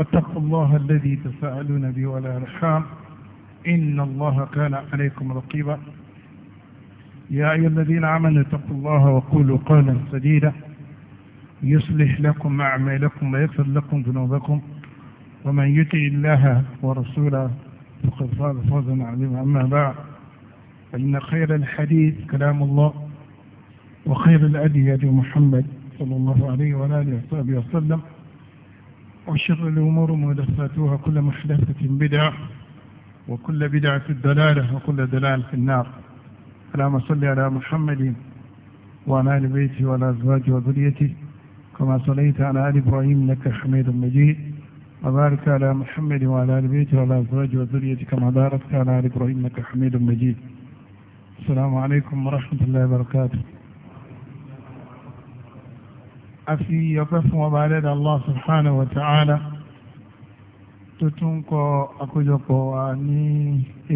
واتقوا الله الذي تساءلون به والأرحام إن الله كان عليكم رقيبا يا أيها الذين آمنوا اتقوا الله وقولوا قولا سديدا يصلح لكم أعمالكم ويغفر لكم ذنوبكم ومن يطع الله ورسوله فقد فاز فوزا عظيما أما بعد فإن خير الحديث كلام الله وخير الأدي هدي محمد صلى الله عليه وآله وصحبه وسلم وشر الأمور محدثاتها كل محدثة بدعة وكل بدعة الدلالة وكل دلالة في النار اللهم صل على محمد وعلى آل بيته وعلى أزواجه وذريته كما صليت على آل إبراهيم إنك حميد مجيد وبارك على محمد وعلى آل بيته وعلى أزواجه وذريته كما باركت على آل إبراهيم إنك حميد مجيد السلام عليكم ورحمة الله وبركاته a fi ọpẹ́ fún ọba adẹ́dàá Allah subhanahu wa ta'ala tó tún kọ àkójọpọ̀ wa ní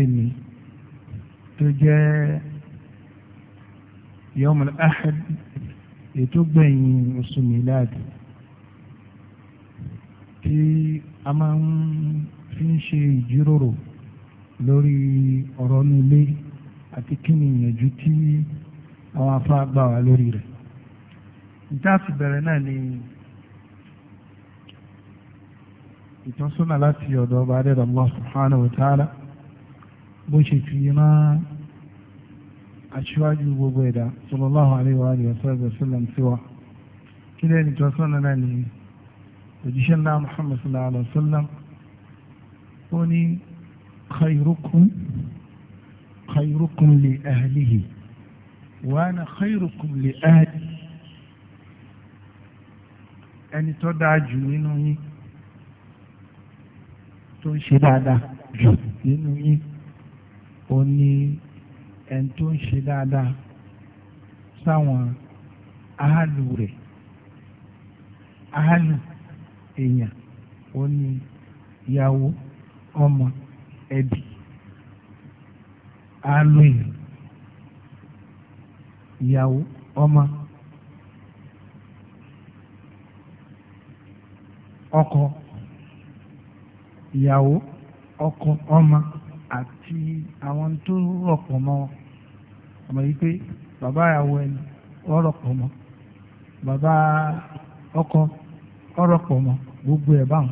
èmi tó jẹ́ yọmọlẹ ahad ètò gbẹ̀yìn oṣù miladi tí a máa ń fi ń ṣe ìjíròrò lórí ọ̀rọ̀ nílé àti kí ni ìyànjú tí àwọn afá gbà wá lórí rẹ̀ ìdáàfi bẹ̀rẹ̀ náà ni ìtọ́sọ́nà láti ọ̀dọ̀ ọba adẹ́dọ̀ Allah subhanahu wa ta'ala bó ṣe fi rán aṣíwájú gbogbo ẹ̀dá sallallahu alaihi wa alihi wa sallam sí wa kí lẹ́yìn ìtọ́sọ́nà náà ni òjíṣẹ́ ńlá Muhammad sallallahu alaihi wa sallam ó ní khayrukum khayrukum li ahlihi wa ana khayrukum li ahlihi ẹni tó dáa jù nínú yín tó ń ṣe dáadáa jù nínú yín ó ní ẹni tó ń ṣe dáadáa sáwọn áhàlù rẹ̀ áhàlù èèyàn ó ní ìyàwó ọmọ ẹbí áhàlù èèyàn ìyàwó ọmọ. ọkọ ìyàwó ọkọ ọmọ àti àwọn tó rọ̀pọ̀ mọ wọn àmọ́ yìí pé bàbá ìyàwó ẹni mọ bàbá ọkọ ó mọ gbogbo ẹ̀ báwọn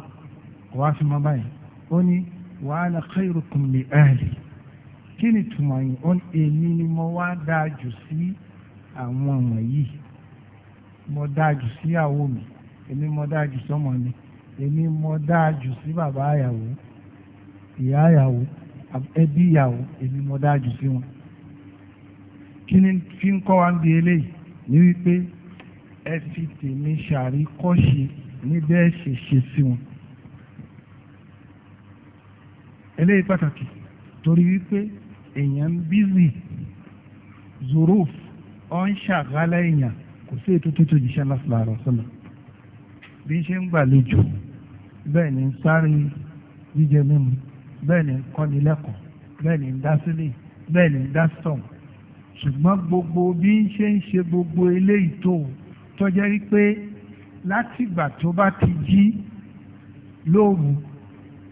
kò wá fi mọ́ báyìí ó ní wa ana khairukum li kí ni tùmọ̀ yìí èmi mo dáa jù sí bàbá àyàwó ìyá àyàwó ẹbí ìyàwó èmi mo dáa jù sí wọn kí ni fi ń kọ́ wa ń bi eléyìí ní wípé ẹ fi tèmi ṣàríkọ́ṣe ní bẹ́ẹ̀ ṣe ṣe sí wọn eléyìí pàtàkì torí wípé èèyàn ń bízì zorof ọ̀ ń ṣàgálẹ̀ èèyàn kò sí ètò tó tó jìṣẹ́ lásìlá àrọ̀ sọ́nà bí ṣe ń gbàlejò bẹ́ẹ̀ ni ń sáré jíjẹ mímu bẹ́ẹ̀ ni ń kọ́ni lẹ́kọ̀ọ́ bẹ́ẹ̀ ni ń dá sílé bẹ́ẹ̀ ni ń dá sọ̀rọ̀ ṣùgbọ́n gbogbo bí ń ṣe ń ṣe gbogbo eléyìí tó tọ́jẹ́ rí pé látìgbà tó bá ti jí lóru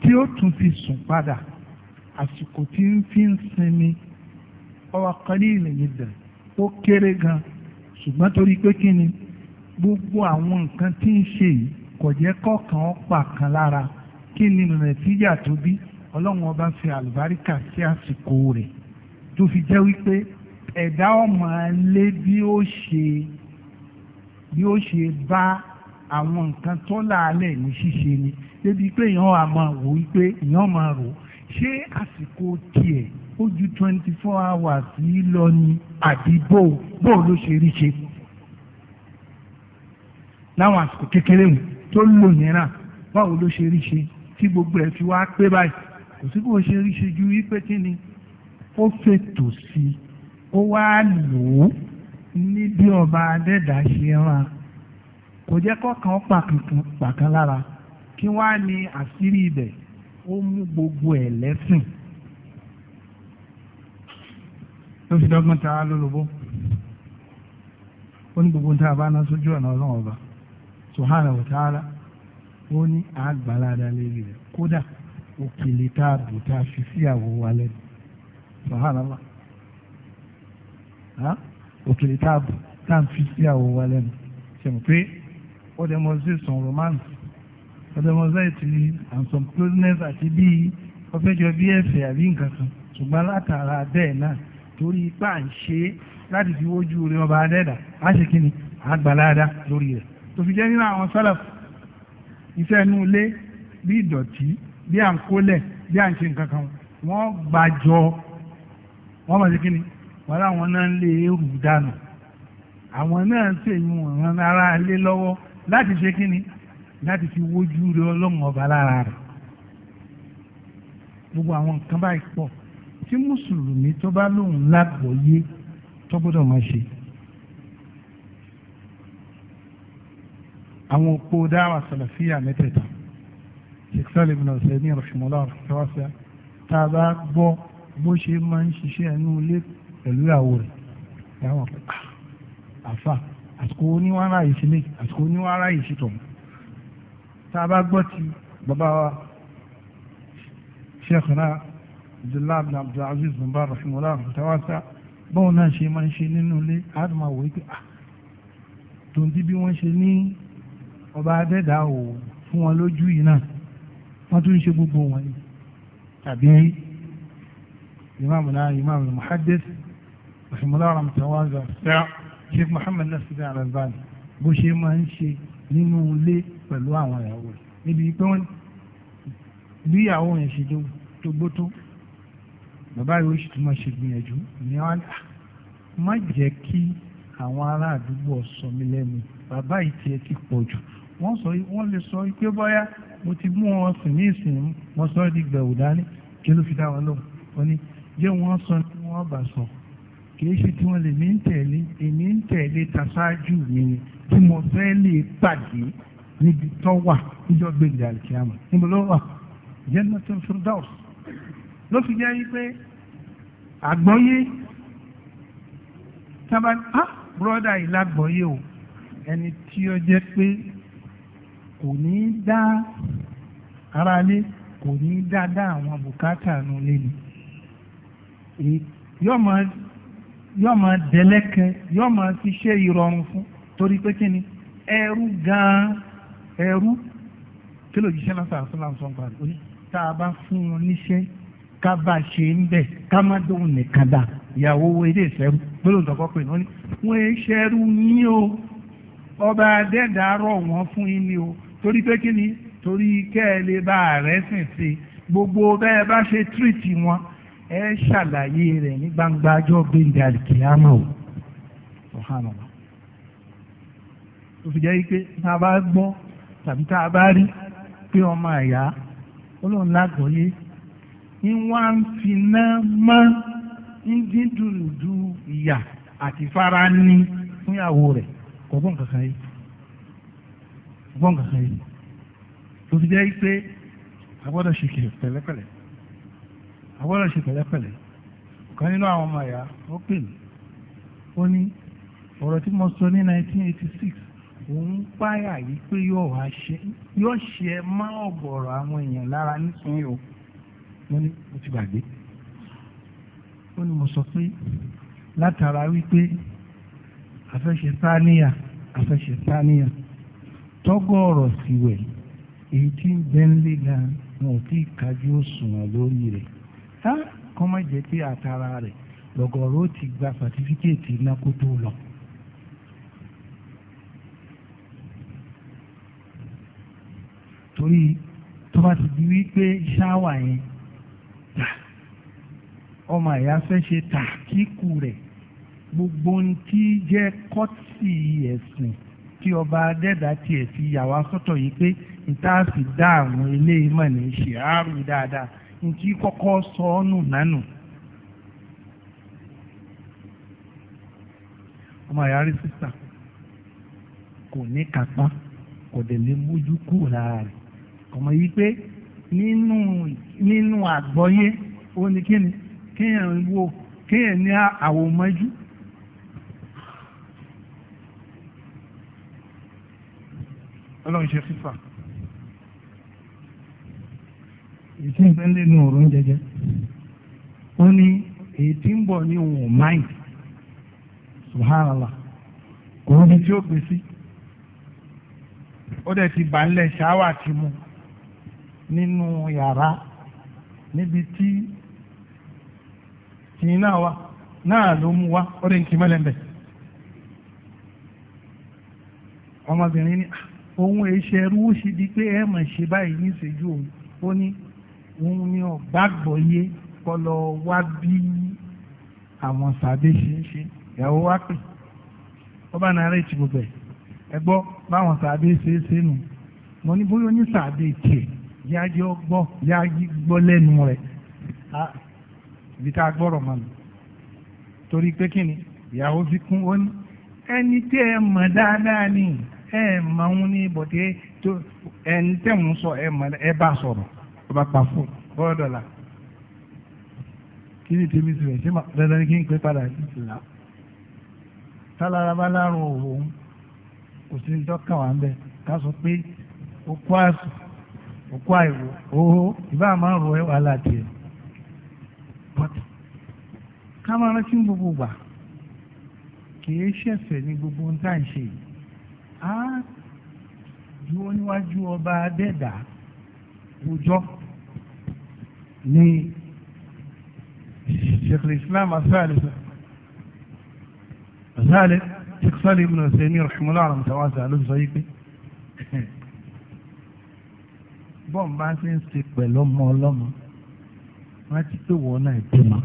tí ó tún fi sùn padà àsìkò tí ń fi ń sinmi ọwọ́ kan ní ìlẹ̀yìn dẹ̀ ó kéré gan ṣùgbọ́n torí pé kí ni gbogbo àwọn nǹkan tí ń ṣe yìí kò jẹ́ kọ̀ọ̀kan ọ̀pá kan lára kí ni nàìjíríà tó bí ọlọ́run ọba fi àlùbáríkà sí àsìkò rẹ̀ tó fi jẹ́ wípé ẹ̀dá ọmọ lé bí ó ṣe bí ó ṣe bá àwọn nǹkan tó láàlẹ̀ ní ṣíṣe ni débi pé èèyàn á máa wò wípé èèyàn máa rò ṣé àsìkò tiẹ̀ ó ju twenty four hours yìí lọ ní àdìbò bó ló ṣe rí ṣe láwọn àsìkò kékeré mu tó lò yẹn náà báwo ló ṣe rí ṣe tí gbogbo ẹ̀ fi wá pé báyìí kò sí bó ṣe rí ṣe ju wípé kí ni ó fètò sí i ó wá lò ó ní bí ọba adẹ́dà ṣe rán kò jẹ́ kọ́kàn pàkan lára kí wọ́n á ní àṣírí ibẹ̀ ó mú gbogbo ẹ̀ lẹ́sìn ló fi dọ́gbọ́n ta lólobó ó ní gbogbo ń tá a bá sójú ọ̀nà ọlọ́run ọba subhanahu wa ta'ala ó ní àgbàládà lérí rẹ̀ kódà òkèlè tá a bù tá a fi síyàwó wa lẹ́nu subhanallah òkèlè tá a bù tá a fi síyàwó wa lẹ́nu ṣèmù pé ó demonstrate some romance ó demonstrate and some closeness àti bíi ọfẹjọ bíi ẹ̀fẹ̀ àbí nǹkan kan ṣùgbọ́n látara bẹ́ẹ̀ náà torí ipá ń ṣe láti fi wójú rẹ ọba adẹ́dà á ṣe kí ni àgbàládà lórí rẹ̀ tó fi jẹ́ nínú àwọn sálàf iṣẹ́ inú ilé bí ìdọ̀tí bí à ń kólẹ̀ bí à ń ṣe nǹkan kan wọ́n gbàjọ wọ́n mọ̀ sí kí ni wọ́n láwọn náà ń lé èrú dànù àwọn náà ń tèyún ọ̀ràn ara lé lọ́wọ́ láti ṣe kí ni láti fi wojú rẹ ọlọ́run ọba lára rẹ̀ gbogbo àwọn nǹkan báyìí pọ̀ tí mùsùlùmí tó bá lóun lágbọ̀ọ́yé tó gbọ́dọ̀ máa ṣe. àwọn òpó dáwà sàlàfíà mẹ́tẹ̀ẹ̀ta ṣèkṣọ́lẹ̀ ibn Uthaymin rahimahullah rahimahullah tá a bá gbọ́ bó ṣe máa ń ṣiṣẹ́ ẹnu ilé pẹ̀lú ìyàwó rẹ̀ yàwọn pé ah, àfà àsìkò oníwàrà ìṣílẹ àsìkò oníwàrà ìṣìtọ̀hún tá a bá gbọ́ ti bàbá wa ṣèkùnà abdullahi bin abdulaziz bin bá rahimahullah rahimahullah báwọn náà ṣe máa ń ṣe nínú ilé ọba adẹ́dà ò fún wọn lójú yìí náà wọ́n tún ń ṣe gbogbo wọn ni tàbí ìmáàmù náà ìmáàmù muhaddis rahimahullah rahmatulahi wa sẹ́yà sheikh muhammed nasir al-albani bó ṣe máa ń ṣe nínú ilé pẹ̀lú àwọn ìyàwó rẹ̀ níbi pé wọ́n bí ìyàwó yẹn ṣe tó gbó tó bàbá yóò ṣì tún máa ṣe gbìyànjú ní wọn ah, má jẹ́ kí àwọn ará àdúgbò sọ mí lẹ́nu bàbá yìí tiẹ̀ ti pọ̀ jù wọ́n sọ wọ́n lè sọ pé bọ́yá mo ti mú wọn sìn ní ìsìn wọn sọ di gbẹ̀wò dání kí ló fi dá wọn lóhùn wọn ni jẹ́ wọ́n sọ ní wọ́n bá sọ kìí ṣe tí wọ́n lè mí ń tẹ̀lé èmi ń tẹ̀lé tasáájú mi ni tí mo fẹ́ lè pàdé níbi tó wà níjọ́ gbẹ̀gbẹ̀ àlìkíyàmù níbo ló wà Jannatul Firdaus ló fi jẹ́ wípé àgbọ́yé tábà á bùrọ́dà yìí ah, lágbọ́yé o ẹni tí ó jẹ́ pé kò ní í dá aráalé kò ní í dá dá àwọn bùkátà nù lẹ́nu yóò máa fún torí pé kí ni ẹrú gan-an ẹrú kí ló jíṣẹ́ náà sàásùn láǹsọ̀ ń parí oní tá a bá fún wọn níṣẹ́ ká bá a ṣe ń bẹ̀ ká má nìkan dà o ọba adẹ́dàá rọ̀ wọ́n fún yín ni o torí pé kí ni torí kẹ́ ẹ lè bá rẹ̀ sìn sí gbogbo bẹ́ẹ̀ bá ṣe tírìtì wọn ẹ ṣàlàyé rẹ̀ ní gbangba ọjọ́ gbẹ̀ngà kìámà o ọ̀hánàmà tó fi jẹ́ pé tá a bá gbọ́ tàbí tá a bá rí pé ọmọ àyà olóhùn lágbóyé ń wá ń finá mọ́ ń dín dùndùn ìyà àti fara ní fúnyàwó rẹ̀ kò bọ́ yìí gbọ́n kankan yìí tó fi jẹ́ pé a gbọ́dọ̀ ṣe pẹ̀lẹ́pẹ̀lẹ́ a gbọ́dọ̀ ṣe pẹ̀lẹ́pẹ̀lẹ́ ọ̀kan nínú àwọn ọmọ ẹ̀yà ó pè mí ó ní ọ̀rọ̀ tí mo sọ ní 1986 òun páyà yìí pé yóò wá ṣe yóò ṣe ẹ má ọ̀gọ̀rọ̀ àwọn èèyàn lára nísìnyí o mo ní mo ti gbàgbé ó ní mo sọ pé látara wípé àfẹ́ṣe sáníyà àfẹ́ṣe sáníyà tọ́gọ̀ọ̀rọ̀ síwẹ̀ èyí tí ń bẹ́ńlẹ̀ gan wọn ò tí ì kájú òṣùwọ̀n lórí rẹ̀ á kọ́ má jẹ́ pé àtàrà rẹ̀ lọ́gọ̀ọ̀rọ̀ ti gba sàtífíkẹ́ẹ̀tì iná kó tó lọ. torí tó bá ti di wípé ṣáwà yẹn tà ọmọ àyà fẹ́ ṣe tà kíkù rẹ̀ gbogbo ohun tí jẹ́ kọ́tì ẹ̀sìn kí ọba adẹ́dà tiẹ̀ fi yàwá sọ́tọ̀ yìí pé níta sì dá àwọn ilé ìmọ̀ ní ṣe àárò dáadáa nítí kọ́kọ́ sọ ọ́ nù nánù. ọmọ ìyá rí sísà kò ní kápá kò dẹ̀ lè mójú kúrò lára rẹ̀ ọmọ yìí pé nínú nínú àgbọ́yé ó ní kíni kéèyàn wo kéèyàn ní àwòmọ́jú. ọlọ́run ṣe fífà. ìṣe ń fẹ́lẹ́ nu ọ̀rọ̀ jẹjẹ. ó ní èyí tí ń bọ̀ ní òun òun ni tí ó gbé sí. ó dẹ̀ ti bà ń ṣáwà ti mu nínú yàrá níbi tí náà wá náà ló mú wá ó dẹ̀ ń kí ń bẹ̀. ọmọbìnrin ni ah, òun ìṣẹ̀rú ó ṣe di pé ẹ mà ṣe báyìí níṣẹ́jú òun ó ní òun ni ọ̀gbàgbọ́ yé kọlọ wá bí àwọn sàbẹ̀ ṣe ń ṣe ìyàwó wá pè ọba náírà ètò gbogbo ẹ̀ ẹ gbọ́ báwọn sàbẹ̀ ṣe é ṣe nù mo ní bóyá ní sàbẹ̀ tiẹ̀ yájọ́ gbọ́ yájí gbọ́ lẹ́nu rẹ̀ ibi tá a gbọ́rọ̀ mọ́ mi torí pé kí ni ìyàwó fi kún ó ní ẹni tí ẹ mọ̀ dáadáa nìyí ẹ máa ń ní bọ̀dé tó ẹni tẹ̀ ń sọ ẹ bá sọ̀rọ̀ ó bá pa fún bọ́ọ̀ dọ̀là kí ni tèmi ti rẹ̀ ṣé dandan ni kí n pè padà sí ìlà tálára bá lárùn òun kò sí ní dọ́kà wà ń bẹ ká sọ pé okú àṣù okú àìwò owó ìbá máa ń ro ẹwà láti ẹ but ká máa rántí gbogbo gbà kì í ṣẹ̀fẹ̀ ní gbogbo ohun tá à ń ṣe yìí á dúró níwájú ọba adẹ́dà ọjọ́ ní sheikh islam asaalẹ asaalẹ sheikh sali ibn ọsẹni rahimahullah alamtawasa ló sọ yìí pé bọ́ọ̀n bá ṣe ń ṣe pẹ̀lú ọmọ ọlọ́mọ wọ́n ti pé wọ́n náà bímọ.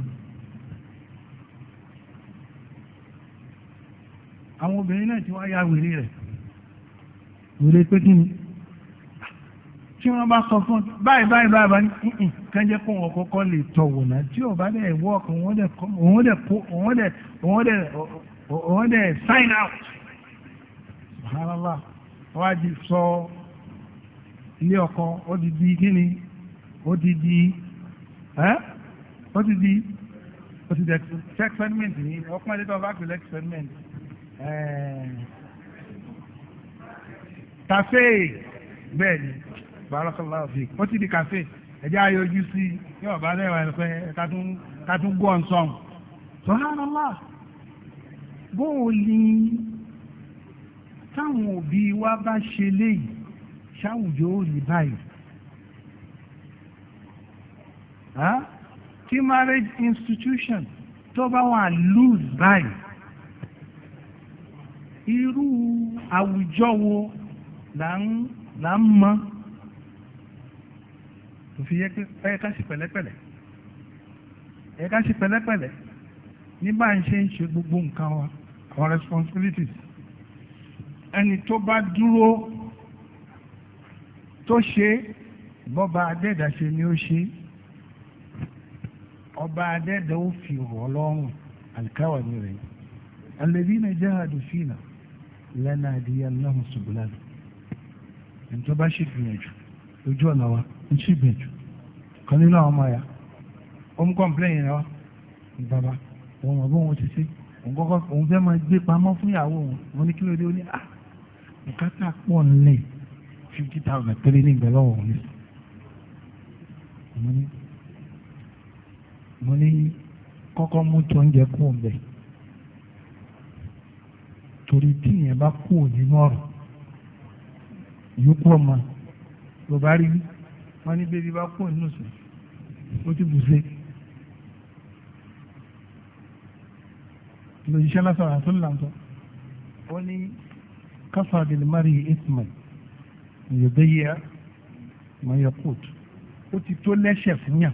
àwọn obìnrin náà ti wá yá wèrè rẹ̀ wèrè pé kí ni tí wọ́n bá sọ fún báyìí báyìí báyìí báyìí kánjẹ́ kó wọn kọ́kọ́ lè tọ̀wọ̀ náà tí ò bá dẹ̀ wọ́ọ̀kì òun dẹ̀ òun dẹ̀ òun dẹ̀ òun dẹ̀ òun dẹ̀ sign out subhanallah wọ́n á di sọ ilé ọkọ ó ti di kí ni ó ti di ẹ́ ó ti di ó ti dẹ̀ experiment ni ọkùnrin tó bá pè experiment ẹ̀ẹ́ kàfé bẹ́ẹ̀ ni barakallahu fi ó ti di kàfé ẹ̀jẹ̀ ayọjú sí yóò bàbá lẹ́wà ẹ̀ pé ká tún gbọ́ nsọ́n subhanallah bóò ni táwọn òbí wa bá ṣe léyìí ṣáwùjọ ò rí báyìí tí marriage institution tó bá wà lose báyìí irú àwùjọ wo là ń mọ́ tó fi yẹ ká sí pẹ̀lẹ́pẹ̀lẹ́ yẹ ká sí pẹ̀lẹ́pẹ̀lẹ́ ní bá ń ṣe ń ṣe gbogbo nǹkan wa our responsibilities ẹni tó bá dúró tó ṣe bọ́ba adẹ́dàṣe ni ó ṣe ọba adẹ́dà ó fi rọ̀ lọ́rùn àlìkáwà ni rẹ̀ alladhina jahadu fina lanahdiyanahum subulana tó bá sì gbìyànjú lójú ọ̀nà wa ń sì gbìyànjú kan nínú àwọn ọmọ ya ó ń kọ́ńplẹ́yìn rẹ wá bàbá òun ọ̀bọ̀ òun ti ṣe òun kọ́kọ́ òun fẹ́ máa gbé pamọ́ fún ìyàwó òun mo ní kí ló dé ó ní à ah, bùkátà pọ̀ nílẹ̀ fifty thousand péré ní ìgbẹ́ lọ́wọ́ òun ní. mo ní kọ́kọ́ mú tó oúnjẹ kú òun bẹ̀ torí tí ìyẹn bá kú òun nínú ọ̀rọ̀ ìyókù ọmọ ló bá rí wọn ní bébí bá kú nínú sùn ó ti bùṣe. lójúṣẹ́ lásán àti làǹtọ̀ ó ní káfà bìlìmárì ìtìmọ̀ ìyọ̀dẹ́yẹ mayakut ó ti tó lẹ́sẹ̀ fún yàn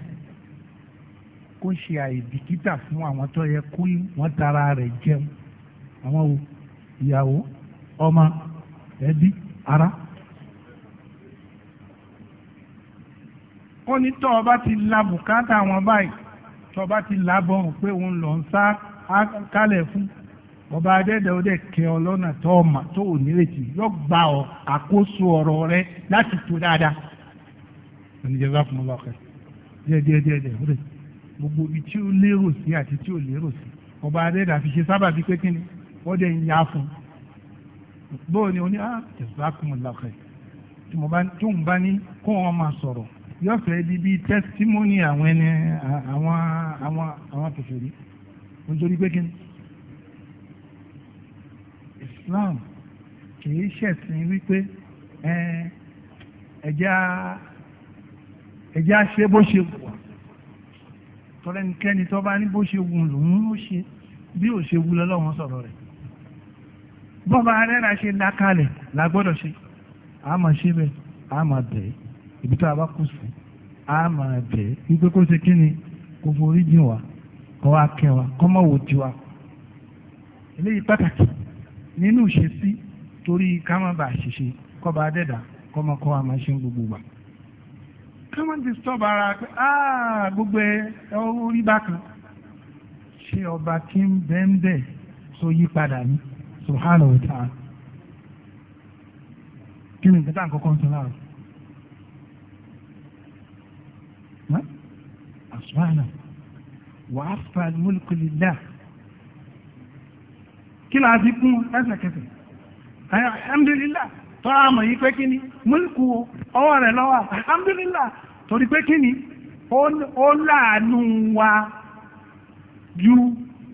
kó ṣe àìbìkítà fún àwọn tó yẹ kó wọ́n tara rẹ̀ jẹun àwọn ìyàwó ọmọ ẹbí ara ó ní tọ́ ọba ti la bùkátà wọn báyìí tọ́ ọba ti labọ̀ pé òun lọ ń sá kálẹ̀ fún ọba adẹ́dẹ́ ọdẹ kẹ ọ lọ́nà tọ́ ọ mà tó ò nírètí yọ gba ọ àkóso ọ̀rọ̀ rẹ láti tó dáadáa. oníjẹba fún ọba ọkẹ díẹ̀díẹ̀díẹ̀ ọdẹ gbogbo ibi tí ó lérò sí àti tí ò lérò sí ọba adẹ́dẹ́ àfi sábà bíi pé kíni ọdẹ ń yá fún un bóò ni oní ah jẹ̀sán kún un lọ́kẹ́ tí mo bá ní kó wọn máa sọ̀rọ̀ yóò fẹ́ di bíi tẹ́sítímọ́nì àwọn ẹni àwọn àwọn àwọn kèfèrí nítorí pé kí ni Islam kìí ṣẹ̀sìn wípé ẹ̀já ẹ̀já ṣe bó ṣe wù wá tọ́lẹ́nikẹ́ni tó bá ní bó ṣe wù lòun ó ṣe bí ò ṣe wù lọ́wọ́n sọ̀rọ̀ rẹ̀ bọ́ba rẹ́ra ṣe lákalẹ̀ la ṣe àmọ̀ ṣe bẹ́ẹ̀ àmọ̀ bẹ́ẹ̀ ibi tá a bá kù sí a máa bẹ̀ wípé kó ṣe kí ni kó forí jìn wá kó wá kẹ́ wa kó má wò tiwa. eléyìí pàtàkì nínú ìṣesí torí ká má bàa ṣiṣẹ́ kó bá dẹ́dà kó má kó wa máa ṣe ń gbogbo wa. ká má disturb ara pé ah, gbogbo ẹ orí bákan ṣé ọba tí ń bẹ́ẹ̀ ń yí padà ní subhanahu wa ta'ala. kí ni nǹkan tá à ń kọ́kọ́ ń sọ láàrú. asma'na wà á fa mulku lillah kí ló á fi kún ẹsẹ̀kẹsẹ̀ alhamdulillah tọ́ àmọ̀ yìí pé kí ni múlùkù ọwọ́ rẹ̀ lọ́wọ́ alhamdulillah torí pé kí ni ó láàánú wa ju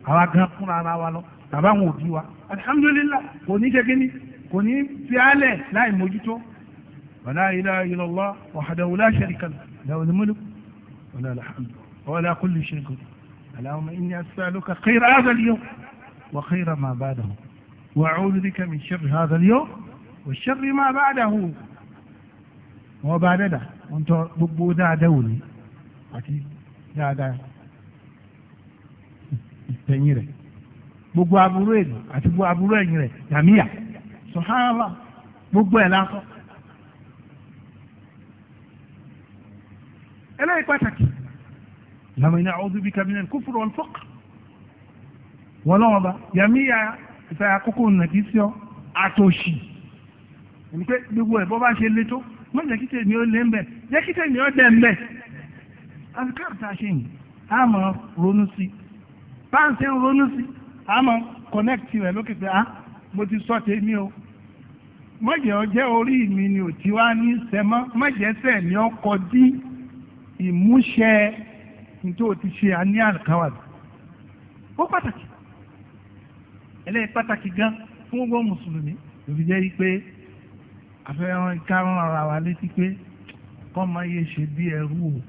àwa gan fúnra ara wa lọ tàbá àwọn òbí wa alhamdulillah kò ní ṣe kí ni kò ní fi álẹ̀ láì mójútó wàlá ilaha illallah wahdahu la sharika lahu lahul mulku ولا الحمد ولا كل شيء اللهم إني أسألك خير هذا اليوم وخير ما بعده وأعوذ بك من شر هذا اليوم والشر ما بعده وبعد ده وانت ببو دا دولي أكيد دا دا ببو أبو رين أتبو أبو رين يا سبحان الله ببو الآخر إلا يقاتك lọ́mọ iná ọdún bíi kàmínà kúfùrù wọn fọ́k wọn lọ́wọ́ bá yàmi ya ìfẹ́ àkókò nàbí sí ọ àtòṣì ẹni pé gbogbo ẹ̀ bọ́ bá ṣe lé tó wọ́n jẹ́ kí tèmi ó lé ń bẹ̀ jẹ́ kí tèmi ó dẹ̀ ń bẹ̀ àfikàrù tá a ṣe yìí a máa ronú sí njẹ́ o ti ṣe àní àkàwà rẹ̀ ó pàtàkì eléyìí pàtàkì gan fún gbogbo mùsùlùmí lóbi jẹ́ yí pé àfẹ́ràn ìkarùn ara wa létí pé kọ́ máa yẹ ṣe bí ẹrú o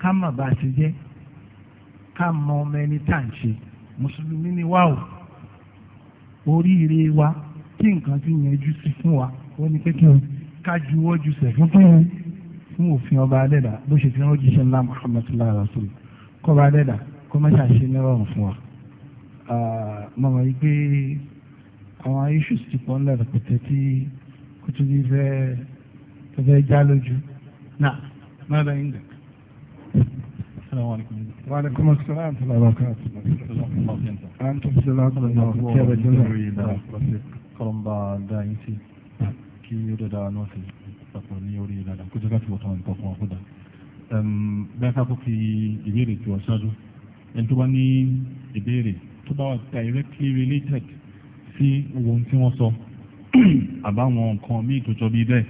ká mà bá a jẹ́ ká mọ ọmọ ẹni tá à ń ṣe mùsùlùmí ni wá o oríire wa kí nǹkan fi yẹn jù sí fún wa ó ní pé kí n ká juwọ́ jù sẹ̀ fún fún mi fún òfin ọba adẹ́dà bó ṣe fi ránjíṣẹ́ ńlá muhammad sallallahu alaihi wa sallam kọba adẹ́dà kó má ṣàṣe nírọ̀rùn fún wa. mọ̀mọ́ yìí pé àwọn issues ti pọ̀ ńlẹ̀ rẹpẹtẹ tí kò tún ní fẹ́ fẹ́ já lójú. náà má bẹ yín dẹ̀. وعليكم السلام ورحمة الله وبركاته. أنتم في الله وبركاته. كرم بعد داعي kí ó papọ̀ ní orí ìlànà kó jẹ́ ká fi wọ̀tàn nǹkan fún ọkọ̀dà. bẹ́ẹ̀ ká kó fi ìbéèrè tí wọ́n ṣáájú ẹni tó bá ní ìbéèrè tó bá wà directly related sí ohun tí wọ́n sọ àbáwọn nǹkan míì tó jọ bí bẹ́ẹ̀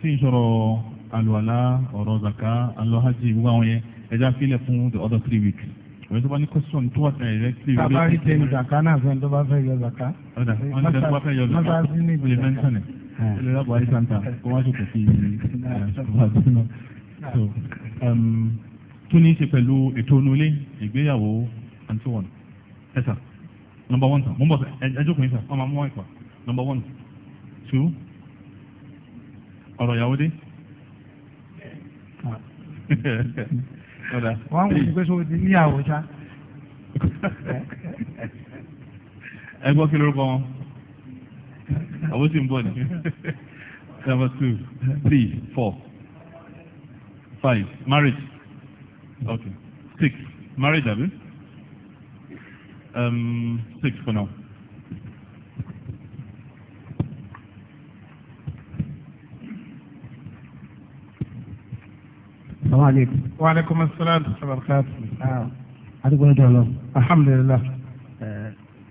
tí ń sọ̀rọ̀ àlùwàlá ọ̀rọ̀ zaka alọ́hájì gbogbo àwọn yẹn ẹja fílẹ̀ fún the other three weeks ọ̀rẹ́ tó bá ní question tó wà directly. tàbá rí tẹ̀lé zaka náà fẹ́ tó bá fẹ́ yọ zaka. ọ̀dà ọ̀nà tẹ̀lé tó bá fẹ́ yọ zaka. mọ́sáàsì ní ìgbìyànjú ilé ìlọ́pàá ní santa kó wá ṣòkò sí ìwádìí tó ní í ṣe pẹ̀lú ètò onúlé ìgbéyàwó and so on ẹ sà number one sà mo ń bọ̀ ẹ jókòó yín sà ọmọ amúwá ìpà number one two ọ̀rọ̀ ìyàwó dé. wọ́n mú ìgbésẹ̀ sọ ti níyàwó sá. ẹ gbọ́ kí lórúkọ wọn. I was in bọ̀ number two three four five marriage okay six marriage abi um, six for now. Assalamu Wa alaikum assalam wa rahmatullahi wa barakatuh.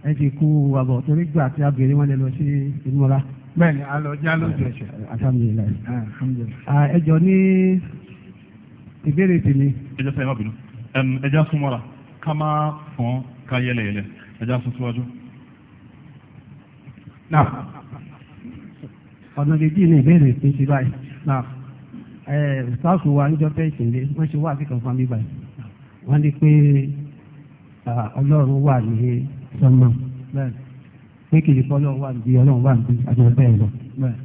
ẹ ti kú àbọ̀ torí gbà tí a wọn lè lọ sí ìmúra. bẹ́ẹ̀ni a lọ já ẹsẹ. alhamdulilayi ah, ah, ẹ jọ ní ìbéèrè tèmi. ẹ jẹ́ sẹ́yìn má bínú ẹ ká má fọ́n ká yẹlẹyẹlẹ ẹ já sún síwájú. ọ̀nà kejì ni ìbéèrè ti ti báyìí ẹ sáàsù wa níjọ tẹ́ ìṣẹ̀lẹ̀ wọ́n ṣe wá àfikàn fún mi báyìí wọ́n ní pé ah, ọlọ́run wà ní. sọ́nà pé kìlì kọ́ lọ́wọ́ ọlọ́run wà àjọ bẹ́ẹ̀ lọ.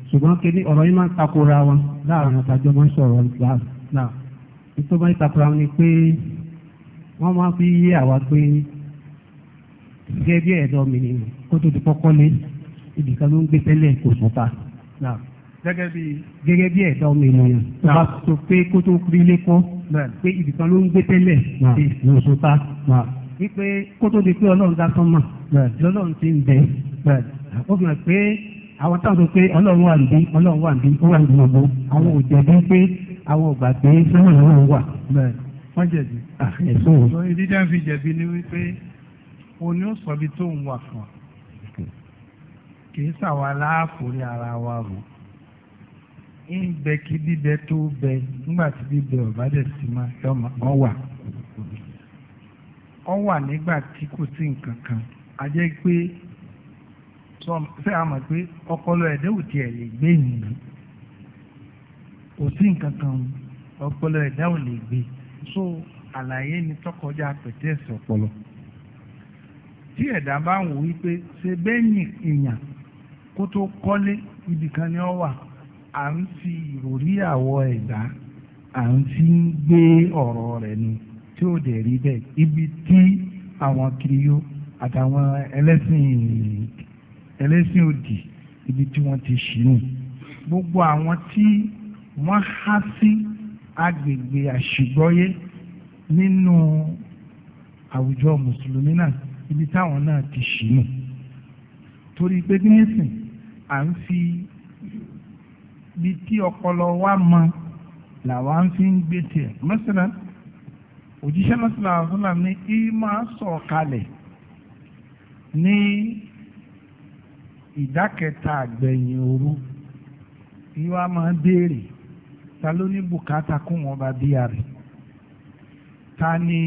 ṣùgbọ́n ọ̀rọ̀ yìí máa ń takora wọn láàrin àtàjọ máa ń sọ̀rọ̀ fi yé àwa pé gẹ́gẹ́ bí ẹ̀dọ́ mi ni kó tó di kọ́kọ́ lé ló ń gbé wípé kó tó di pé ọlọ́run dá tán mọ̀ lọ́lọ́run ti ń bẹ ó fi hàn pé àwọn táwọn sọ pé ọlọ́run wà níbí ọlọ́run wà níbí ó wà níbí gbogbo àwọn ò jẹ̀bi pé àwọn ò gbà pé sọ́wọ́n ọlọ́run wà. wọ́n jẹ̀bi ah, ẹ̀sùn ìdíjà fi jẹ̀bi ni wípé òní ó sọ tó ń wà fún wa kì í sàwọn aláàfòrí ara wa rò ń bẹ kí bíbẹ tó bẹ nígbà tí bíbẹ ọ̀bá dẹ̀ sí máa yọ̀ wà ọ wà nígbà tí kò sí nǹkan kan a jẹ́ pé ṣé a mọ̀ pé ọpọlọ ẹ̀dẹ́ ò tiẹ̀ lè gbé nìyí kò sí nǹkan kan ọpọlọ ẹ̀dẹ́ lè gbé so àlàyé ni tọkọjá pẹ̀tẹ́ẹ̀sì ọpọlọ tí ẹ̀dá bá ń wò wípé ṣe bẹ́yìn èèyàn kó tó kọ́lé ibìkan ni ọ wà à ń fi ìròrí àwọ̀ ẹ̀dá à ń fi ń gbé ọ̀rọ̀ rẹ̀ ni tí ò dẹ̀ rí bẹ́ẹ̀ ibi tí àwọn kiriyó àtàwọn ẹlẹ́sìn ẹlẹ́sìn òdì ibi tí wọ́n ti ṣìnú gbogbo àwọn tí wọ́n há sí agbègbè àṣìgbọ́yé nínú àwùjọ mùsùlùmí náà ibi táwọn náà ti ṣìnú torí pé nísìn à ń fi ibi tí ọpọlọ wa mọ làwa ń fi ń gbé tiẹ̀ mọ́sálásí òjíṣẹ́ lọ́sílà àfúnà ní í máa sọ̀kalẹ̀ ní ìdákẹ́ta àgbẹ̀yìn òru ìwà máa béèrè ta ló ní bùkátà kún wọn bá bíyà rẹ̀ ta ni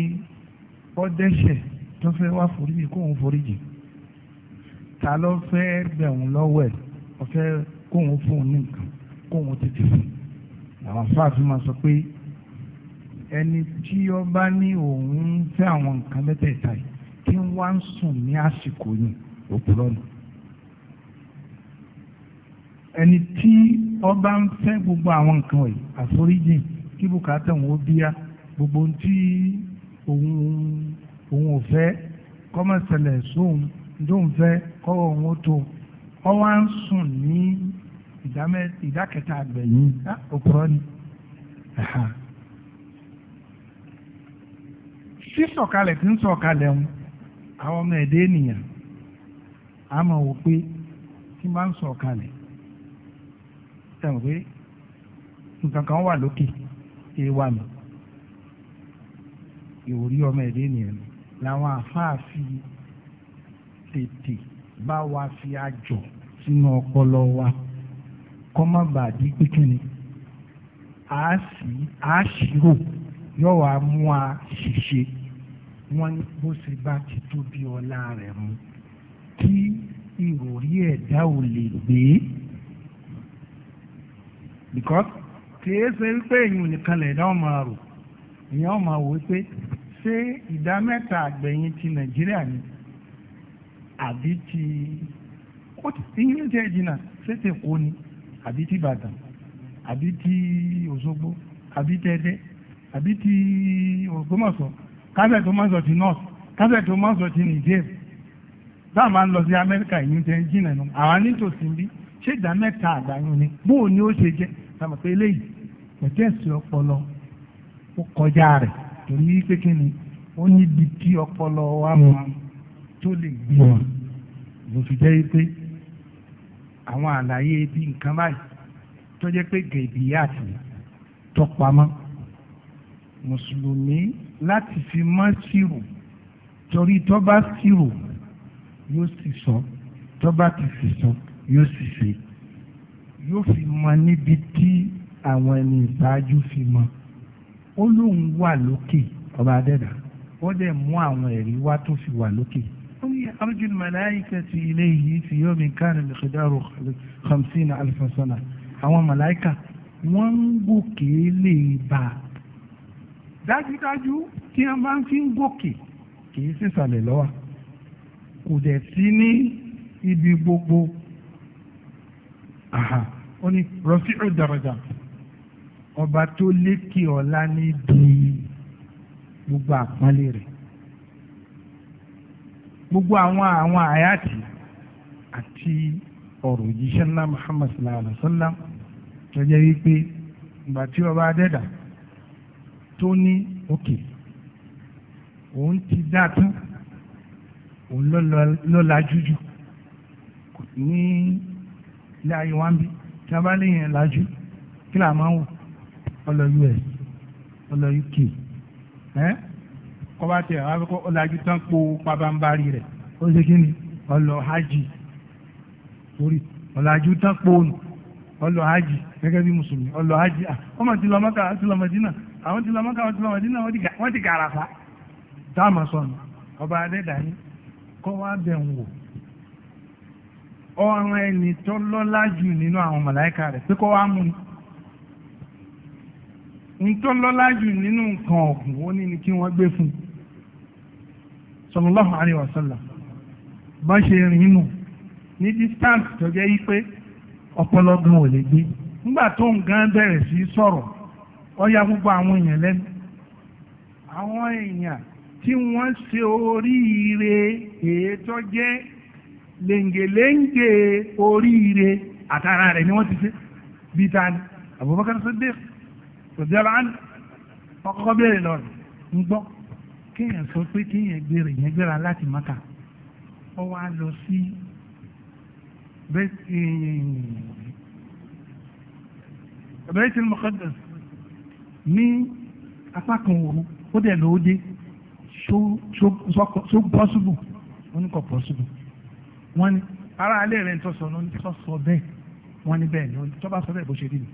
ọdẹ́ṣẹ̀ tó fẹ́ wá foríjì kóun foríjì ta ló fẹ́ bẹ̀rùn lọ́wọ́ ẹ̀ ọ̀fẹ́ kóun fún un ní nǹkan kóun tètè fún un làwọn afáàfin máa sọ pé ẹni tí ó bá ní òun ń fẹ́ àwọn nǹkan mẹ́tẹ̀ẹ̀ta yìí kí wá sùn ní àsìkò yìí òpùrọ̀ nù. ẹni tí ọba bá ń fẹ́ gbogbo àwọn nǹkan yìí àforíjì kí bùkátà òun ó bíyá gbogbo tí òun òun ò fẹ́ kọ́mọ̀sẹ̀lẹ̀ fẹ́ ní ìdá kẹta àgbẹ̀yìn òpùrọ̀ nù. sísọ̀kalẹ̀ tí ń sọ̀kalẹ̀ ń àwọn ọmọ ẹ̀dẹ́ ènìyàn a máa wò pé tí n bá ń sọ̀kalẹ̀ ẹ̀ wọ́n pé nǹkan kan wà lókè èèwà mi ìwòrí ọmọ ẹ̀dẹ́ ènìyàn ni làwọn àfáàfi tètè bá wa fi àjọ sínú ọpọlọ wa kọ́ má bàa di pékinni a sì a ṣírò yóò wá mú a ṣiṣẹ́ wọ́n ní bó ṣe bá ti tóbi ọlá rẹ̀ mu kí ìròrí ẹ̀dá ò lè gbé because kìí ṣe wípé èyàn nìkan lẹ̀dá ọmọ rò èyàn ọmọ wò wípé ṣé ìdá mẹ́ta àgbẹ̀yìn ti nàìjíríà ni àbí ti ìyẹn tẹ́ jìnnà ṣé ti kó ni àbí ti ìbàdàn àbí ti òṣogbo àbí tẹ́tẹ́ àbí ti ògbómọ̀ṣọ́. kábẹ̀ tó máa ń sọ ti north kábẹ̀ tó máa ń sọ ti niger bá a máa ń lọ sí amẹ́ríkà ìyún tẹ́ ń jìnà nù àwọn nítòsí ń bí ṣé ìdá mẹ́ta àgbáyún ni o ó ṣe jẹ́ sàmì pé eléyìí pẹ̀tẹ́sì ọpọlọ ó kọjá rẹ̀ torí pé kí ni ó níbi tí ọpọlọ wa hmm. máa tó lè gbé wọn hmm. ló fi jẹ́ pé àwọn àlàyé bí nǹkan báyìí tó jẹ́ pé mùsùlùmí láti fi má sírù torí tó bá sírù yóò sì sọ tó bá ti sì sọ yóò sì ṣe yóò fi mọ níbi tí àwọn ẹni ìṣáájú fi mọ ó lóun wà lókè ọba adẹ́dà ó dẹ̀ mú àwọn ẹ̀rí wá tó fi wà lókè. أرجو الملائكة إليه في يوم كان مقداره خمسين ألف سنة àwọn màláíkà wọ́n ń gòkè dájúdájú tí wọ́n bá ń fi ń gòkè kì sísàlẹ̀ lọ́wọ́ kò dẹ̀ sí ní ibi gbogbo aha ó ní rọ́fíù dàrọ̀jà ọba tó lékè ọ̀la ní di gbogbo àpọ́nlé rẹ̀ gbogbo àwọn àwọn àyàtì àti ọ̀rọ̀ òjíṣẹ́ ńlá Muhammad sallallahu alayhi wa sallam tó jẹ́ wípé ìgbà tí ọba adẹ́dàá tó ní òkè òun ti dá tán òun ló lajú jù ní ilé ayé wa ń bí tí a bá lè yẹn lajú kí là máa ń wò ọlọ US ọlọ UK kọ́ bá tiẹ̀ wá kó ọlajú tán po pabambari rẹ̀ ó ṣe kí ni ọlọ hajj torí ọlajú tán po ọlọ hajj gẹ́gẹ́ bí mùsùlùmí ọlọ hajj ọmọ ti lọ Mọ́kà àti lọ Mẹ́dínà àwọn ti lọ mọ́ká wọn ti lọ mọ̀dínà wọ́n ti gàràfà táàmù sọnù ọba adẹ́dàní kọ́ wá bẹ̀ ń wò ọ̀ràn ẹni tó lọ́lá jù nínú àwọn màláìka rẹ̀ pé kọ́ wá mú un tó lọ́lá jù nínú nǹkan ọ̀gùn ó ni kí wọ́n gbé fún un sallallahu alaihi wasallam bá ṣe rìn nù ní distance tó jẹ́ yí pé ọpọlọ gan ò lè gbé nígbà tó ń gan bẹ̀rẹ̀ sí sọ̀rọ̀ ọya gbogbo àwọn èèyàn lẹ́nu àwọn èèyàn tí wọ́n ṣe oríire èétọ́ jẹ́ lẹ́ǹgẹ̀lẹ́ǹgẹ̀ oríire àtàrà rẹ̀ ni wọ́n ti ṣe bíi ta ni Abubakar Siddiq òjọba àná ọkọ̀ bẹ̀rẹ̀ lọ́rùn ń gbọ́ kéèyàn sọ pé kéèyàn gbèrè yẹn gbéra láti maka ó wá lọ sí bẹ́ẹ̀ bẹ́ẹ̀ tí mo kọ́ ní apá kan òru ó dẹ̀ lóó dé ṣó pọ́sùbù wọ́n ní kò pọ́sùbù wọ́n ní ara alẹ́ rẹ̀ ń tọ́sọ ló ń tọ́sọ bẹ́ẹ̀ wọ́n ní bẹ́ẹ̀ ni tọ́ba sọ bẹ́ẹ̀ bó ṣe rí ni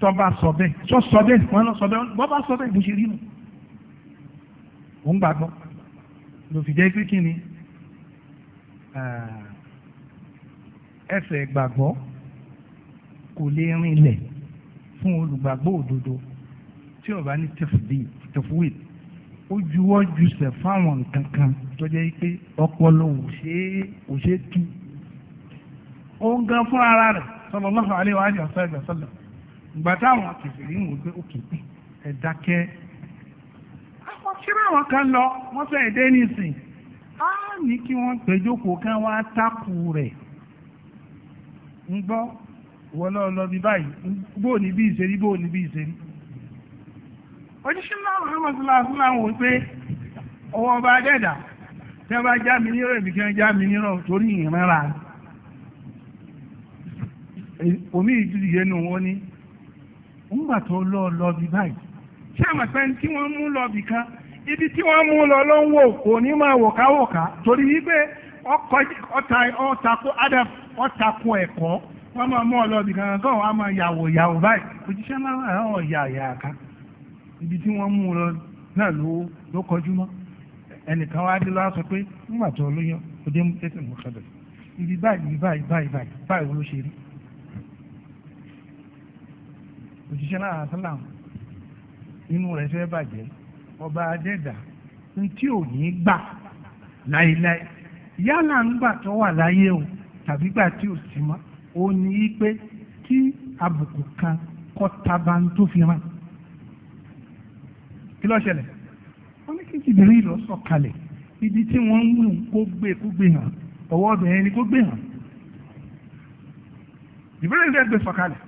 tọ́ba sọ bẹ́ẹ̀ sọ sọ bẹ́ẹ̀ wọ́n lọ sọ bẹ́ẹ̀ wọ́n bá sọ bẹ́ẹ̀ bó ṣe rí nu òun gbàgbọ́ ló fi ni ẹsẹ̀ gbàgbọ́ kò lè rinlẹ̀ fún olùgbàgbọ́ òdodo tí ó bá ní tẹ̀fúwìt ó juwọ́ jùsẹ̀ fáwọn nǹkan kan tó jẹ́ pé ọpọlọ ò ṣe é tú ó ń gan fún ara rẹ̀ sallallahu alaihi wa alihi wa sallam ìgbà táwọn kìfìrí ń wò pé ó kì í ẹ̀ dákẹ́ àwọn kíra àwọn kan lọ wọ́n fẹ́ dé nísìn á ní kí wọ́n péjókòó kán wá tákù rẹ̀ ń gbọ́ ìwọ lọ bí báyìí bóò ní bí ìṣerí bóò ní bí ìṣerí. oníṣẹ́ náà lọ́wọ́ mọ́sálásí láwọn wò pé ọwọ́ ọba adẹ́dà tí wọ́n bá já mi nírọ̀ èmi kí wọ́n já mi nírọ̀ torí báyìí ṣé tí wọ́n mú ibi tí wọ́n mú lọ ló ń wò kò ní máa wọ́n máa mú ọlọ́ọ̀dì kan kọ́ wọ́n á máa yàwò yàwò báyìí òjíṣẹ́ náà àwọn ọ̀yà àyà kan ibi tí wọ́n mú un lọ náà ló ló kọjú mọ́ ẹnìkan wá dé lọ́wọ́ sọ pé nígbà tó lóyún òde mú tẹ́sán mú kọ́dọ̀ ibi báyìí báyìí báyìí báyìí báyìí ló ṣe rí òjíṣẹ́ náà àtàlà inú rẹ̀ fẹ́ bàjẹ́ ọba adẹ́dà ntí ò ní gbà láéláé yálà ń gbà tó wà láyé o tàbí gbà tí ò sí mọ́ ó ikpe pé kí àbùkù kan kọ́ taba tó fi hàn kí ló ṣẹlẹ̀ wọ́n ní kí ibi tí wọ́n ń wù kó gbé kó gbé hàn ọwọ́ ni kó gbé hàn gbé sọ̀kalẹ̀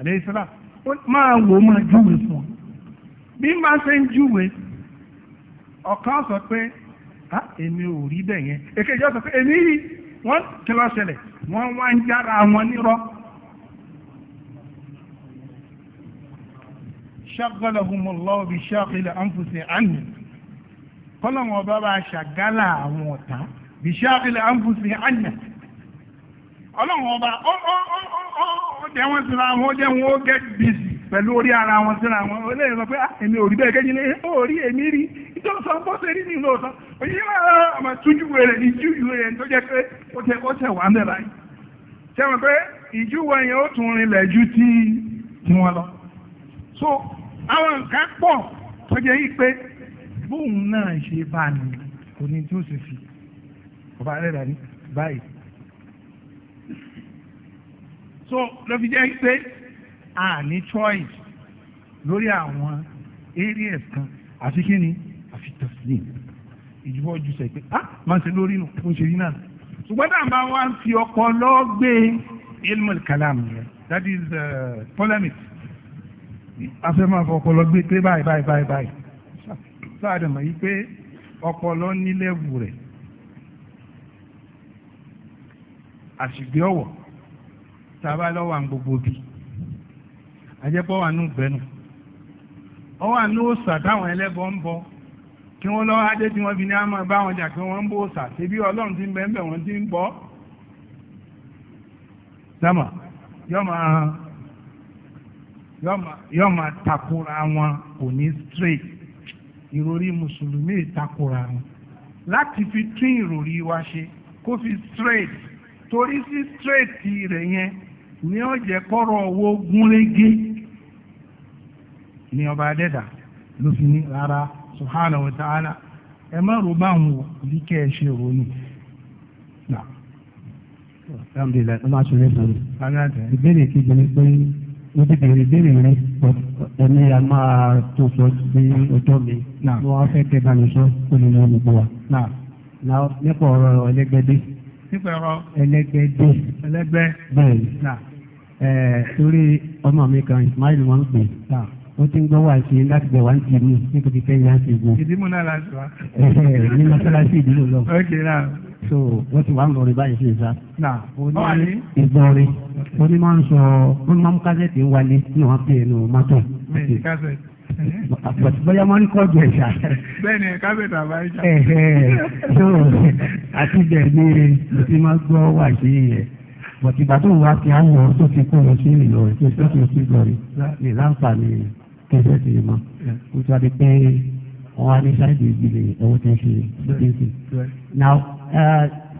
àlẹ́ ìsọ́lá máa wò ó máa fún ọ bí ṣe ń ọ̀kan sọ pé ah, èmi ò rí bẹ́ẹ̀ yẹn èkejì ọ̀sọ̀ pé wọ́n wá ń yára wọn nírọ́. ṣàgọ́lọ̀hùn lọ́wọ́ bíi ṣàkìlẹ̀ ànfùsẹ̀ àná kọ́lọ́wọ́n bá bá ṣàgálà àwọn ọ̀tá bíi ṣàkìlẹ̀ ànfùsẹ̀ àná ọlọ́wọ́n bá ó ó ó ó ó ó dẹ́wọ́n ó get busy pẹ̀lú orí ara wọn síra wọn olóyè sọ pé ah, èmi ò bẹ́ẹ̀ kẹ́yìn lé ó èmi rí ìjọba sọ rí ní ọ̀sán òyìn ọmọ tújú rẹ̀ ní jújù rẹ̀ tó jẹ́ pé ó tẹ ó tẹ wà mẹ́ra yìí ṣe wọn pé ìjú yẹn ó tún rinlẹ̀ ju ti tiwọn lọ so àwọn nǹkan pọ̀ tó jẹ́ yìí pé bóun náà ṣe bá a nù kò ní tí ó sì fi ọba rẹ̀ báyìí so lọ́ fi jẹ́ pé a ní choice lórí àwọn areas kan àfi kí ni àfi tẹ̀sílẹ̀ ìjùbọ̀ ojú sẹ̀ pé ah máa ń ṣe lórí nù mo ṣe rí náà ṣùgbọ́n tá à ń bá wá fi ọpọlọ gbé ilmul kalam yẹn that is uh, polemics afẹ́ máa fọ ọpọlọ gbé pé báyìí báyìí báyìí báyìí sáà dẹ̀ mọ̀ yí pé ọpọlọ ní lẹ́wù rẹ̀ àṣìgbé ọ̀wọ̀ tá a bá lọ́wọ́ àwọn gbogbo bíi ajẹ́pọ̀ wà nù gbẹ́nu ọ wà nù òòsà táwọn ẹlẹ́bọ ń bọ kí wọ́n lọ́wọ́ adé tí wọ́n fi ní àmọ́ bá wọn jà kí wọ́n ń bọ òòsà ṣebí ọlọ́run ti ń bẹ́ẹ̀ bẹ́ẹ̀ wọ́n ti ń bọ́ sámà yọ́mà yọ́mà yọ́mà wọn kò ní straight ìròrí mùsùlùmí takura wọn láti fi tún ìròrí wa ṣe kó fi straight torí sí straight rẹ̀ yẹn ni ó jẹ́ kọ́rọ̀ owó gúnrégé. ni ọba adẹ́dà ló fi ní rárá subhanahu wa ta'ala ẹ má ro báwọn wò bí kẹ́ ẹ ṣe rò ní. alhamdulilayi ọmọ aṣọlẹ sọ̀rọ̀ ìbéèrè kejì ni pé mo ti bèrè ìbéèrè rẹ ẹni a máa tó sọ sí ọjọ́ mi ni wọ́n fẹ́ tẹ́ bá sọ kó lè lọ gbogbo wa nípa ọ̀rọ̀ ẹlẹ́gbẹ́dé. nípa ọ̀rọ̀ ẹlẹ́gbẹ́dé. ẹlẹ́gbẹ́. bẹ́ẹ̀ ni torí ọmọ mi kan Ismail wọ́n ń ó ti ń gbọ́ wá sí láti bẹ̀ wá ń tì mí nítorí pé yá sí gbó. ìdímú náà la sọ. ní mọ́sálásí ìdílé lọ. ok náà. so wọ́n ti wá ń lọrin báyìí sí ìsá. náà ó ní ìgbọ̀nrin ó ní máa ń sọ ó ní máa ń kásẹ̀tì ń wálé ní wọ́n pè é nù mọ́tò. bóyá wọ́n ń kọ́jú ẹ̀ sá. bẹ́ẹ̀ni kásẹ̀tì àbá sá. so àti bẹ́ẹ̀ ni mo ti máa gbọ́ wá sí yẹn bọ̀tìgbà tó ń wá sí àwọn tó ti kó lọ sí ìlọrin tó ti kó lọ sí ìlọrin ní láǹfààní kẹsẹ̀ ti mọ́ o tí wàá di pé wọ́n á ní sáyẹ́dì ìgbìlẹ̀ ẹ̀wọ̀n tẹ̀ ṣe ṣíkẹ́ǹsì. now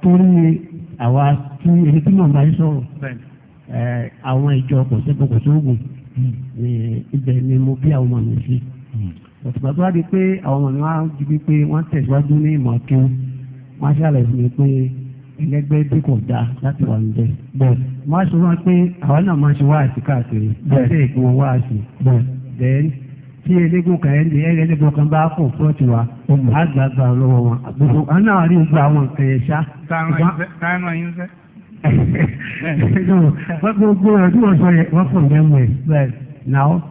torí àwa tí èyí tí màmá yìí sọ̀rọ̀ àwọn ìjọ kò sẹ́gun kò sóògùn hmm. ibẹ̀ ni mo bí àwọn ọmọ mi sí. òtùpá hmm. tó wá di pé àwọn ọmọ mi wá di bí pé wọ́n tẹ̀síwájú ní ìmọ̀ kí wọ́n ṣàlàyé fún mi pé ẹlẹgbẹ́ bí kò dáa láti wà níbẹ̀. bẹ́ẹ̀ máa ṣe wá pé àwa náà máa ṣe wáàsí káàkiri bẹ́ẹ̀ ṣe ìpínwọ́ wáàsí. bẹ́ẹ̀ then tí eléégún kan ẹni ẹlẹ́gbọ̀n kan bá kò fọ́ọ̀tì wa àgbààgbà lọ́wọ́ wọn àgbòfò àná àrí gbogbo àwọn nǹkan yẹn ṣá. táwọn ẹyin fẹ́. wọ́n gbogbo rẹ̀ tí wọ́n sọ yẹn wọ́n fọ̀ lẹ́mú ẹ̀ bẹ́ẹ̀ náà wọ́n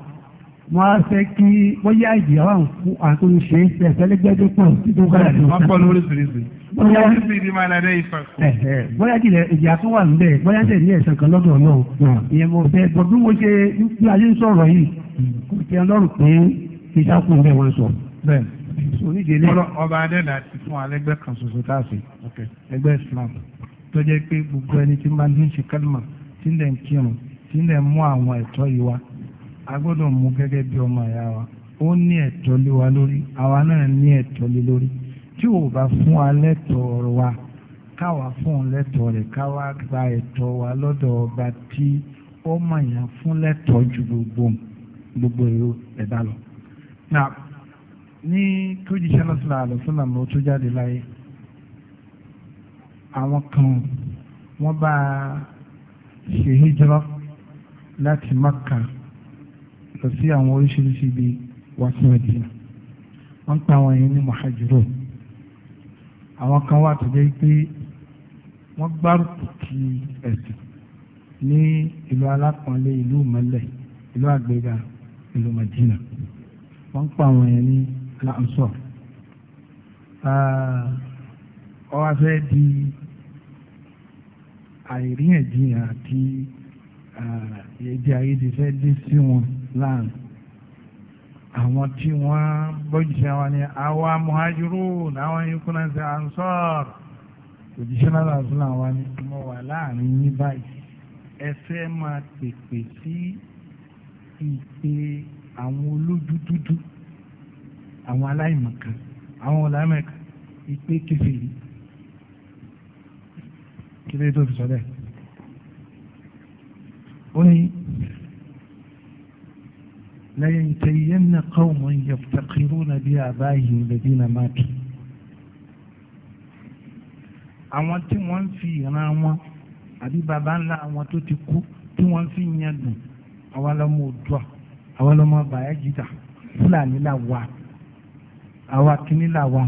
á fẹ́ kí wọ́n yá ìjìyà wọn àwọn tó ń ṣe é fẹ́ fẹ́lẹ́gbẹ́dẹ́pọ̀ títí wọ́n kọ́ bóyá jìlẹ̀ ìjà tó wà níbẹ̀ bóyá jẹ̀ ní ẹ̀sẹ̀ kan lọ́dọ̀ náà hmm. ìyẹn mo fẹ́ gbọ́ bí ṣe bí ayé ń sọ̀rọ̀ yìí hmm. kò tẹ́ ọlọ́run pé ìṣàkùn bẹ́ẹ̀ wọ́n sọ. ọba adẹ́dà ti fún alẹ́gbẹ́ kan ṣoṣo tá a ṣe ẹgbẹ́ Islam tó jẹ́ pé gbogbo ẹni tí máa ń ṣe kálmà tí ń àwọn ẹ̀tọ́ yìí tí ò bá fún wa lẹ́tọ̀ọ́ wa káwa fún un lẹ́tọ̀ọ́ rẹ̀ káwa gba ẹ̀tọ́ wa lọ́dọ̀ ọba tí ó mọ̀yàn fún lẹ́tọ̀ọ́ ju gbogbo gbogbo èrò ẹ̀dá lọ. ní tójì sẹ́lẹ̀sílẹ̀ àlọ́sílẹ̀ ló tó jáde láyé àwọn kan wọ́n bá ṣe hijira láti Makka lọ sí àwọn oríṣiríṣi bíi wàásù Mẹ́dínà wọ́n ń pa àwọn yẹn ní muhajirun àwọn kan wà tó jẹ́ pé wọ́n gbárùkù ti ẹ̀sìn ní ìlú alápọ̀nlé ìlú mẹ́lẹ̀ ìlú àgbéga ìlú Madina wọ́n ń pa àwọn yẹn ní lansọ ó wá fẹ́ di àìríyànjiyàn àti èdè àìyedè fẹ́ dé sí wọn láàrin àwọn tí wọ́n bọ́jìṣẹ́ wọn ni àwa muhajirun àwọn yìíkúnná sí ansar òjìṣẹ́ náà sún àwọn ni mo wà láàrin yín báyìí ẹsẹ̀ máa pèpè sí ìpè àwọn olójú dúdú àwọn aláìmọ̀kan àwọn ọ̀làmẹ̀kan ìpè kẹfìrí kí ló tó fi sọ bẹ́ẹ̀ ó ní. لينتين قوم يفتقرون بآبائهم الذين ماتوا àwọn tí wọ́n ń fi ìran wọn àbí baba ńlá àwọn tó ti kú tí wọ́n ń fi yan dùn àwa lọ́mọ Oòduà àwa lọ́mọ Bayajidda Fúlàní là wà àwa kìíní là wà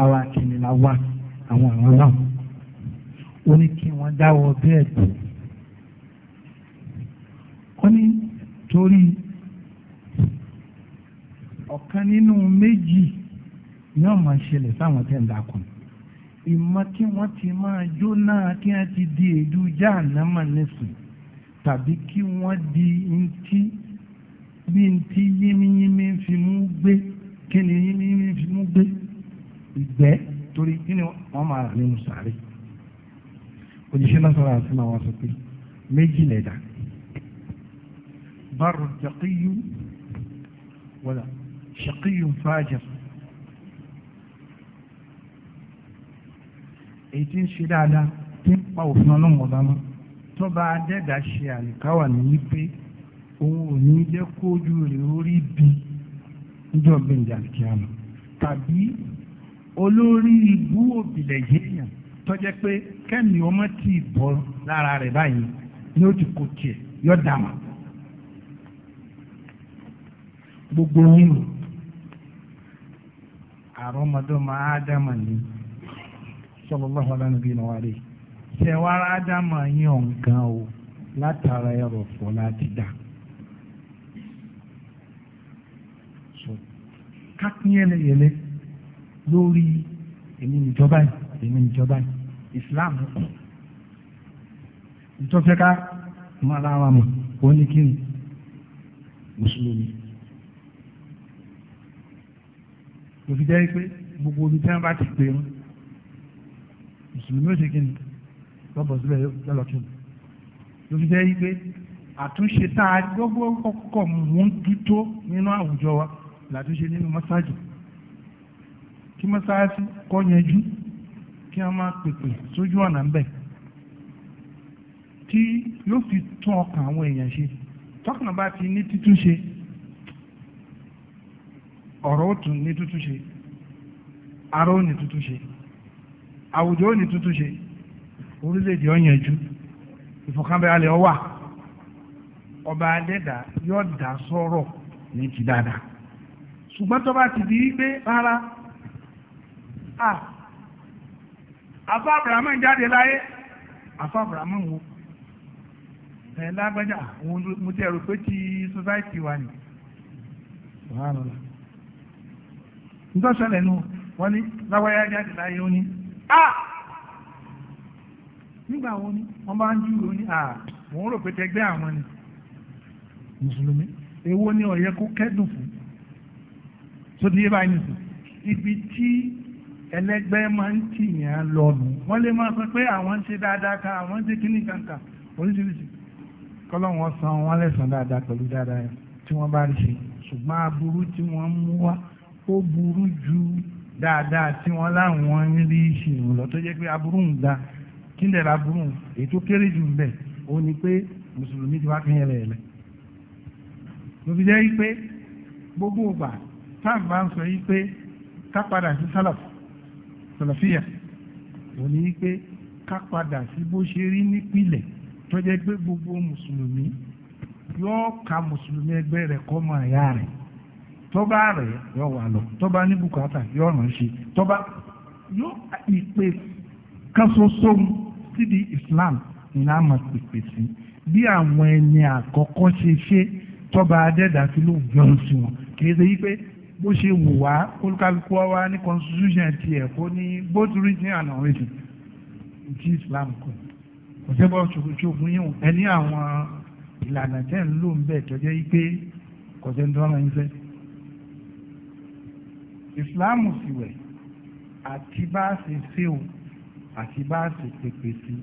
àwa kìíní là wà àwọn àwọn náà ó ní kí wọ́n dáwọ́ bẹ́ẹ̀ dùn ó ní torí ọ̀kan nínú méjì ni wọ́n máa ṣẹlẹ̀ sáwọn tẹ̀ ń dakùn ìmọ̀ kí wọ́n ti máa jó náà kí wọ́n ti di èédú jáànámà nísìn tàbí kí wọ́n di ntí bí ntí yínmíyínmí fi mú gbé kí ni yínmíyínmí fi mú gbé ìgbẹ́ torí kí ni wọ́n máa rà nínú sàárè òjíṣẹ́ náà sọ̀rọ̀ àti màá wá sọ pé méjì lẹ̀dá bá rọ̀ jàkíyú wọ́lá. شقي فاجر èyí tí ń ṣe dáadáa tí ń pa òfin ọlọ́run ọba mọ́ tó bá adẹ́gà ṣe àlìkáwà ní pé òun ní jẹ́ kójú rẹ̀ orí bí níjọ́ gbẹ̀ǹdà kíámù tàbí olórí ibú òbílẹ̀ yéèyàn tó jẹ́ pé kẹ́mi ọmọ tí ì lára rẹ̀ àrọ́mọdọ́mọ ádámà ni sallallahu ala nabiyina wa alayhi ṣẹ̀wárá ádámà yín ọ̀ǹkan o látara ẹ̀rọ̀ fọ́ láti dà. kápín yẹlẹyẹlẹ lórí èmi níjọba yìí èmi Islam ìtọ́fẹ́ká máa lára mọ̀ ó kò fi jẹ́ pé gbogbo omi tí wọ́n bá ti pè ń mùsùlùmí ó ṣe kí ni lọ́bọ̀ síbẹ̀ lọ́lọ́kì ló fi jẹ́ pé àtúnṣe tá a gbogbo kọ́kọ́ mú dútó nínú àwùjọ wa làtúnṣe nínú mọ́sáàjì kí mọ́sáàjì kọ́ yanjú kí wọ́n máa pèpè sójú ọ̀nà ńbẹ̀ tí yóò fi tún ọkàn àwọn èèyàn ṣe tọkàn bá ti ní títúnṣe ọ̀rọ̀ ó tún ní tútù ṣe ara ó ní tútù ṣe àwùjọ ó ní tútù ṣe orílẹ̀-èdè ọ̀yànjú ìfọ̀kànbalẹ̀ ọwà ọba adẹ́dà yóò dá sọ̀rọ̀ ní ti dáadáa ṣùgbọ́n tó bá ti di pé rárá àfa abrahamu jáde láyé àfa abrahamu wo ẹ̀ lágbájá mo tẹ̀ rò pé ti society wa ni. Subhanallah ntọ́sẹ̀lẹ̀ nu wọ́n ní láwáyá jáde láyé ó ní a ah! nígbà wo ni wọ́n bá ń jú ó ní a mò ń rò pé tẹgbẹ́ àwọn ni mùsùlùmí èwo ni ó yẹ kó kẹ́dùn fún sódì yé báyìí nìsín ibi tí ẹlẹgbẹ́ máa ń tìyàn lọ́nu wọ́n lè máa sọ pé àwọn ń ṣe dáadáa ká àwọn ń ṣe kíní kàǹkà oríṣiríṣi kọ́lọ́wọ́n san wọ́n lẹ́sàn dáadáa pẹ̀lú dáadáa tí wọ́n bá rí ṣe ṣùgbọ́n aburú tí wọ́n mú wá ó burú ju dáadáa tí wọ́n láwọn ń rí ìṣirò lọ tó jẹ́ pé aburú ń ga kí ń dẹ̀ra aburú ètò kéré jù ń bẹ̀ ó ní pé mùsùlùmí ti wá kí yẹn lẹ̀ẹ́lẹ̀ ló fi jẹ́ pé gbogbo ìgbà táàbù bá ń sọ yìí pé ká padà sí sálàfù sàlàfíà ò ní pé ká padà sí bó ṣe rí nípìnlẹ̀ tó jẹ́ pé gbogbo mùsùlùmí yóò ka mùsùlùmí ẹgbẹ́ rẹ̀ kọ́ mọ̀ ẹ̀yà rẹ̀ tó bá rẹ̀ yọ wà lọ tó bá ní bùkátà yọ ránṣẹ́ tó bá yọ ìpè kan ṣoṣo síbi Islam ní a máa pèpè sí bí àwọn ẹni àkọ́kọ́ ṣe ṣe tọ́ba adẹ́dà fi ló yọrù sí wọn kì í ṣe yí pé bó ṣe wù wá olúkálukú wa ní constitution tiẹ̀ kó ní both reason and origin ti Islam kọ́ kò sẹ́bọ̀ ṣòkòṣòkò yíwọ̀n ẹni àwọn ìlànà tẹ́ ń lò ń bẹ̀ tọ́jọ́ yí pé kò sẹ́ńtọ́ fẹ́ ìsìláàmù sì wẹ̀ àti bá a ṣe ṣe o àti bá a ṣe pèpè sí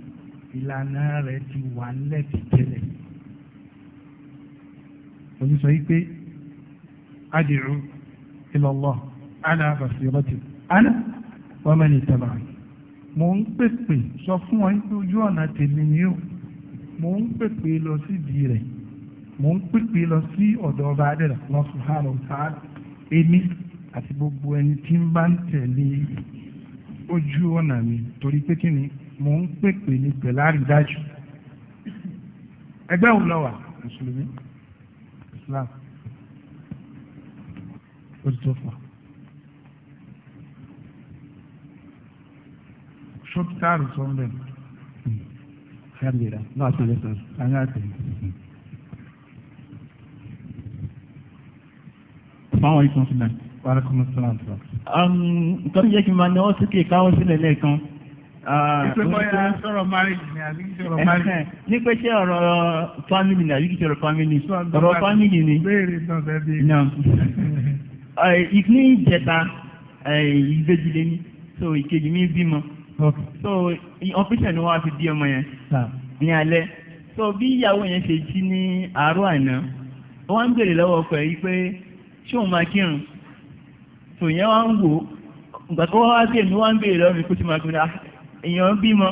ìlànà rẹ̀ ti wà nílẹ̀ ti tẹ́lẹ̀ òní sọ yìí pé adìrú ilọ̀lọ́ alábàṣírọ́tì ana wọ́n mẹ́rin ìtàbà mo ń pèpè sọ fún ọ pé ojú ọ̀nà tèmi ni o mo ń pèpè lọ sídìí rẹ̀ mo ń pèpè lọ sí ọ̀dọ̀ ọba adẹ́rẹ̀ lọ́sùn hàn ọ̀tá èmi àti gbogbo ẹni tí ń bá ń tẹ̀lé ojú ọ̀nà mi torí pé kí ni mò ń pèpè ní pẹ̀lú àrídájú ẹgbẹ́ òun mùsùlùmí islam ó ti tó fà. ṣọ́pítàrì sọ́ńdẹ̀ yàgbéra náà ti lè sọ àyà tẹ̀. Assalamu alaikum. Um, nǹkan tó yẹ kí n máa náwó sókè káwọ́ sílẹ̀ lẹ́ẹ̀kan. ìpè uh, bọ́yá marriage ni àbí kí sọ̀rọ̀ marriage. ní pé ṣé ọ̀rọ̀ family ni àbí kí sọ̀rọ̀ family ọ̀rọ̀ family ni. béèrè náà fẹ́ bí. ìpín ìjẹta ìbejì lé ní so ìkejì mi bímọ so ọ̀pẹ̀ṣẹ̀ ni wọ́n á fi bí ọmọ yẹn ní alẹ́ so bí ìyàwó yẹn ṣe jí ní àárọ̀ àná wọ́n ń béèrè lọ́wọ́ ọkọ pé ṣé òun máa kírun tòyẹn wá ń wò ìgbà tó wá sí èmi wá ń béèrè lọ́rùn ikú tí mo gbé ra èèyàn bímọ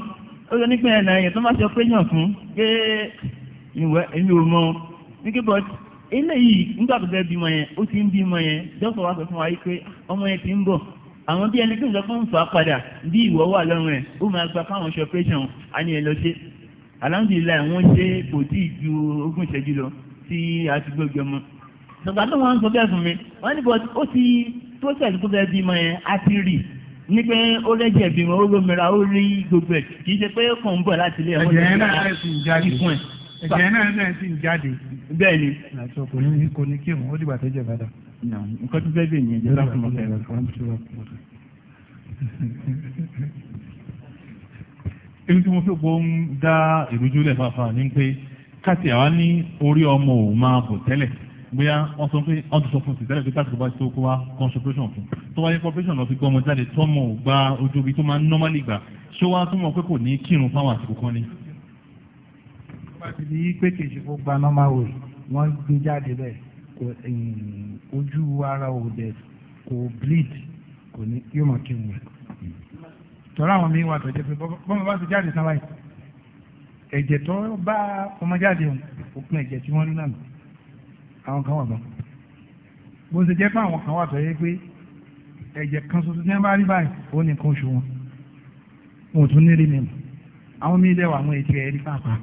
ó lọ nípa ẹ̀nà èèyàn tó má sọ pé yàn fún pé ìwẹ èmi ò mọ ní kí bọ́t eléyìí nígbà tó fẹ́ bímọ yẹn ó ti ń bímọ yẹn dọ́kọ̀ wá sọ fún wa yìí pé ọmọ yẹn ti ń bọ̀ àwọn bí ẹni tó ń sọ fún fà padà bí ìwọ wà lọ́rùn ẹ̀ ó máa gba fáwọn ṣe operation á ní ẹ lọ ṣe alhamdulilayi wọ́n ṣe kò tí ì ju ogún ìṣẹ́jú lọ tí a ti gbọ́gbẹ́ mọ́. sọ̀gbà tó wọ́n sọ bẹ́ẹ̀ fún mi wọ́n ní bọ́t ó ti process tó fẹ́ bímọ yẹn á ti rì ní pé ó lẹ́jẹ̀ bímọ ó lómìnira ó rí gbogbo ẹ̀ kì í ṣe pé kò ń bọ̀ láti ilé ẹ̀kọ́ ẹ̀jẹ̀ náà ẹ̀ sì ń jáde ẹ̀jẹ̀ náà ẹ̀ sì ń jáde. bẹ́ẹ̀ ni. àti ọkùnrin kò ní kí òun ó dìgbà tó jẹ bàdà. nǹkan tó fẹ́ bẹ̀ yẹn jẹ́ lákùnrin ọ̀fẹ́ ebi tí mo fi gbọ́ ń dá ìrújú bóyá wọ́n sọ pé wọ́n ti sọ fún tìtẹ́lẹ̀ pé káàkiri bá tó kó wá consultation fún tó wáyé corporation lọ fi gbọ́ ọmọ jáde tọ́mọ̀ ò gba ojú ibi tó máa ń normally gbà ṣó wá túmọ̀ pé kò ní kírun fáwọn àsìkò kan ni. wọ́n ti ní pé kì í ṣe fún gba normal way wọ́n gbé jáde bẹ́ẹ̀ kò ojú ara ò dẹ̀ kò bleed kò ní yóò mọ̀ kírun rẹ̀. tọ́lá àwọn míín wà tọ́jú pé bọ́mọ bá ti jáde sáwáyé ẹ̀jẹ̀ tó bá ọmọ jáde òpin ẹ̀jẹ̀ tí wọ́n rí náà àwọn kan wà bá bó ṣe jẹ́ pé àwọn kan wà tó yẹ pé ẹ̀jẹ̀ kan ṣoṣo tí wọ́n bá rí báyìí ó ní nǹkan oṣù wọn wọn ò tún ní rí nìyẹn àwọn míì lẹ́wọ̀ àwọn ètò ẹ̀rí pàápàá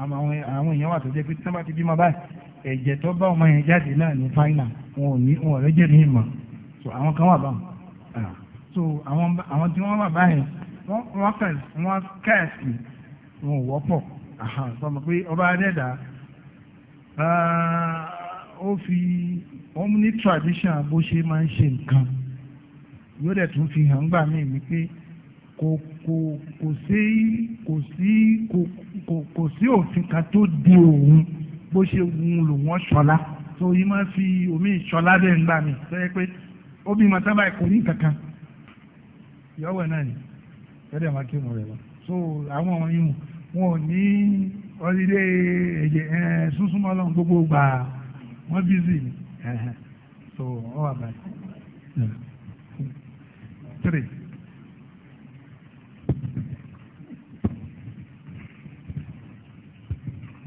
àwọn èèyàn wà tó jẹ́ pé tí wọ́n bá ti bímọ báyìí ẹ̀jẹ̀ tó bá ọmọ yẹn jáde náà ní fáínà wọn ò ní wọn ò rẹ́jẹ̀ ní ìmọ̀ so àwọn kan wà báwọn ah. so àwọn tí wọ́n wà báyìí wọ́n kẹ̀sì wọn ò wọ́pọ̀ sọmọ pé ọba adẹ́dàá Ah, ó fi wọ́n ní tradition bó ṣe máa ń ṣe nǹkan yóò dẹ̀ tún fi hàn gbà mí wípé kò kò kò sí kò sí kò kò sí òfin kan tó di òun bó ṣe wun lòun ṣọlá tó yìí máa fi omi ṣọlá bẹ́ẹ̀ ń gbà mí tó yẹ pé ó bímọ sábà kò ní kankan yọ̀wẹ̀ náà ni yọ̀dẹ̀ máa kí mo rẹ̀ lọ so àwọn ọ̀hún wọn ò ní wọ́n ti dé ẹ̀jẹ̀ ẹ̀ súnsúnmọ́ lọ́n gbogbo gbà wọ́n bízì ni so ọ wà báyìí. three.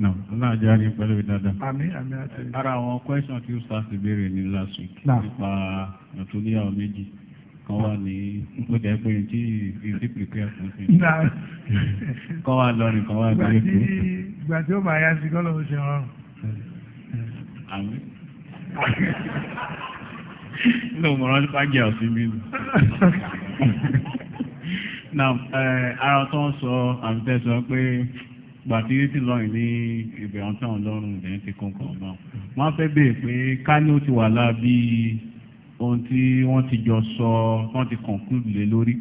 No, aláàjá ni pẹ̀lú dáadáa. Àmì àmì àti. Ara àwọn question tí ó sáà ti béèrè ní last week. Nípa nàtòlíyàwó méjì kọ́ wa ní ó jẹ́ pé tí ìfi prepare fún sí. kọ́ wa lọ nìkan wa lórí kú. ìgbà tí ó bá yá sí kọ́lọ̀ ó ṣe rọrùn. àmín. ló mọ̀ ọ́n nípa jẹ́ ọ̀sìn mi nù. na ara tó ń sọ àmì tẹ̀sán pé gbàtí tí lọ́yìn ní ìbẹ̀rù tán lọ́rùn ìdẹ́yìn ti kún kàn náà. wọ́n fẹ́ bèèrè pé ká ti wà lábí ohun tí wọ́n ti jọ sọ wọ́n ti conclude lé lórí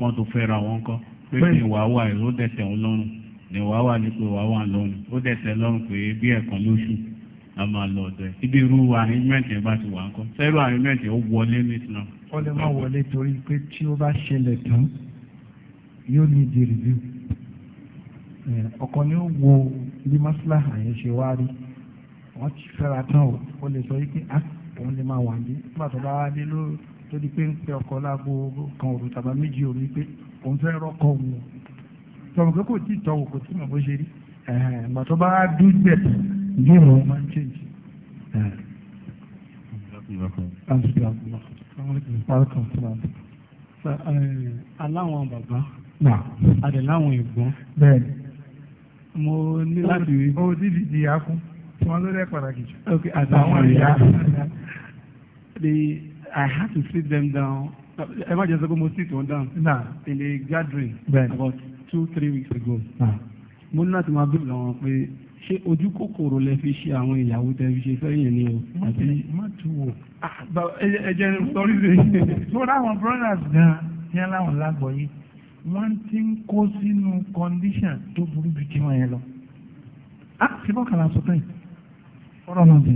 wọ́n tó fẹ́ ra wọn kọ́ pé ní wàá wà ó dẹ̀tẹ̀ ń lọ́rùn ní wàá wà ní pé wàá wà lọ́rùn ó dẹ̀tẹ̀ lọ́rùn pé bí ẹ̀kan lóṣù la máa lọ ọ̀dọ̀ ẹ̀ ibi irú arrangement yẹn bá ti wà ń kọ́ sẹ́rù arrangement yẹn ó wọlé ní islam. ó lè má wọlé torí pé tí ó bá ṣẹlẹ̀ tán yóò ní ìdí review ọkàn ni ó wo bí masla àyẹ̀ṣe wá rí wọ́n ti fẹ́ra tán ó lè sọ yìí pé ah, òun lè máa wà ní nígbà tó bá wá dé ló di pé ń pe ọkọ láago kan òru tàbá méjì òru pé òun fẹ́ rọ́kọ òun tọmọ pé kò tí ì tọwọ́ tí ì bó ṣe rí ìgbà bá wá dún gbẹ̀ ní ìmọ̀ wọn máa ń change. aláwọn bàbá adẹ̀ láwọn ẹ̀gbọ́n mo ní láti rí. o ti di ìyá fún wọn ló rẹ pàtàkì jù. ok àtàwọn ìyá they I had to sit them down. Emma just go sọ sit wọn down. Na in a gathering. Bẹ́ẹ̀ni about two three weeks ago. Na mo ní láti máa bí lọ́wọ́ pé ṣé ojú kòkòrò lẹ fi ṣe àwọn ìyàwó tẹ fi ṣe sẹ́yìn ni o. Àti má tu wò. Ah, ẹ jẹ́ sọ́rí sí. So láwọn brothers gan yẹn láwọn lágbọ̀ yìí wọ́n ti ń kó sínú condition tó burú ju tiwọn yẹn lọ. Á ah, ti bọ́ kàlà sọ tán yìí. Ọ̀rọ̀ náà ti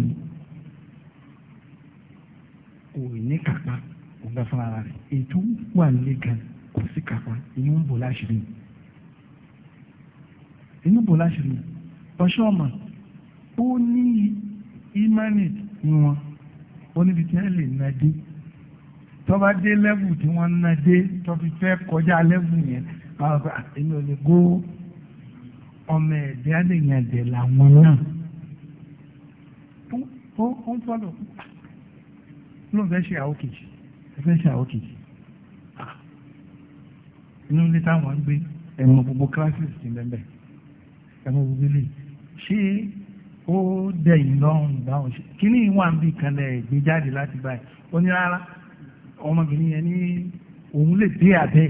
kò ní kápá kò gbà fún ara rẹ̀ ètò wà nílé gan kò sí kápá inú ń bò láṣìírí inú bò láṣìírí ọṣọ ọmọ ó ní ìmánì wọn ó níbi tí wọn lè na dé tọ́ba dé lẹ́bù tí wọ́n na dé tọ́bi fẹ́ kọjá lẹ́bù yẹn àwọn àgbà ah, èmi ò lè gó ọmọ ẹ̀dẹ́ àdéhùn làwọn náà ó ń fọ́lọ̀ lóun fẹ́ ṣe àwọn kejì ẹ fẹ́ ṣe àwọn kejì ah. inú ilé táwọn ń gbé ẹ̀mọ gbogbo classes ti bẹ́ẹ̀ ẹ̀mọ gbogbo ilé ṣé ó dẹ̀yìn lọ́rùn báwọn ṣe kíní wà ń bí kan lẹ̀ gbé jáde láti báyìí ó ní rárá ọmọbìnrin yẹn ní òun lè dé abẹ́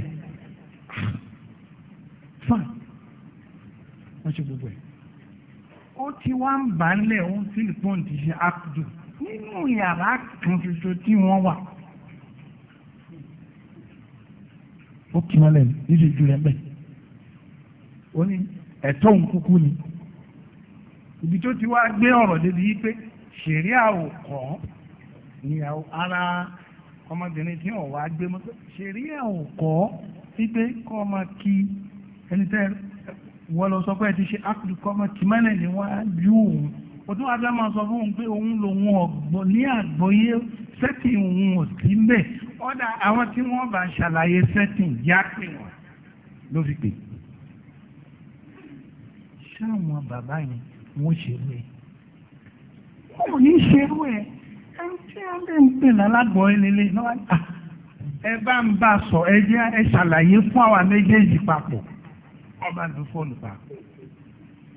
fine wọ́n ṣe gbogbo ẹ̀ ó ti wá ń bá ń lẹ̀ ó ń sílípọ́ǹtì ṣe ápùdù nínú yàrá kan ṣoṣo tí wọ́n wà. ó kí wọn lẹ́nu níṣẹ́ ju rẹ̀ ń bẹ̀. ó ní ẹ̀tọ́ òun kúkú ni. ibi tó ti wá gbé ọ̀rọ̀ débi yí pé ṣẹ̀ríà ò kọ́ níyàwó ara ọmọbìnrin tí wọn wá gbé mọ́tò ṣẹ̀ríà ò kọ́ wípé kọ́ ọmọ kí ẹni tẹ́ wọ́n lọ sọ pé ẹ ti ṣe ákùdù kọ́ ọmọ kì mọ́lẹ̀ ni wọ́n á ju òun òtún wàá fẹ́ máa sọ fún un pé òun lòun ọ̀gbọ́ ní àgbọ́yé sẹ́tìn òun ò sí mbẹ̀ ọ̀dà àwọn tí wọ́n bá ṣàlàyé sẹ́tìn yá pè wọ́n ló fi pè. sáwọn bàbá yẹn wọ́n ṣerú ẹ̀ wọ́n ò ní ṣerú ẹ̀ ẹni tí wọ́n bẹ̀ ń pè lálágbọ́ ẹlẹ́lẹ́ náà ah, ẹ bá ń bá sọ ẹ jẹ́ ẹ ṣàlàyé fún àwa méjèèjì papọ̀ ọba ló fọ́ọ̀nù papọ̀.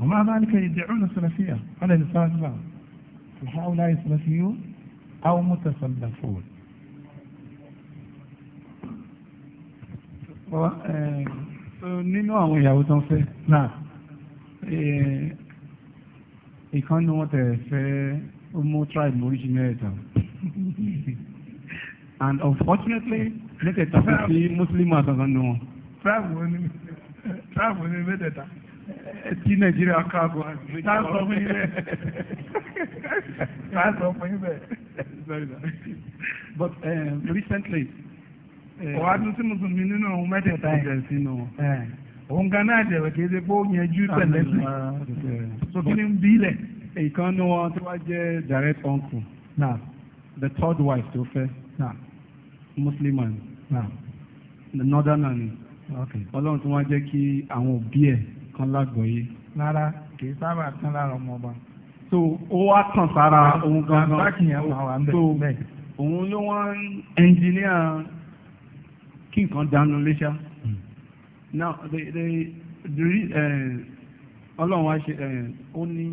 ومع ذلك يدعون السلفية على لسان الله فهؤلاء سلفيون أو متسلفون eh, nínú àwọn ìyàwó tó ń fẹ́ náà eh, ìkan ní wọ́n tẹ̀ fẹ́ mú tribe oríṣi mẹ́ẹ̀ta and unfortunately mẹ́tẹ̀ẹ̀ta kò sí muslim àtọ̀kan nù wọn. tribe wo ni mẹ́tẹ̀ẹ̀ta. tí nigeria káàbọ̀ tá a sọ fún but um, recently. Um, wàá tún sí mùsùlùmí nínú ohun mẹ́tẹ̀ẹ̀ta yẹn sínú òun gan náà dẹ̀rẹ̀ kí ẹ ṣe pé ó yanjú pẹ̀lẹ́sì so kí ni ń bílẹ̀. ní wọn tí direct uncle. na the third wife tó na muslim man. na the northern man. ọlọ́run tí jẹ́ kí àwọn òbí ẹ̀. kan lágbọ̀ọ́yé rárá kì í sábà kan lára ọmọ ọba. so ó wá tàn sára òun gangan so òun ló wọ́n ẹnjìníà kí nǹkan dànù léṣà hmm. now the the the eh, ọlọ́run wá ṣe eh, ó ní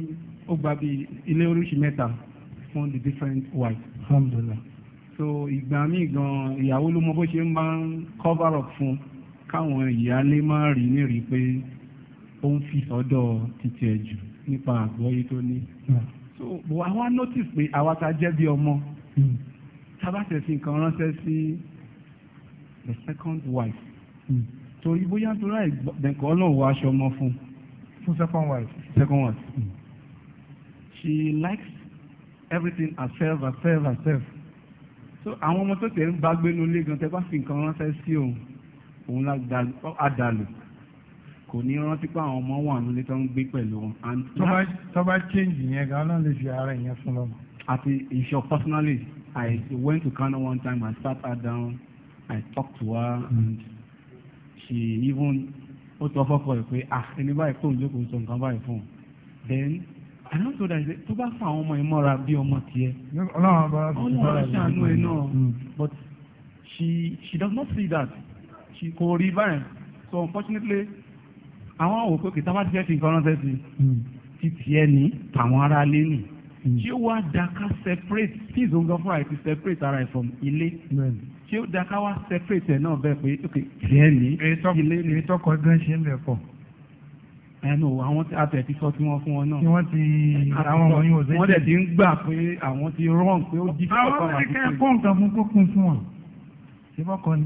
ó gba bí ilé oríṣi mẹ́ta fún the different wife. alhamdulilah so ìgbà míì gan ìyàwó ló mọ bó ṣe máa ń cover up fún káwọn ìyáálé máa rí nírìí pé ó ń fi sọ́dọ̀ títí ẹ̀ nípa àgbọ́yé tó ní. Hmm. so àwa notice pé àwa ta jẹ́ bí ọmọ hmm. tábàtẹ̀ fi nǹkan ránṣẹ́ sí the second wife. Hmm. torí bóyá tó ráì dẹ̀kọ́ náà wọ aṣọ ọmọ fún. fún second wife. second wife. she likes everything herself herself herself. so àwọn ọmọ tó tẹ̀ ń bá gbénu ilé gan tẹ́ bá fi nǹkan ránṣẹ́ sí òun òun la dàlù kò ní rántí pé àwọn ọmọ wà nílé tó ń gbé pẹ̀lú wọn. tó bá change yẹn gan náà lè fi ara yẹn fún lọ. àti ìṣọ personally I went to Kano one time and sat her down I talked to her and she even ó sọ fọ́kọ rẹ̀ pé ah ẹni báyìí kò ń sọ nǹkan báyìí fún then I don't know that tó bá fa àwọn ọmọ yẹn mọ́ra bí ọmọ tiẹ̀. ọlọ́run bá ọlọ́run ṣàánú ẹ náà hmm. but she she does not see that she kò rí báyìí so unfortunately àwọn àwọn òkè tá a bá ti fẹ́ fi nǹkan ránṣẹ́ sí ti tiẹ̀ ní tàwọn ará ilé nì hmm. tí ó wá da separate tí ìzóńgá fúnra ẹ̀ ti separate ara ẹ̀ from ilé tí ó da ká wá separate ẹ̀ náà bẹ́ẹ̀ pé ok tiẹ̀ ní ilé ní. èyí tọkọ gan ṣe ń bẹ̀ pọ̀ ẹnu àwọn àtẹ̀ ti sọ tí wọ́n fún wọn náà. tí wọ́n ti àwọn wọ̀nyí ò sẹ́yìn. wọ́n dẹ̀ ti ń gbà pé àwọn ti rán pé ó di fún ọkọ àti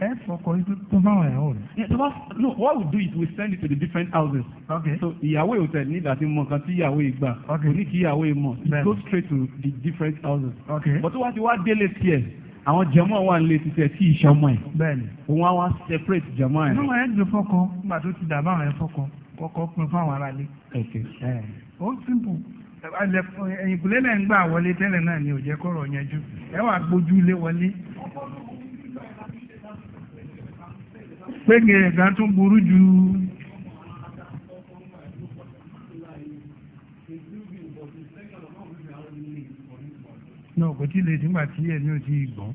ẹ fọkọ ibi tó báwọn ẹ̀họ́ yeah so no what we do is we send it to the different houses. okay so ìyàwó hotel ní ìdásí mọ nǹkan tí ìyàwó yìí gbà. okay kò ní kí ìyàwó yìí mọ. it goes straight to the different houses. okay but wá ti wá délé tiẹ̀ àwọn jẹmọ wà ń lé títẹ tí ìṣọmọ ẹ. bẹ́ẹ̀ni òun á wá separate jẹmọ ẹ. níwọ̀n ẹ gbé fọkọ nígbà tó ti dà báwọn ẹ fọkọ kọkọ pin fáwọn aráalé. okay ẹ ó simple ẹ̀yìnkùlé náà ń gbà wọlé tẹ́lẹ̀ náà ni ò jẹ́ kọ̀rọ̀ yẹn jù ẹ wà gbójú ilé wọlé pége ẹ̀gá tún burú jù náà kò tí lè nígbà tí ẹ̀mí ò ti gbọ́n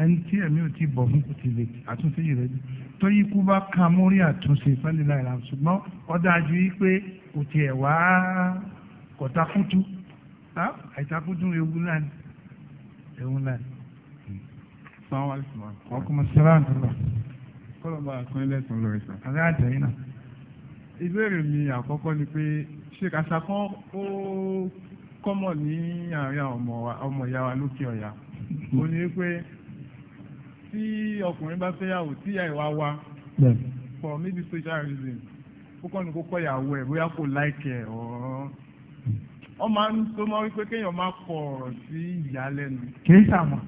ẹni tí ẹ̀mí ò ti bọ̀ fún kò tí lè àtúnṣe yìí rẹ̀ tó yí kú bá ka mórí àtúnṣe pẹ́lú láìra ṣùgbọ́n ó dájú yí pé kò tiẹ̀ wá kọ̀tàkùtù ah, àìtàkùtù ewu náà ewu náà sáwọn àìsàn ọkùnrin sọlá ń tọ́lọ̀ kọlọ́ba àkọọ́lẹ̀ tó ń lọ ìsàn. àlẹ́ àjẹyìn náà. ìbéèrè mi àkọ́kọ́ ni pé ṣé kàṣà kan ó kọ́mọ̀ ní àárín ọmọ ìyá wa lókè ọ̀yà hmm. ó ní pé tí ọkùnrin bá fẹ́yàwó tí ìyá ìwà wa for maybe social reason ó kọ́ ni kó kọ́ ìyàwó ẹ̀ bóyá kò láìkẹ̀ ọ̀ọ́ wọ́n máa ń tó máa wípé kéèyàn máa kọ̀ ọ̀rọ̀ sí ìyá lẹ́nu. kì í sàmọ̀.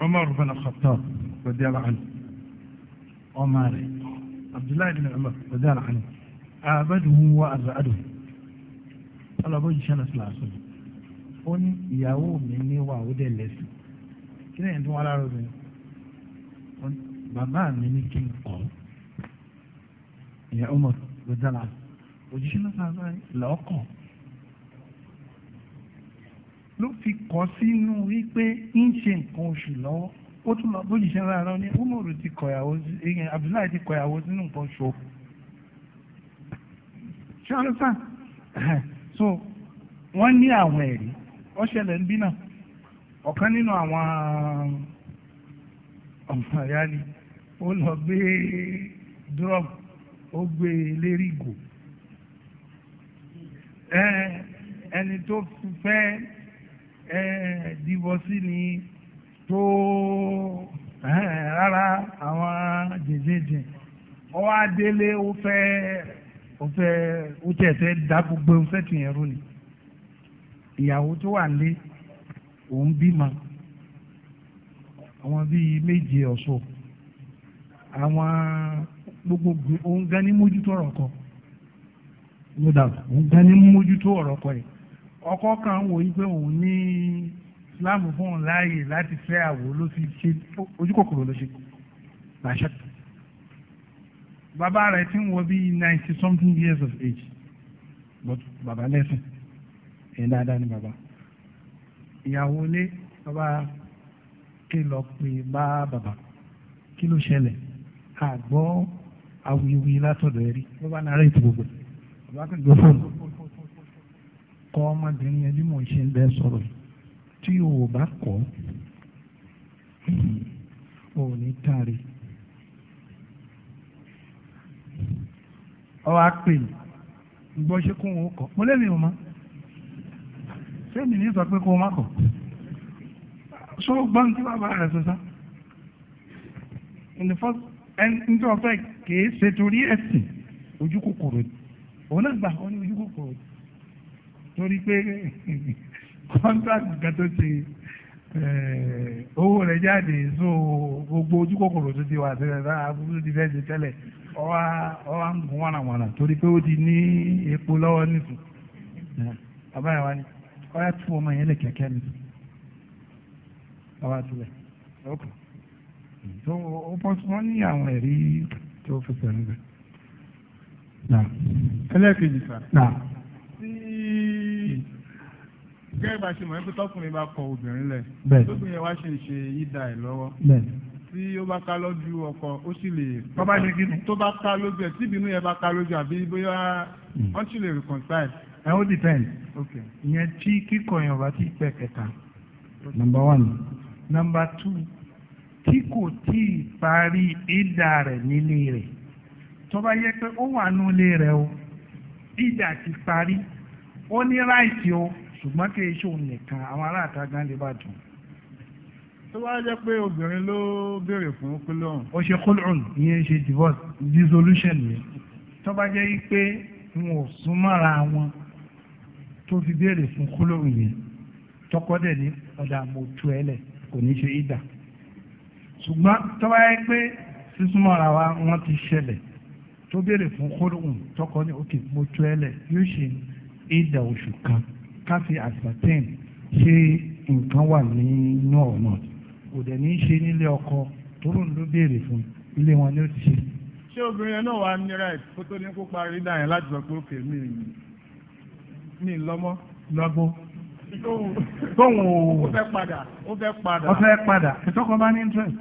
Umar bin Khattab radiyallahu anhu ọmọ rẹ̀ Abdullahi bin Umar radiyallahu anhu abaduhu wa azaduhu ọlọ́bọ̀ yìí sẹ́nà síláàsì ó ní ìyàwó mi ní wà ó dẹ̀ lẹ́sìn kí lẹ́yìn tó wà lára obìnrin bàbá mi ní kí n kọ́ ìyá Umar radiyallahu anhu òjíṣẹ́ náà sábà lọ́kọ̀ọ́ ló fi kọ́ sínú wípé ń ṣe nǹkan oṣù lọ́wọ́ ó tún lọ bójúṣe ńlá rán ní umaru ti kọ̀yàwó abdullahi ti kọ̀yàwó sínú nǹkan oṣù o. ṣé ọ ló sàn so wọ́n ní àwọn ẹ̀rí wọ́n ṣẹlẹ̀ ń bí náà ọ̀kan nínú àwọn ọmọ ìyá ni ó lọ gbé drum ó gbé lérí ìgò ẹni tó fẹ́ divorce ni tó rárá àwọn jẹjẹjẹ ọwọ́ adélé ó fẹ́ ó fẹ́ ó tẹ̀ fẹ́ dá gbogbo ó fẹ́ tìyẹn rú ni ìyàwó tó wà lé òun bímọ àwọn bíi méje ọ̀ṣọ́ àwọn gbogbo òun gan ní mójútó ọ̀rọ̀ kan no doubt òun gan ní mójútó ọ̀rọ̀ kan yìí ọkọ kan wò yí pé òun ní islam fún òun láàyè láti fẹ́ àwò ló fi ṣe ojú kòkòrò ló ṣe làṣẹ. bàbá rẹ̀ ti ń wọ bíi ninety something years of age but bàbá lẹ́sìn ẹ̀ dáadáa ni bàbá ìyàwó ilé bàbá kí lọ pé bá bàbá kí ló ṣẹlẹ̀ àgbọ̀ awuyewuye látọ̀dọ̀ ẹ̀rí bàbá náà rẹ̀ ti gbogbo bàbá kan gbé fóònù kọ́ ọmọbìnrin yẹn bí mò ń ṣe ń bẹ sọ̀rọ̀ tí o bá kọ́ o ò ní tààrí. ọwọ́ àpè gbọ́ ṣé kó o kọ́ mo lébi o mọ́ ṣé mi ní sọ pé kó o má kọ́ so gbọ́n tí bàbá rẹ̀ sọ sá in the first ẹni tí wọ́n fẹ́ kì í ṣe torí ẹ̀sìn ojú kòkòrò òun náà gbà ó ní ojú kòkòrò torí pé kọ́ńtàkì kan tó ṣe eh, owó rẹ̀ jáde so gbogbo ojú kòkòrò tó ti wà sílẹ̀ tá a búrú ti fẹ́ ṣe tẹ́lẹ̀ ọwá ọwá ń gun wọnàwọnà torí pé ó ti ní epo lọ́wọ́ nìsín bàbá yẹn wá ní ọyá tún ọmọ yẹn lè kẹ̀kẹ́ nìsín bàbá tilẹ̀ ọkọ̀ tó ó bọ́ sí wọ́n ní àwọn ẹ̀rí tó fẹsẹ̀ níbẹ̀. ẹlẹ́kejì sá tí gẹ́gẹ́ bá ṣe mọ̀ pé tọkùnrin bá kọ obìnrin lẹ̀ tóbi yẹn wá ṣe ṣe ìdá ẹ̀ lọ́wọ́ tí ó bá ká lójú ọkọ ó sì lè tó bá ká lójú ẹ̀ tí ìbínú yẹn bá ká lójú àbí bóyá hmm. wọ́n sì lè reconcile. ẹ ó depend ìyẹn tí kíkọ yẹn ọba tí pẹ kẹta number one number two tí kò tí ì parí ìdá rẹ̀ nílé rẹ̀ tó bá yẹ pé ó wà nílé rẹ̀ o ìjà ti parí ó ní ráìtì o ṣùgbọ́n kì í ṣe òun nìkan àwọn aráàta gan lè bá dùn. tó bá jẹ́ pé obìnrin ló béèrè fún kúlọ̀n. ó ṣe kúlọ̀n ìyẹn ṣe divorce dissolution yẹn tó bá jẹ́ pé wọn ò sún mọ́ra wọn tó fi béèrè fún kúlọ̀n yẹn tọkọ dẹ̀ ní ọ̀dà mo tu ẹ lẹ̀ kò ní ṣe ìdà ṣùgbọ́n tó bá jẹ́ pé sísúnmọ́ra wa wọ́n ti ṣẹlẹ̀ tó béèrè fún kóróhùn tọkọ ní òkè mo tú ẹ lẹ yóò ṣe ìdá oṣù kan káfí ascertain ṣé nǹkan wà nínú ọ̀nà kò dẹ̀ ní í ṣe nílé ọkọ tóróhùn ló béèrè fún ilé wọn ni ó ti ṣe. ṣé obìnrin yẹn náà wàá ní right kó tó ní kó parí dáhìn láti sọ pé òkè mi mi lọ́mọ́. lọ́gbọ́n tóun ò ó fẹ́ padà ó fẹ́ padà ó fẹ́ padà ìtọ́kọ bá ní interest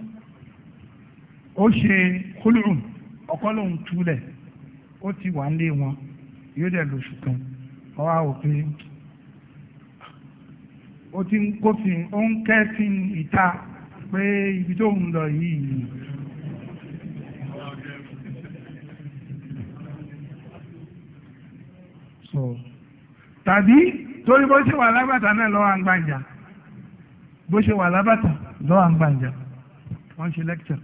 ó ṣe kúlùrùn ọkọ lòun túlẹ̀ ó ti wà nílé wọn yóò dẹ̀ lóṣù kan ọwọ́ òpin ó ti ń kófin ó ń kẹ́sìn ìta pé ibi tó ń lọ yìí. so tàbí torí bó ṣe wà lábàtà náà lọ́wọ́ àgbàǹjà bó ṣe wà lábàtà lọ́wọ́ àgbàǹjà wọ́n ṣe lẹ́kítọ̀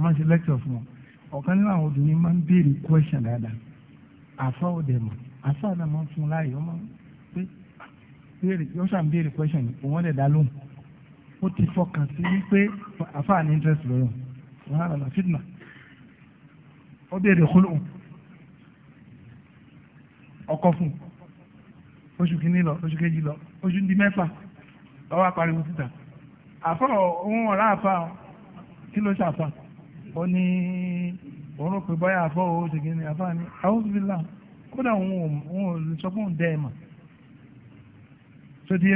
wọ́n ṣe lẹ́kítọ̀ fún wọn ọ̀kan nínú àwọn obìnrin máa ń béèrè question dáadáa àfa òde mọ̀ àfa òde mọ̀ fún láàyè ọmọ pé béèrè yóò ṣàn béèrè question ni òun lè dá lóhùn ó ti fọkàn sí wípé àfa ní interest lọ́rọ̀ wọn àrà nà fitna ó béèrè kúlùkù ọkọ fún oṣù kìíní lọ oṣù kejì lọ oṣù ndí mẹ́fà lọ́wọ́ apariwo síta àfa òun ọ̀rá àfa kí ló ṣàfà. ó ní òun rò báyà ní afá ni àwòsíbílà kódà òun ò sọ fún òun mà tó di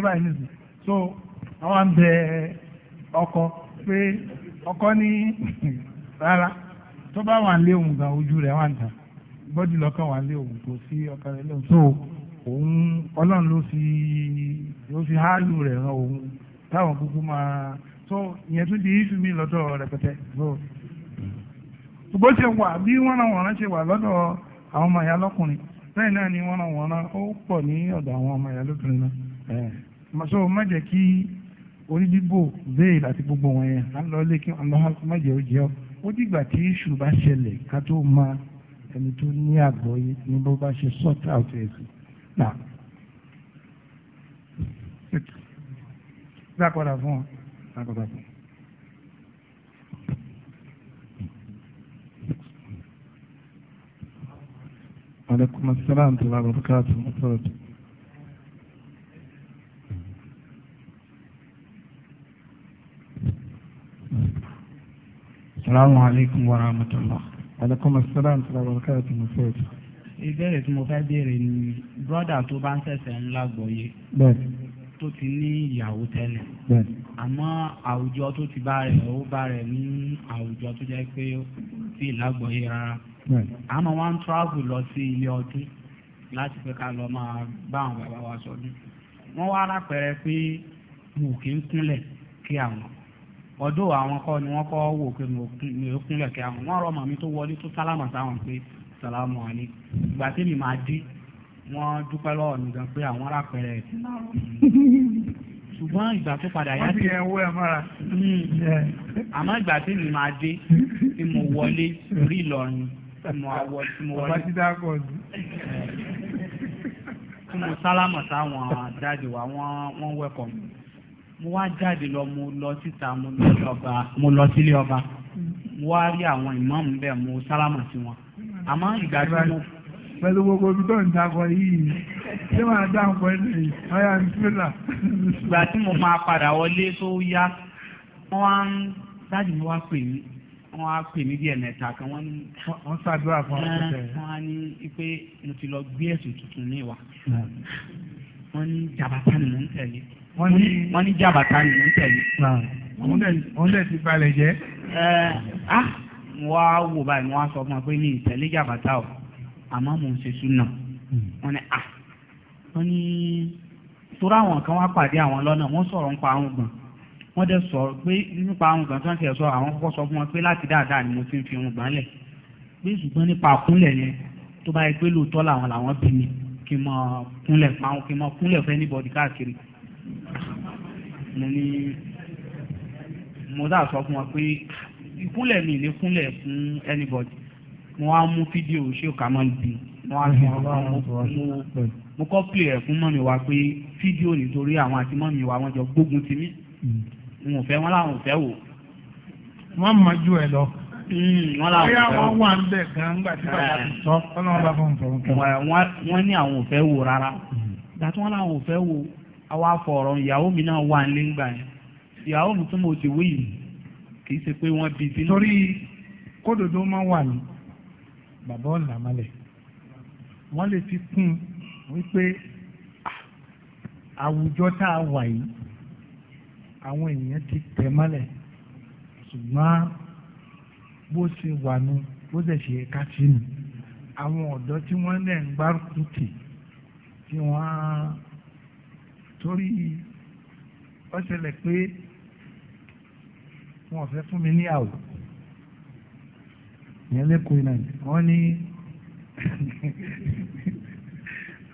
so àwọn à ọkọ pé ọkọ ní rárá tó bá wà lé òun gan ojú rẹ̀ wà ń bọ́dì lọ́kàn wà lé òun kò sí rẹ̀ lóhùn so òun ọlọ́run ló fi ló fi háàlù rẹ̀ ran òun táwọn kúkú máa so ìyẹn tún di ìṣù lọ́dọ̀ rẹpẹtẹ bó ṣe wà bí wọ́n ràn wọ́n ṣe wà lọ́dọ̀ àwọn ọmọ ìyá lọ́kùnrin bẹ́ẹ̀ náà ni wọ́n ràn wọ́n ó pọ̀ ní ọ̀dọ̀ àwọn ọmọ ìyá lọ́kùnrin náà mọ̀ṣọ́ má jẹ́ kí orí bíbò veil àti gbogbo wọn yẹn á lọ lé kí ọlọ́hàkú má jẹ́ ó jẹ́ ó dìgbà tí iṣu bá ṣẹlẹ̀ ká tó ma ẹni tó ní àgbọ́yé ní bó bá ṣe sort out ẹ̀sìn náà dákọ̀dà fún ọ dákọ̀dà fún ọ. aleykum asalaam ورحمة الله. bukatu ọ̀sọ̀rọ̀tù. salaamu aleykum wa rahmatulah. aleykum asalaam tó lára bukatu ọ̀sọ̀rọ̀tù. ìbéèrè tí mo fẹ́ béèrè ni bọ́dà tó bá ń ṣẹ̀ṣẹ̀ ńlá gbọ́yé. tó ti ní ìyàwó tẹ́lẹ̀. àmọ́ àwùjọ tó ti bá rẹ̀ ó bá rẹ̀ ní àwùjọ tó jẹ́ pé ó ti lágbọ́yé rárá àmọ́ wọ́n ń travel lọ sí ilé ọdún láti pé ká lọ máa bá àwọn bàbá wa sọdún wọ́n wá lápẹẹrẹ pé mo kì í kúnlẹ̀ kí àwọn ọ̀dọ̀ àwọn kọ́ ni wọ́n kọ́ wò pé mi ò kúnlẹ̀ kí àwọn wọ́n rọ ọmọ mi tó wọlé tó sálámà sáwọn pé sàlámù àlè ìgbà tí mi máa dé wọ́n dúpẹ́ lọ́wọ́ mi gan pé àwọn lápẹẹrẹ ẹ̀ ṣùgbọ́n ìgbà tó padà yá sí hmm. àmọ́ ìgbà tí mi máa dé tí mo wọlé rí Ìlọrin tí mo wọ tí mo wọlé. ọba títà pọ̀ jù. tí mo sálámà sáwọn dáàdì wa wọ́n wẹ̀kọ̀ mi mo wá jáde lọ mo lọ síta mo lọ sílé ọba mo wá rí àwọn ìmáàmù bẹ́ẹ̀ mo sálámà sí wọn àmọ́ ìgbà tí mo pẹ̀lú gbogbo ibi tó ń takọ yìí ṣé máa dáhùn pẹ̀lú ọ̀yà ìfúnlà. ìgbà tí mo máa padà wọlé tó yá wọ́n wá ń dájú mi wá pè mí wọ́n á pè mí bí ẹ̀mẹ́ta kan wọ́n ní. wọ́n ṣàdúrà fún ọkọ tẹ. wọ́n á ní pé mo ti lọ gbé ẹ̀sùn tuntun ní wa. wọ́n ní jàbátá ni mò ń tẹ̀lé. wọ́n ní wọ́n ní jàbátá ni mò ń tẹ̀lé. wọ́n dẹ̀ ti balẹ̀ jẹ́. wọ́n ah, á wò báyìí wọ́n á sọ fún wa pé mi ì tẹ̀lé jàbátá o àmọ́ mò ń ṣe súnà. wọ́n ní à ah, wọ́n ní torí àwọn kan wá pàdé àwọn lọ́nà wọ́n sọ̀rọ̀ ń pa àwọn gbọ̀n wọ́n dẹ̀ sọ pé nípa àwọn gbọ̀ngàn tí wọ́n ti sọ àwọn kọ́kọ́ sọ fún wọn pé láti dáadáa ni mo fi ń fi wọn gbọ́n lẹ̀ pé ṣùgbọ́n nípa àkúnlẹ̀ yẹn tó bá yẹ pé lóòótọ́ làwọn làwọn bí mi kí n mọ kúnlẹ̀ fáwọn kí n mọ kúnlẹ̀ fẹ́ níbọ̀dì káàkiri mo ní mo dà sọ fún wọn pé ìkúnlẹ̀ mi lè kúnlẹ̀ fún anybody mo wá mú fídíò ṣé o kà mọ́ níbi mo wá fi mo mo kọ́ pè ẹ̀ fún mọ́mi wa pé fídíò nítorí àwọn àti mọ́mi wa wọ́n jọ gbógun ti mí. Hmm wọn ò fẹ́ wọn làwọn ò fẹ́ wò. wọ́n mọ ju ẹ lọ. Hmm, wọ́n làwọn ò fẹ́ wò. bóyá wọ́n wà ń bẹ̀ gan gbà tí bàbá ti sọ ọlọ́run bá fún un fún un. wọ́n ní àwọn ò wò rárá. dàtí hmm. wọ́n làwọn ò wò àwa fọ̀rọ̀ ìyàwó mi náà wà nílé ńgbà yẹn. ìyàwó mi tún mo ti wí yìí kì í ṣe pé wọ́n bí sínú. torí kódòdó máa wà ní bàbá ọ̀là malẹ̀ wọ́n lè fi kún wípé ah, àwùjọ tá a wà yìí àwọn èèyàn ti tẹ̀ mọ́lẹ̀ ṣùgbọ́n bó ṣe wà nù bó ṣe ṣe ká sí nù àwọn ọ̀dọ́ tí wọ́n lẹ̀ ń gbárùkù tì tí wọ́n torí ó ṣẹlẹ̀ pé wọn fẹ́ fún mi níyàwó ìyẹn lẹ́kọ̀ọ́ náà wọ́n ní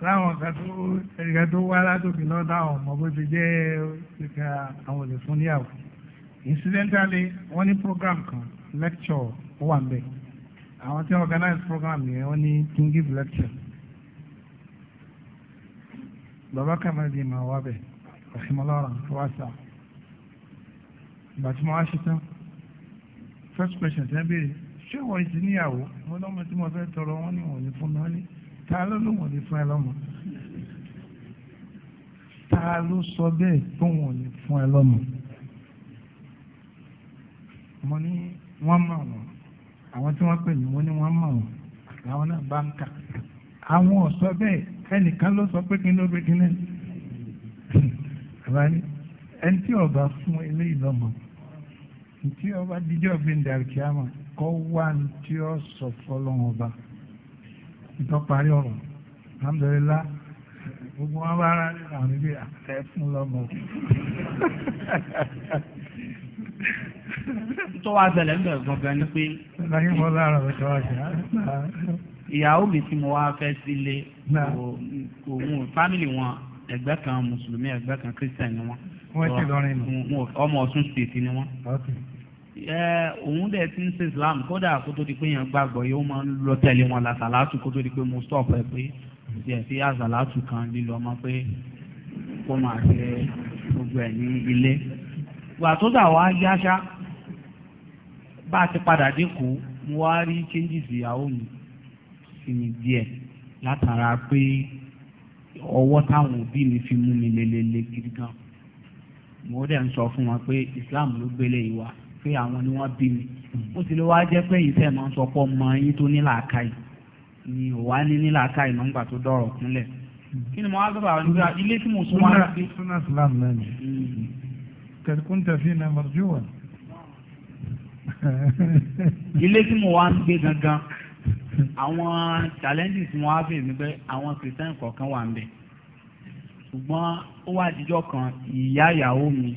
láwọn kan tó ẹnìkan tó wá látòkè lọ́dọ̀ àwọn ọmọ bó ti jẹ́ ẹ̀ka àwọn olè fún níyàwó incidentally wọ́n ní program kan lecture ó wà nbẹ àwọn tí wọ́n organize program yẹn wọ́n ní to give lecture bàbá kàmáàdì máa wá bẹ̀ ọ̀sìmọ́lọ́rọ̀ tó wá sá ìgbà mo wá ṣe tán first question ṣe ń béèrè ṣé wọ́n ti níyàwó mo lọ́mọ tí mo fẹ́ tọrọ wọ́n ní wọ́n ní fún mi wọ́n ní ta ló ló wọ̀ ní fún ẹ lọ́mọ ta ló sọ bẹ́ẹ̀ tó wọ̀ ní fún ẹ lọ́mọ mo ní wọ́n mọ̀ wọ́n àwọn tí wọ́n pè mí mo ní wọ́n mọ̀ wọ́n làwọn náà bá ń kà àwọn ọ̀sọ bẹ́ẹ̀ ẹnìkan ló sọ pé kí ló gbé kí náà ní ẹni tí ọba fún eléyìí lọ́mọ tí ọba díjọ́ bí ń dàrú kí mọ̀ kọ́ wá ní tí ó sọ fọlọ́wọ́n ọba ìtọ́parí ọ̀rọ̀ alhamdulilah gbogbo wọn bá ara rẹ àwọn ibi àtẹ fún lọmọ. tó wá bẹ̀rẹ̀ ń bẹ̀rẹ̀ gangan ni pé. láyé wọn lára ọjọ́ àṣà. ìyàwó mi tí mo wá fẹ́ sílé òun fámìlì wọn ẹgbẹ́ kan mùsùlùmí ẹgbẹ́ kan kírísítẹ̀n ni wọ́n. wọ́n ti lọrin nù. ọmọ Ọ̀ṣun stéètì ni wọ́n òun dẹ̀ ti ń ṣe islam kódà kó tó di pé yẹn gbàgbọ́ yóò máa ń lọ tẹ̀lé wọn la sàlátù kó tó di pé mo stop ẹ pé ìṣẹ̀ sí àsàlátù kan lílọ ọmọ pé kó máa ṣe gbogbo ẹ̀ ní ilé. ìgbà tó dà wá yáṣá bá a ti padà dínkù mo wá rí changes ìyàwó mi sí mi díẹ̀ látara pé ọwọ́ táwọn òbí mi fi mú mi lelele gidi gan mo dẹ̀ ń sọ fún wọn pé islam ló gbélé ìwà pé àwọn ni wọ́n bí mi ó ti lè wá jẹ́ pé yìí máa ń sọ pé yín tó ní làákàyè ni ò wá ní ní làákàyè náà nígbà tó dọ̀rọ̀ kúnlẹ̀ kí ni mo wá sábà nígbà ilé tí mo sún wá sí. sunna islam náà ni kẹ̀kún tẹ̀sí náà mọ̀jú wà. ilé tí mo wá ń gbé gangan àwọn challenges tí mo wá fèsì ni pé àwọn kìrìsìtẹ́nì kọ̀ọ̀kan wà ń bẹ̀ ṣùgbọ́n ó wá àtijọ́ kan ìyá ìyàwó mi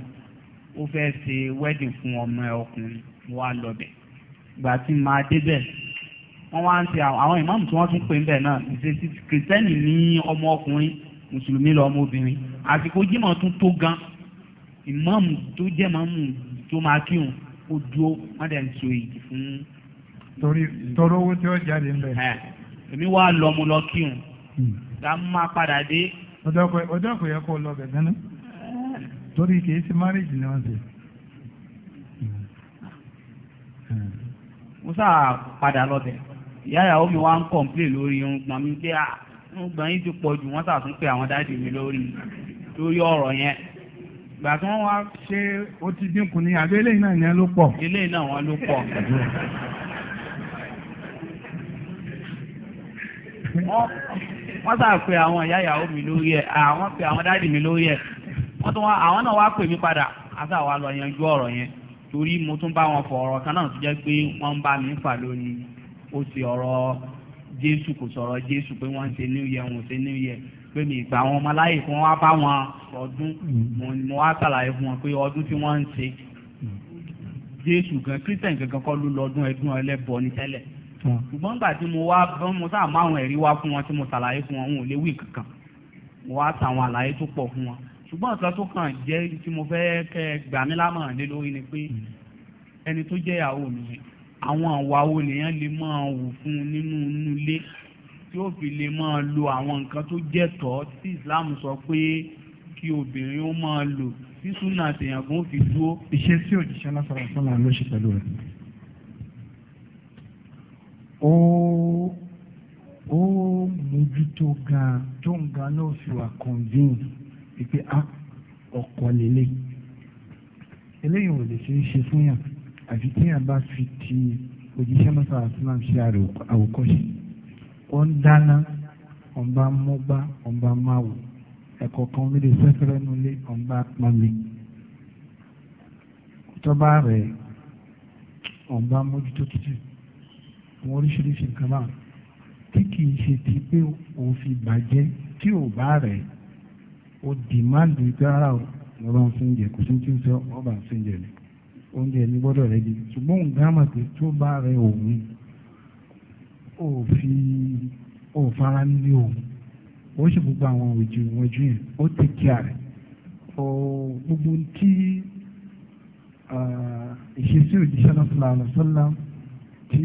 ó fẹ́ ṣe wedding fún ọmọ ẹ ọkùnrin wa lọ́bẹ̀ ìgbà tí màá débẹ̀ wọ́n wá ń ṣe àwọn ìmáàmù tí wọ́n tún pè ń bẹ̀ náà ìṣesí kìrìsìtẹ́nì ní ọmọ ọkùnrin mùsùlùmí lọ ọmọ obìnrin àsìkò jímọ̀ tún tó gan ìmáàmù tó jẹ́ màmù tó máa kírun ó dúró wọ́n dẹ̀ ń so èyí fún. torí torí owó tí ó jáde ń bẹ̀. èmi wá lọ mo lọ kírun. ta hmm. máa padà dé. ọjọ́ kò yẹ kó lọ bẹ̀ gánà torí kìí ṣe márìjì ni wọ́n ṣe. musa padà lọ́bẹ̀ ìyá ìyàwó mi wá ń kọ̀m̀plé lórí ọgbọ̀n mi pé ọgbọ̀n ah, yìí ti pọ̀ jù wọ́n sàtún pé àwọn dáàdì mi lórí lórí ọ̀rọ̀ yẹn ìgbà tí wọ́n wá ṣe ó ti dínkù ní àbí eléyìí náà yẹn ló pọ̀. eléyìí náà wọ́n ló pọ̀. wọ́n sàpè àwọn ìyá ìyàwó lórí ẹ̀ àwọn ah, pè àwọn dáàdì mi lórí ẹ̀ wọ́n tún wá àwọn náà wá pè mí padà àti àwa lọ yanjú ọ̀rọ̀ yẹn torí mo tún bá wọn fọ ọ̀rọ̀ kan náà tó jẹ́ pé wọ́n ń bá mi fà lónìí ó sì ọ̀rọ̀ Jésù kò sọ̀rọ̀ Jésù pé wọ́n ń ṣe new year wọ́n ń ṣe new year pé mi ìgbà àwọn ọmọ aláyè fún wa bá wọn ọdún mo wá ṣàlàyé fún wọn pé ọdún tí wọ́n ń ṣe Jésù gan Christian gangan kọ́ ló lọ́dún ẹdún ẹlẹ́bọ ní tẹ́lẹ̀ hmm. ṣùgbọ́n nígbà tí mo wá mo sáà máwọn ẹ̀rí wá fún wọn tí mo ṣàlàyé fún wọn òun ò léwì kankan mo wá ṣàwọn àlàyé tó pọ̀ fún wọn ṣùgbọ́n nǹkan tó kàn jẹ́ tí mo fẹ́ kẹ́ ẹ gbà mí lámọ̀ràn lé lórí ni pé ẹni tó jẹ́ ìyàwó mi àwọn àwa wo nìyẹn lè máa wò fún nínú inú ilé tí ó fi lè máa lo àwọn nǹkan tó jẹ́ tọ́ tí Islam sọ pé kí obìnrin ó máa lò tí súnà àtẹ̀yàngún fi dúró. ìṣe tí òjíṣẹ́ lásán sọ́nà ló ṣe pẹ̀lú rẹ̀. ó ó mójútó gan-an tó ń gan-an fi wà convince ìpè a, ah, ọkọ lélẹ̀ eléyìí ò lè ṣe é ṣe fún yàn àfi téèyàn bá fi ti òjíṣẹ́ mọ́tò àṣìlám ṣe àwòkọ́ṣe ó ń dáná ọ̀nba mọ́gbá ọ̀nba máwò ẹ̀kọ́ kan mi lè sẹ́fẹ̀rẹ́ nulẹ̀ ọ̀nba pamẹ́ tọ́ba rẹ̀ ọ̀nba mójútó tútù àwọn oríṣiríṣi nǹkan náà tí kì í ṣe ti pé òun fi bàjẹ́ tí ò bá rẹ̀ o dìmáàdì pé ara ò ní ọba ń fi ń jẹ kò sí tí ń sọ ọba ń fi ń jẹ ni oúnjẹ ní gbọ́dọ̀ rẹ di ṣùgbọ́n nǹkan àmọ̀ pé tó bá rẹ òun ò fi ò fara nílé òun ó ṣe gbogbo àwọn òjò ìwọ̀njú yẹn ó ti kí àrẹ ọ gbogbo tí ìṣesí òjíṣẹ́ náà sọ̀rọ̀ àlọ́sọ́lá tí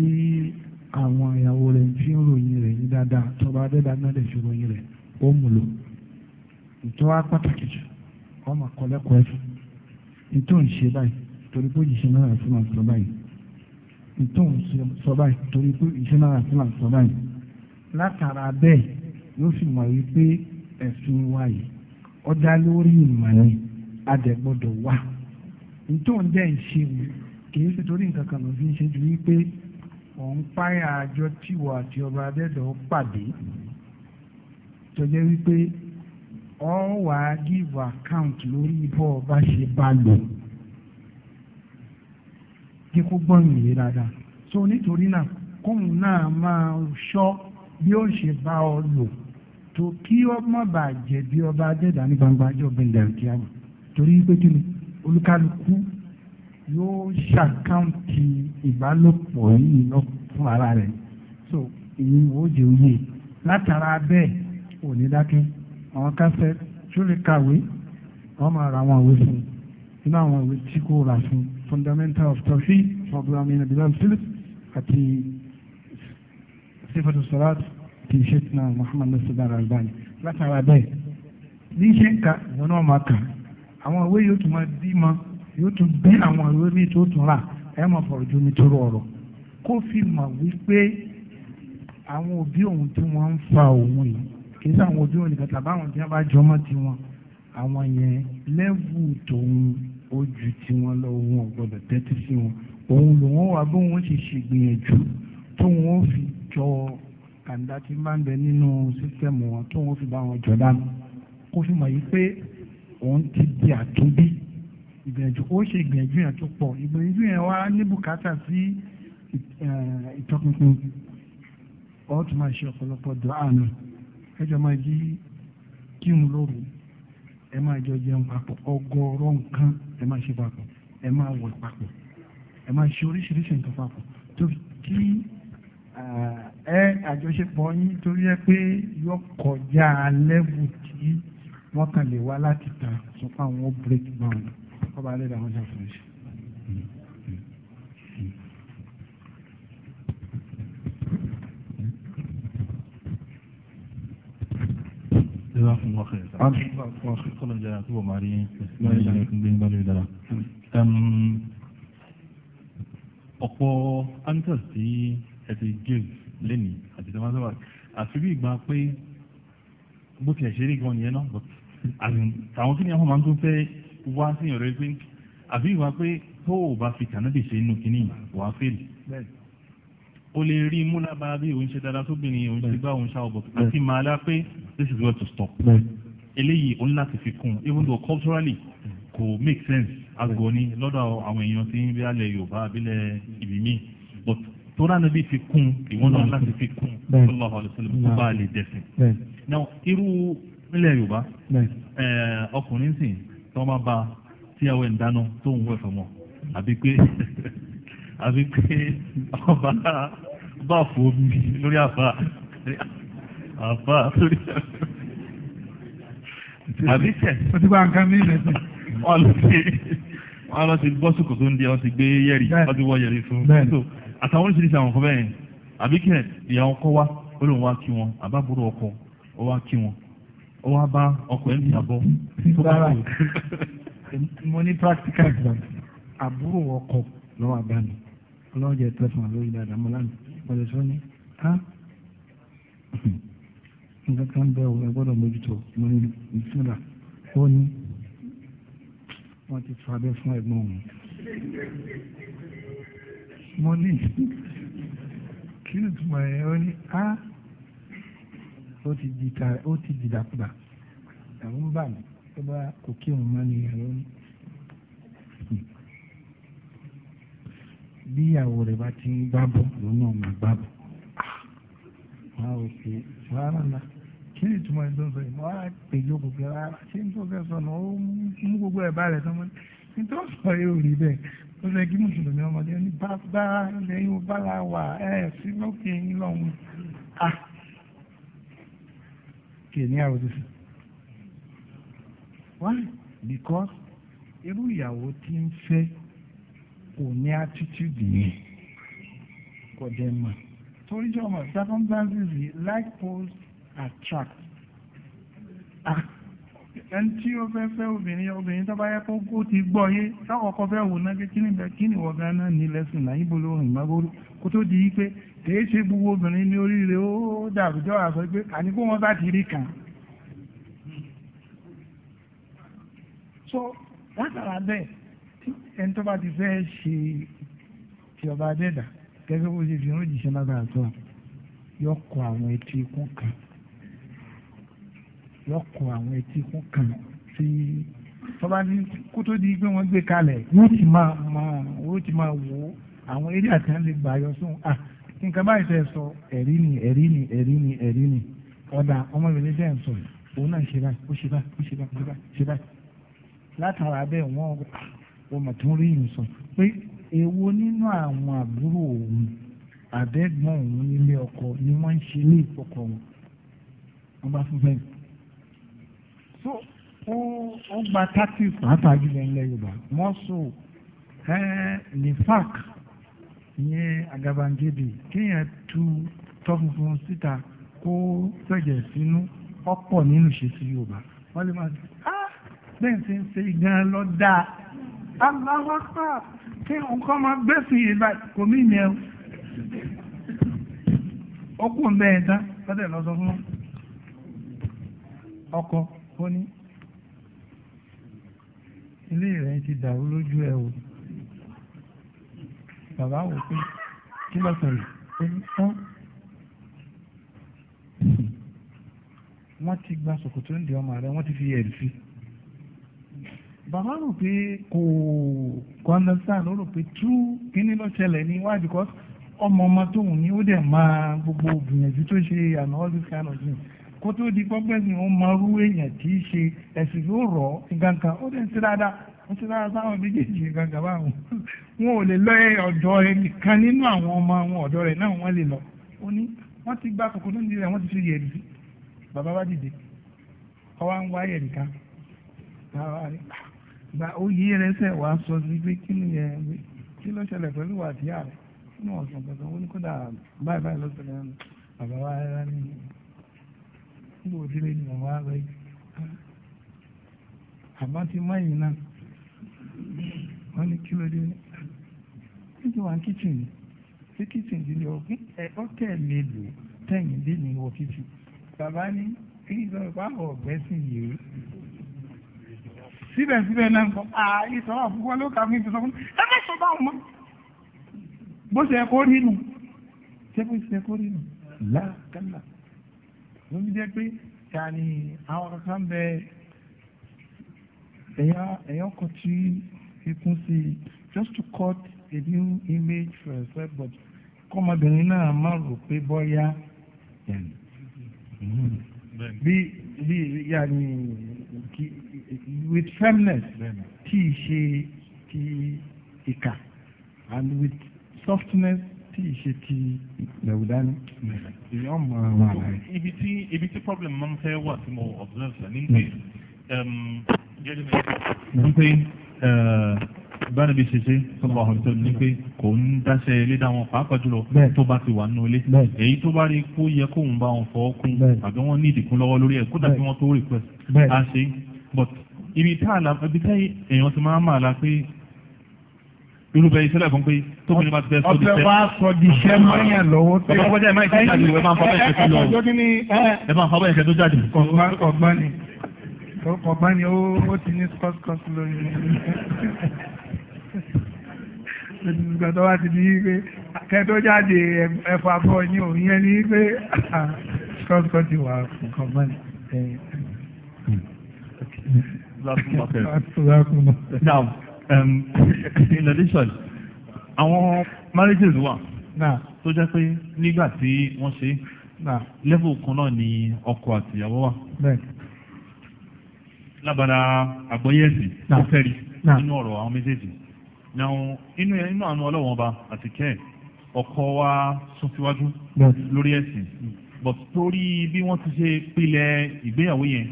àwọn ìyàwó rẹ̀ fi ń ròyìn rẹ̀ ní dáadáa tọba adẹ́dàá náà lè fi ròyìn rẹ̀ ó mú lò. ìtọ́ wa pàtàkì jù wọ́n máa kọ́ lẹ́kọ̀ọ́ ẹ̀fọ́ ń ṣe báyìí torí pé ìṣe sọ báyìí ìtọ́ ń sọ báyìí torí pé ìṣe náà àti máa sọ báyìí látara bẹ́ẹ̀ yóò wa yìí ọjà lórí ìmọ̀ ni adẹ̀gbọ́dọ̀ wà fi ń ṣe ju wípé òun páyà àjọ tíwọ̀ àti ọba pàdé ọ wà á give account lórí bọ́ ọ bá ṣe bá lò kí kó gbọ́n ìwé dáadáa so nítorí náà kóun náà máa ṣọ́ bí ó ṣe bá ọ lò tó kí ọmọ bá jẹ bí ọba adẹ́dà ní gbangba ajọ́ bẹ̀rẹ̀ kíámà torí pé kí ni olúkálukú yóò ṣàkáǹtì ìbálòpọ̀ yìí lọ fún ara rẹ̀ so ìyẹn ò jẹ́ òye látara bẹ́ẹ̀ ò ní dákẹ́ àwọn kásẹ̀ tí ó lè kàwé wọ́n máa ra àwọn ìwé fún inú àwọn ìwé tí kò rà fún fundamental of tawhid fọdùlámi nàbílá philip àti sifatu salat ti sheikh na muhammad nasir albani látara bẹ́ẹ̀ ní ṣe ń ka ìwọ́n náà máa kà àwọn ìwé yóò tún máa bí ma yóò tún bí àwọn ìwé míì tó tún rà ẹ máa fọ̀rọ̀ ju mi tó rọ ọ̀rọ̀ kó fi mọ̀ wípé àwọn òbí òun tí wọ́n ń fa òun yìí kì í sàwọn ojú òní kan tàbí àwọn tí wọ́n bá jọmọ tiwọn àwọn yẹn lẹ́vù tòun ojú tiwọn lọ wọn ò gbọdọ̀ tẹ́tí sí wọn òun lòun wà bí wọn ṣe ṣègbìyànjú tóun ó fi jọ kàńdá tí máa ń bẹ nínú sísẹ́mù wọn tóun ó fi bá wọn jọ dànù kó fi mọ̀ yìí pé òun ti di àtúnbí ìgbìyànjú ó ṣe ìgbìyànjú yẹn tó pọ̀ ìgbìyànjú yẹn wá ní bùkátà sí ìtọ́pinpin ó tún máa ṣe ọ̀pọ̀lọpọ̀ dùn àná ẹ jọ máa jí kírun lóru ẹ máa jọ jẹun papọ̀ ọgọ́rọ̀ nǹkan ẹ máa ṣe papọ̀ ẹ máa wọ̀ papọ̀ ẹ máa ṣe oríṣiríṣi nǹkan papọ̀ tó kí ẹ àjọṣepọ̀ yín torí ẹ pé yọ kọjá lẹ́bù tí wọ́n kàn lè wá láti ta sọ pé àwọn break down ọba alẹ́ làwọn ṣàfihàn ṣe. ìwà fún wọn kẹrẹ sáà wọn kí kọlọ jẹrà kí wọn máa rí lórí ìlànà ìpínlẹ̀ ìgbàlódé dára. ọ̀pọ̀ answers tí ẹ ti give lẹ́nìí àti tí wọ́n sábà àfi bí ìgbà pé bó tiẹ̀ ṣe rí gan nìyẹn náà but àwọn kí ni àwọn máa ń tún fẹ́ wá sí ìrẹ́ pé ìgbà pé tó o bá fi kànáàdì ṣe inú kínní wàá fèrè o lè rí múlábà bí òun ṣe dáadáa tóbìnrin òun ti bá òun ṣá ọ̀bọ̀ àti màá pé this is where to stop eléyìí òun láti fi kún even though culturally kò make sense àgọ́ ni lọ́dọ̀ àwọn èèyàn tí ń bí alẹ́ Yorùbá abilẹ̀ ibì míì but tora nabi fi kún ìwọ náà láti fi kún sallallahu alayhi wa sallam kó bá a lè dẹsẹ. now irú nílẹ̀ yorùbá eh, ọkùnrin sìn tí wọ́n bá ba tíyàwó ẹ̀ ń dáná tó ń wẹ̀ fọmọ àbí pé àbí pé ọba bá fò ó mi lórí àfà àfà lórí àbí tẹ̀. o ti gba nǹkan mi ilẹ̀ tẹ̀. wọ́n lọ sí wọ́n lọ sí bọ́sùkù tó ń di wọ́n ti gbé yẹ̀rì wọ́n ti wọ́ yẹ̀rì fún un. àtàwọn oríṣiríṣi àwọn kan bẹ́ẹ̀ àbí kẹ̀ ìyàwó kọ́ wá ó lóun wá kí wọn àbábúrò ọkọ ó wá kí wọn ó wá bá ọkọ ẹ̀ ń tó bá wò. mo ní practical exam àbúrò ọkọ lọ́wọ́ àbáni ọlọ́jọ́ ẹ̀ tẹ̀sán lórí dáadáa mọ́ lánàá pẹ̀lẹ́ tó ní á nǹkan kan bẹ́ẹ̀ o ẹ gbọ́dọ̀ mójútó mo ní ìtura ó ní wọ́n ti fa abẹ́ fún ẹ̀gbọ́n òun mo ní kí ni tuma ẹ̀ ó ní á ó ti di dàkúdà ẹ̀rù ń bà mí ó bá kò kí òun má ní ẹ̀rọ ní. bí ìyàwó rẹ̀ bá ti ń gbábọ̀ lòun náà máa gbábọ̀ máa ò pé rárá náà kí ni ìtumọ̀ ẹni tó ń sọ yìí wọ́n á pè jókòó pé rárá ah, kí ni tó fẹ́ sọ náà ó mú gbogbo ẹ̀ bá rẹ̀ tán mọ́ni ní tó sọ yìí ò rí bẹ́ẹ̀ ó fẹ́ kí mùsùlùmí ọmọdé ní bàbá lẹ́yìn bá la wà ẹ̀ sí lókè yín lọ́hùn á kì ní àwòrán sí. why because irú ìyàwó tí ń fẹ́ kò ní attitude yẹn kò dẹ̀ mọ̀ torí jọ mọ̀ circumstances yìí like poles attract ẹni tí ó fẹ́ fẹ́ obìnrin obìnrin tó bá yẹ kó kó ti gbọ́ yé sákòókò fẹ́ wò náà kí ni bẹ́ẹ̀ kí ni wọ́n gan náà ní lẹ́sìn náà yíbo ló rìn mágóró kó tó di pé kìí ṣe gbogbo obìnrin ní oríire ó dàrújọ́ àṣọ pé àní kó wọ́n bá ti rí kàn. so látara bẹ́ẹ̀ ẹni tó bá ti fẹ́ ṣe ti ọba adẹ́dà gẹ́gẹ́ bó ṣe fi hàn òjìṣẹ́ lágbára tó wà yọ kọ àwọn etí ikún kan yọ kọ àwọn etí ikún kan tí tọ́ba ní kó tó di pé wọ́n gbé kalẹ̀ wọ́n ti máa máa wọ́n ti máa wò ó àwọn eré àti ẹ̀ lè gbà yọ sóhun à nǹkan báyìí fẹ́ sọ ẹ̀rí ni ẹ̀rí ni ẹ̀rí ni ẹ̀rí ni ọ̀dà ọmọbìnrin dẹ́n sọ òun náà ṣe báyìí ó ṣe báyìí ó ṣe báyìí ó ṣe báyìí látara bẹ́ẹ̀ wọ́n wọ́n mà tún rí ìlú pé èwo nínú àwọn àbúrò òun àbẹ́gbọ́n òun nílé ọkọ ni wọ́n ń ṣe ní ìkọ̀kọ̀ wọn wọ́n bá fún bẹ́ẹ̀. so ó ó gba tactics pàápàá jùlọ ńlẹ̀ yorùbá wọ́n so nifak ìyẹn àgàbàǹgebè kéèyàn tu tọ́ funfun síta kó fẹ̀jẹ̀ sínú ọ̀pọ̀ nínú ìṣesí yorùbá wọ́n lè máa sọ ah, bẹ́ẹ̀ ṣe ń ṣe gan-an lọ́ọ́ aláwọ́pá kí nǹkan máa gbẹ́sìn ìlà kò mí ní ẹ̀rù ọkù ń bẹ́ẹ̀ dá lọ́dẹ̀ lọ́sọ fún ọkọ ó ní ilé rẹ̀ ti dàrú lójú ẹ̀ o bàbá wò pé kí ló sọ̀rọ̀ ó ní tán wọ́n ti gba sòkòtò ń di ọmọ rẹ̀ wọ́n ti fi ẹ̀rí sí bàbá rò pé kò kò understand ó rò pé true kíní ló ṣẹlẹ̀ ní iwájú kọ́ ọmọ ọmọ tóun ni ó dẹ̀ máa gbogbo gbìyànjú tó ṣe àná all this kind of thing kó tó di pọ́pẹ́ ni ó máa rú èèyàn tí í ṣe ẹ̀sìn ló rọ̀ ọ́ gangan ó dẹ̀ ń ṣe dáadáa ó ṣe dáadáa sáwọn méjèèjì gangan báwọn wọn ò lè lọ ọ̀dọ̀ ẹnìkan nínú àwọn ọmọ àwọn ọ̀dọ́ rẹ̀ náà wọ́n lè lọ ó ní wọ́n ti gba kòkó tó ń dirẹ̀ wọ́n ti ṣe yẹ̀rì sí bàbá bá dìde ọwọ́ ń wá yẹ̀rì ká gba oyi rẹ ese sọ sí kí ni yẹn kí ló ṣẹlẹ̀ pẹ̀lú wà tí nínú ọ̀sán kankan wọn ni kódà báyìí báyìí bàbá wa rárá ní òdílé ni bàbá wa rẹ àbá ti náà wọn ni kí ló dé ní ti ní ọkùn ẹ ọkẹ mi lò tẹyìn dé ní wọ bàbá ní kí sọ pé àwọn ọgbẹ sì yìí. síbẹ̀síbẹ̀ náà nǹkan ààyè sọ̀rọ̀ àfúgbọ́ ló kà fún ìfisọ́fún ẹ má sọ bá wọn bó ṣe kó rí nù ṣé bó ṣe kó rí nù láàkálà ló ń jẹ́ pé yàní àwọn kankan bẹ ẹ̀yàn kan tí ikún sí just to cut a new image for yourself but kọ́mọbìnrin náà má rò pé bọ́yá bí bí yàní kí with firmness tí ì ṣe ti ìkà and with softness tí ì ṣe ti ìlẹ̀wùdání ìyọ́n mọ àwọn àlàyé. ibi tí ibi tí problem máa ń fẹ́ wà tí mo observe sir ní hmm. pé um, jẹ́jú mi ní pé uh, bára bí ṣe ṣe sọ́kọ̀ ọ̀hún tó ní pé kò ń dáṣẹ́ ilé dáwọn pàápàá jùlọ tó bá ti wà nínú ilé èyí tó bá rí kó yẹ kóun bá wọn fọ́ kún àbí wọ́n ní ìdìkún lọ́wọ́ lórí ẹ̀ kódà kí wọ́n tó request a ṣe but ibi tá àlà ibi tá èèyàn ti máa ń màlá pé irúfẹ́ iṣẹ́ lẹ́kọ̀ọ́ pé tóbìnrin bá ti fẹ́ sọ́dí iṣẹ́. ọ̀pẹ wa sọ di iṣẹ́ mọ́yàn lọ́wọ́ tó. ọ̀pẹ kọjá ẹ̀ máa ń ṣe jáde ẹ̀ máa ń fa bẹ́ẹ̀ ṣe tó lọ. ẹ̀ máa ń fa bẹ́ẹ̀ ṣe tó jáde. ọ̀gbọ́n ni ọ̀gbọ́n ni ó ti ní skọ́skọ́s lórí mi. ìgbà tó wá ti di pé kẹ́ tó jáde ẹ̀fọ́ abọ́ yín òun yẹn ni pé ah, skọ́skọ́s ti wà ọ̀gbọ́n ni. now um, in addition àwọn marriages wà tó jẹ́ pé nígbà tí wọ́n ṣe level kan náà ni ọkọ àtìyàwó wà lábàrá àgbọ́yẹ̀sì tó fẹ́rí nínú ọ̀rọ̀ àwọn méjèèjì now inú inú àánú ọlọ́wọ́n ọba àti kẹ́ẹ̀ ọkọ wa sún síwájú lórí ẹ̀sìn but torí bí wọ́n ti ṣe pilẹ̀ ìgbéyàwó yẹn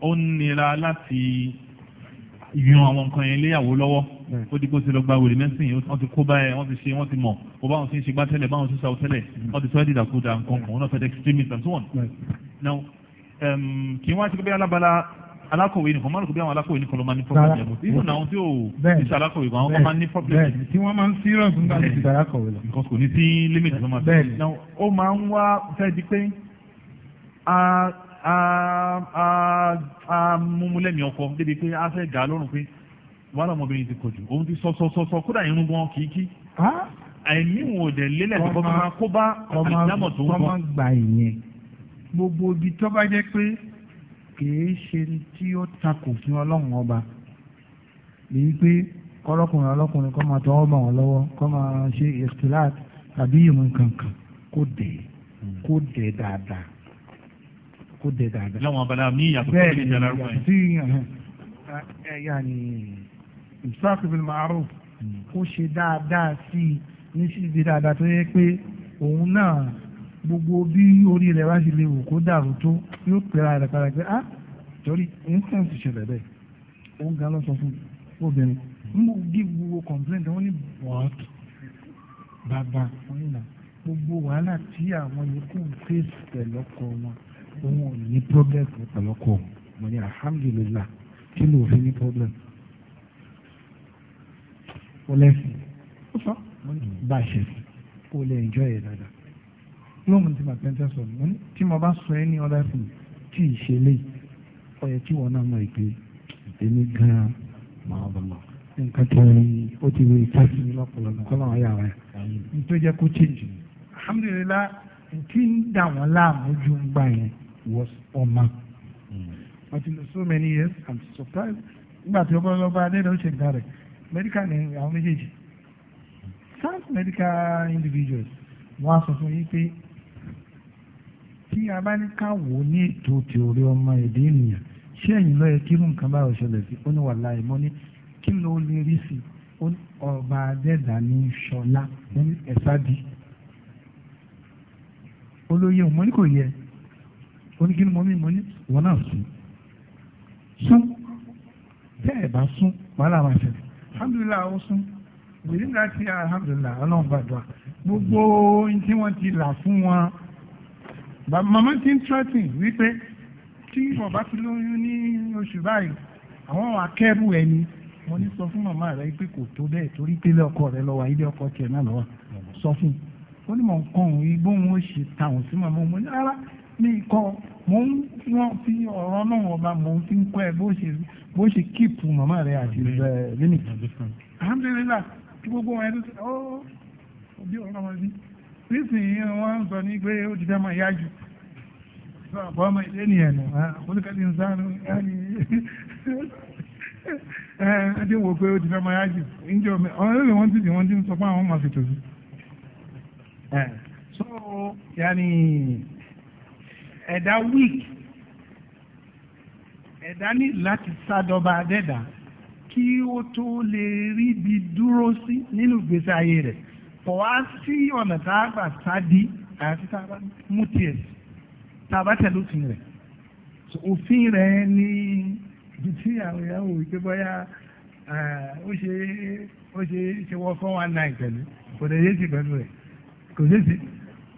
ó nira láti yan àwọn nǹkan yẹn léyàwó lọ́wọ́ ó di kó ti lọ gba wèrè mẹ́sìn wọ́n ti kó báyẹn wọ́n ti ṣe wọ́n ti mọ̀ kó báwọn ti ń ṣe gbá tẹ́lẹ̀ báwọn ti ń ṣàwọ́ tẹ́lẹ̀ mm. wọ́n ti sọ ẹ́ dìdàkudà nǹkan kan wọ́n náà fẹ́ extremist and so on. now um, kì í wá ṣe pé alábala alákọ̀wé nìkan máa ń kó bí àwọn alákọ̀wé nìkan ló máa ní problem yẹn bó even àwọn tí ò ní sí alákọ̀wé gan àwọn kan máa ní problem. bẹ́ẹ̀ni tí wọn máa ń serious nígbà tó ti alákọ̀wé lọ. because kò ní sí limit ló máa bẹ́ẹ̀ni now ó máa ń wá fẹ́ di pé a múmúlẹ́mì ọkọ débi pé a fẹ́ gà á lọ́rùn pé wàhálà ọmọbìnrin ti kọjú òun ti sọ sọ sọ sọ kódà irun gan kì í kí àìní wọn ò dẹ̀ lélẹ̀ tó kọ́ máa kó bá àìdámọ̀ tó ń bọ̀ kìí ṣe tí ó takò fún ọlọ́run ọba èyí pé ọlọ́kùnrin ọlọ́kùnrin kọ́ máa tọwọ́ bọ̀ wọ́n lọ́wọ́ kọ́ máa ṣe ìṣtìláàt tàbí ìmú kankan kó dẹ̀ kó dẹ̀ dáadáa kó dẹ̀ dáadáa. láwọn abala mi yàtọ̀ tó lè jẹrà rúbọ yẹn. bẹ́ẹ̀ yàní ìṣàkóso bil ma'ruf kó hmm. ṣe dáadáa sí i ní ṣíṣe dáadáa tó yẹ pé òun náà gbogbo bí orí rẹ̀ bá ṣe lè wò kó dàrú tó yóò pera rẹ̀ padà pé ah torí instance ṣẹlẹ̀ bẹ́ẹ̀ òun gan lọ sọ fún obìnrin mo bí gbogbo complaint wọn ní what bàbá wọn ní nà gbogbo wàhálà tí àwọn yòókù ń face pẹ̀lú ọkọ wọn òun ò ní problem pẹ̀lú ọkọ wọn mo ní alhamdulillah kí ló fi ní problem ó lẹ́sìn ó sọ bá a ṣe kó lè enjoy ẹ̀ dáadáa yóò mú ti bàtà ẹ̀ńtẹ́ sọ̀rọ̀ mo ní tí mo bá sọ any other thing tí ì ṣe lé ọ náà mọ̀ pé èmi gan-an máa bọ̀ lọ nǹkan tó ń ó ti wí káàsì mi lọ́pọ̀lọpọ̀ kọ́ làwọn yàrá ẹ̀ nítorí jẹ́ kó change alhamdulilayi tí ń dà wọ́n láàmú ju ń gbà yẹn was ọmọ but hmm. in so many years i'm surprised nígbà tí ọba ọba adédọ̀ ṣe gbà rẹ̀ medical ni àwọn méjèèjì some medical individuals wọ́n á fún yín pé tí a bá ní ká wò ó ní ètò tí orí ọmọ èdè ènìyàn ṣé ẹ̀yin lọ́yẹ kí irú nǹkan báyọ̀ ṣẹlẹ̀ sí ó ní wàláhì mo ní kí ló lè rí sí i ọba adẹ́dà ní ṣọlá ní ẹ̀sà di olóyè mo ní kò yẹ ó ní kí ni mo mí mo ní wọn náà sùn sún bẹ́ẹ̀ bá sún wàhálà máa ṣẹlẹ̀ alhamdulilayi ó sún wìrìngà ti alhamdulilayi ọlọ́run gbàdúrà gbogbo ohun tí wọ́n ti là fún wọn màmá ti ń trẹ́tìn wípé tí bàbá ti lóyún ní oṣù báyìí àwọn wà kẹ́rù ẹni mo ní sọ fún màmá rẹ pé kò tó bẹ́ẹ̀ torí pé ilé ọkọ rẹ lọ́wọ́ ilé ọkọ tiẹ̀ náà lọ́wọ́ sọ fún un ó ní mọ̀ nǹkan òun igbó òun ó ṣe tàwọn sí màmá òun rárá ní ikọ́ mo ń wọ́n fi ọ̀rọ̀ náà ọba mo fi ń kọ́ ẹ bó ṣe kíìpù màmá rẹ àti ẹ̀ lẹ́nìkan alhamdulilayi gbogbo wọn ẹ ló ọ́ bí ọ̀rọ̀ náà wọ́n bí nísìnyí wọ́n ń sọ ní pé ó ti fẹ́ máa yá jù sọ àbọ̀ ọmọ ilé nìyẹn nù oníkàlí ń sáré yáni ẹ ẹ ti wò pé ó ti fẹ́ máa yá jù níjọ mi ọ̀rọ̀ lè wọ́n ti di wọ́n ti ń sọ pé àwọn ọmọ fìtò sí. so yáni ẹ̀dá week ẹ̀dá ní láti sádọba adẹ́dà kí ó tó lè ríbi dúró sí nínú ìgbésí ayé rẹ̀ kò wá sí ọ̀nà tá a gbà sádi àyàfi tá a bá mú tiẹ̀ tá a bá tẹ̀lé òfin rẹ̀ òfin rẹ̀ ní ibi tí àwọn ìyàwó ìgbé bọ́yá eh, ó ṣe ó ṣe ṣe wọ́n fún one nine pẹ̀lú kò lè yé sí pẹ̀lú rẹ̀ kò lè sí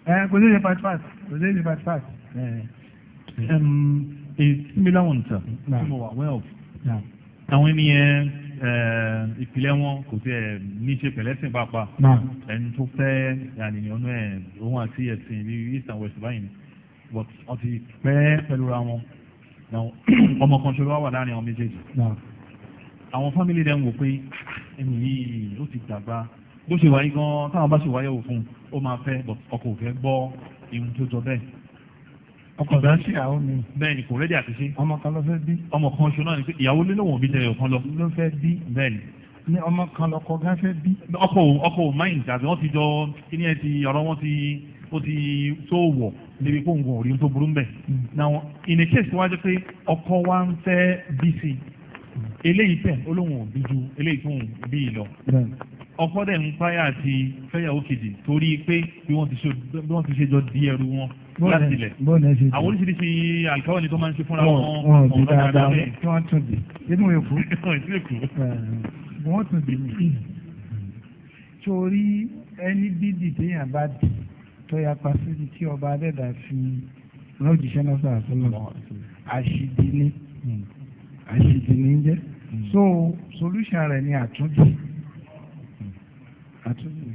eh, kò lè ṣe part part kò lè ṣe part part. a similar one sir. Yeah. tí mo wà well. àwọn ènìyàn. Eh, ìpìlẹ̀ wọn kò tẹ ní ṣe pẹ̀lẹ́sìn pàápàá ẹni tó fẹ́ àníyàn náà ẹ̀ òun àti ẹ̀sìn ní east and west báyìí but wọ́n ti pẹ́ pẹ̀lú ra wọn ọmọ kan ṣoṣo wà láàrin àwọn méjèèjì àwọn fámìlì rẹ̀ ń wò pé ẹni yìí ó ti dàgbà bó ṣe wáyé gan-an táwọn bá ṣe wáyé wò fún un ó máa fẹ́ but ọkọ ò gbọ́ ihun tó jọ bẹ́ẹ̀ ọkọ rẹ sí ìyàwó mi. bẹ́ẹ̀ni kò rẹdí àti ṣe. ọmọ kan ló fẹ́ bí. ọmọ kan ṣo náà ni pé ìyàwó lé lòun òbí tẹ ọ̀kan lọ. ló fẹ́ bí. bẹ́ẹ̀ni. ní ọmọ kan lọkọ gán fẹ́ bí. ọkọ ò ọkọ ò máyìn tàbí wọn ti jọ kíní ẹ ti ọ̀rọ̀ wọn ti ó ti tó wọ níbi kó nǹkan òrí tó burú mbẹ. Hmm. now in a case wájú pé ọkọ wa ń fẹ́ bí sí eléyìí tẹ olóhùn òbí ju eléyìí tó bí lọ ọkọ dẹ̀ ń páyà àti fẹ́yàwó kejì torí pé bí wọ́n ti ṣe jọ di ẹrù wọn láti ilẹ̀ àwọn oríṣiríṣi àlùkáwọ̀ ni tó máa ń ṣe fúnra wọn ọ̀hún dáadáa bẹ́ẹ̀. kí wọ́n tún di inú èkó wọ́n tún di mí. torí ẹni dídì téèyàn bá dì tó ya pàṣẹ tí ọba adẹ́dà fi lọ́jìṣẹ́ náà sàásùlọ̀ àṣìdì ni hmm. àṣìdì ni jẹ́ hmm. so solution rẹ̀ ni àtúndì hmm. àtúndì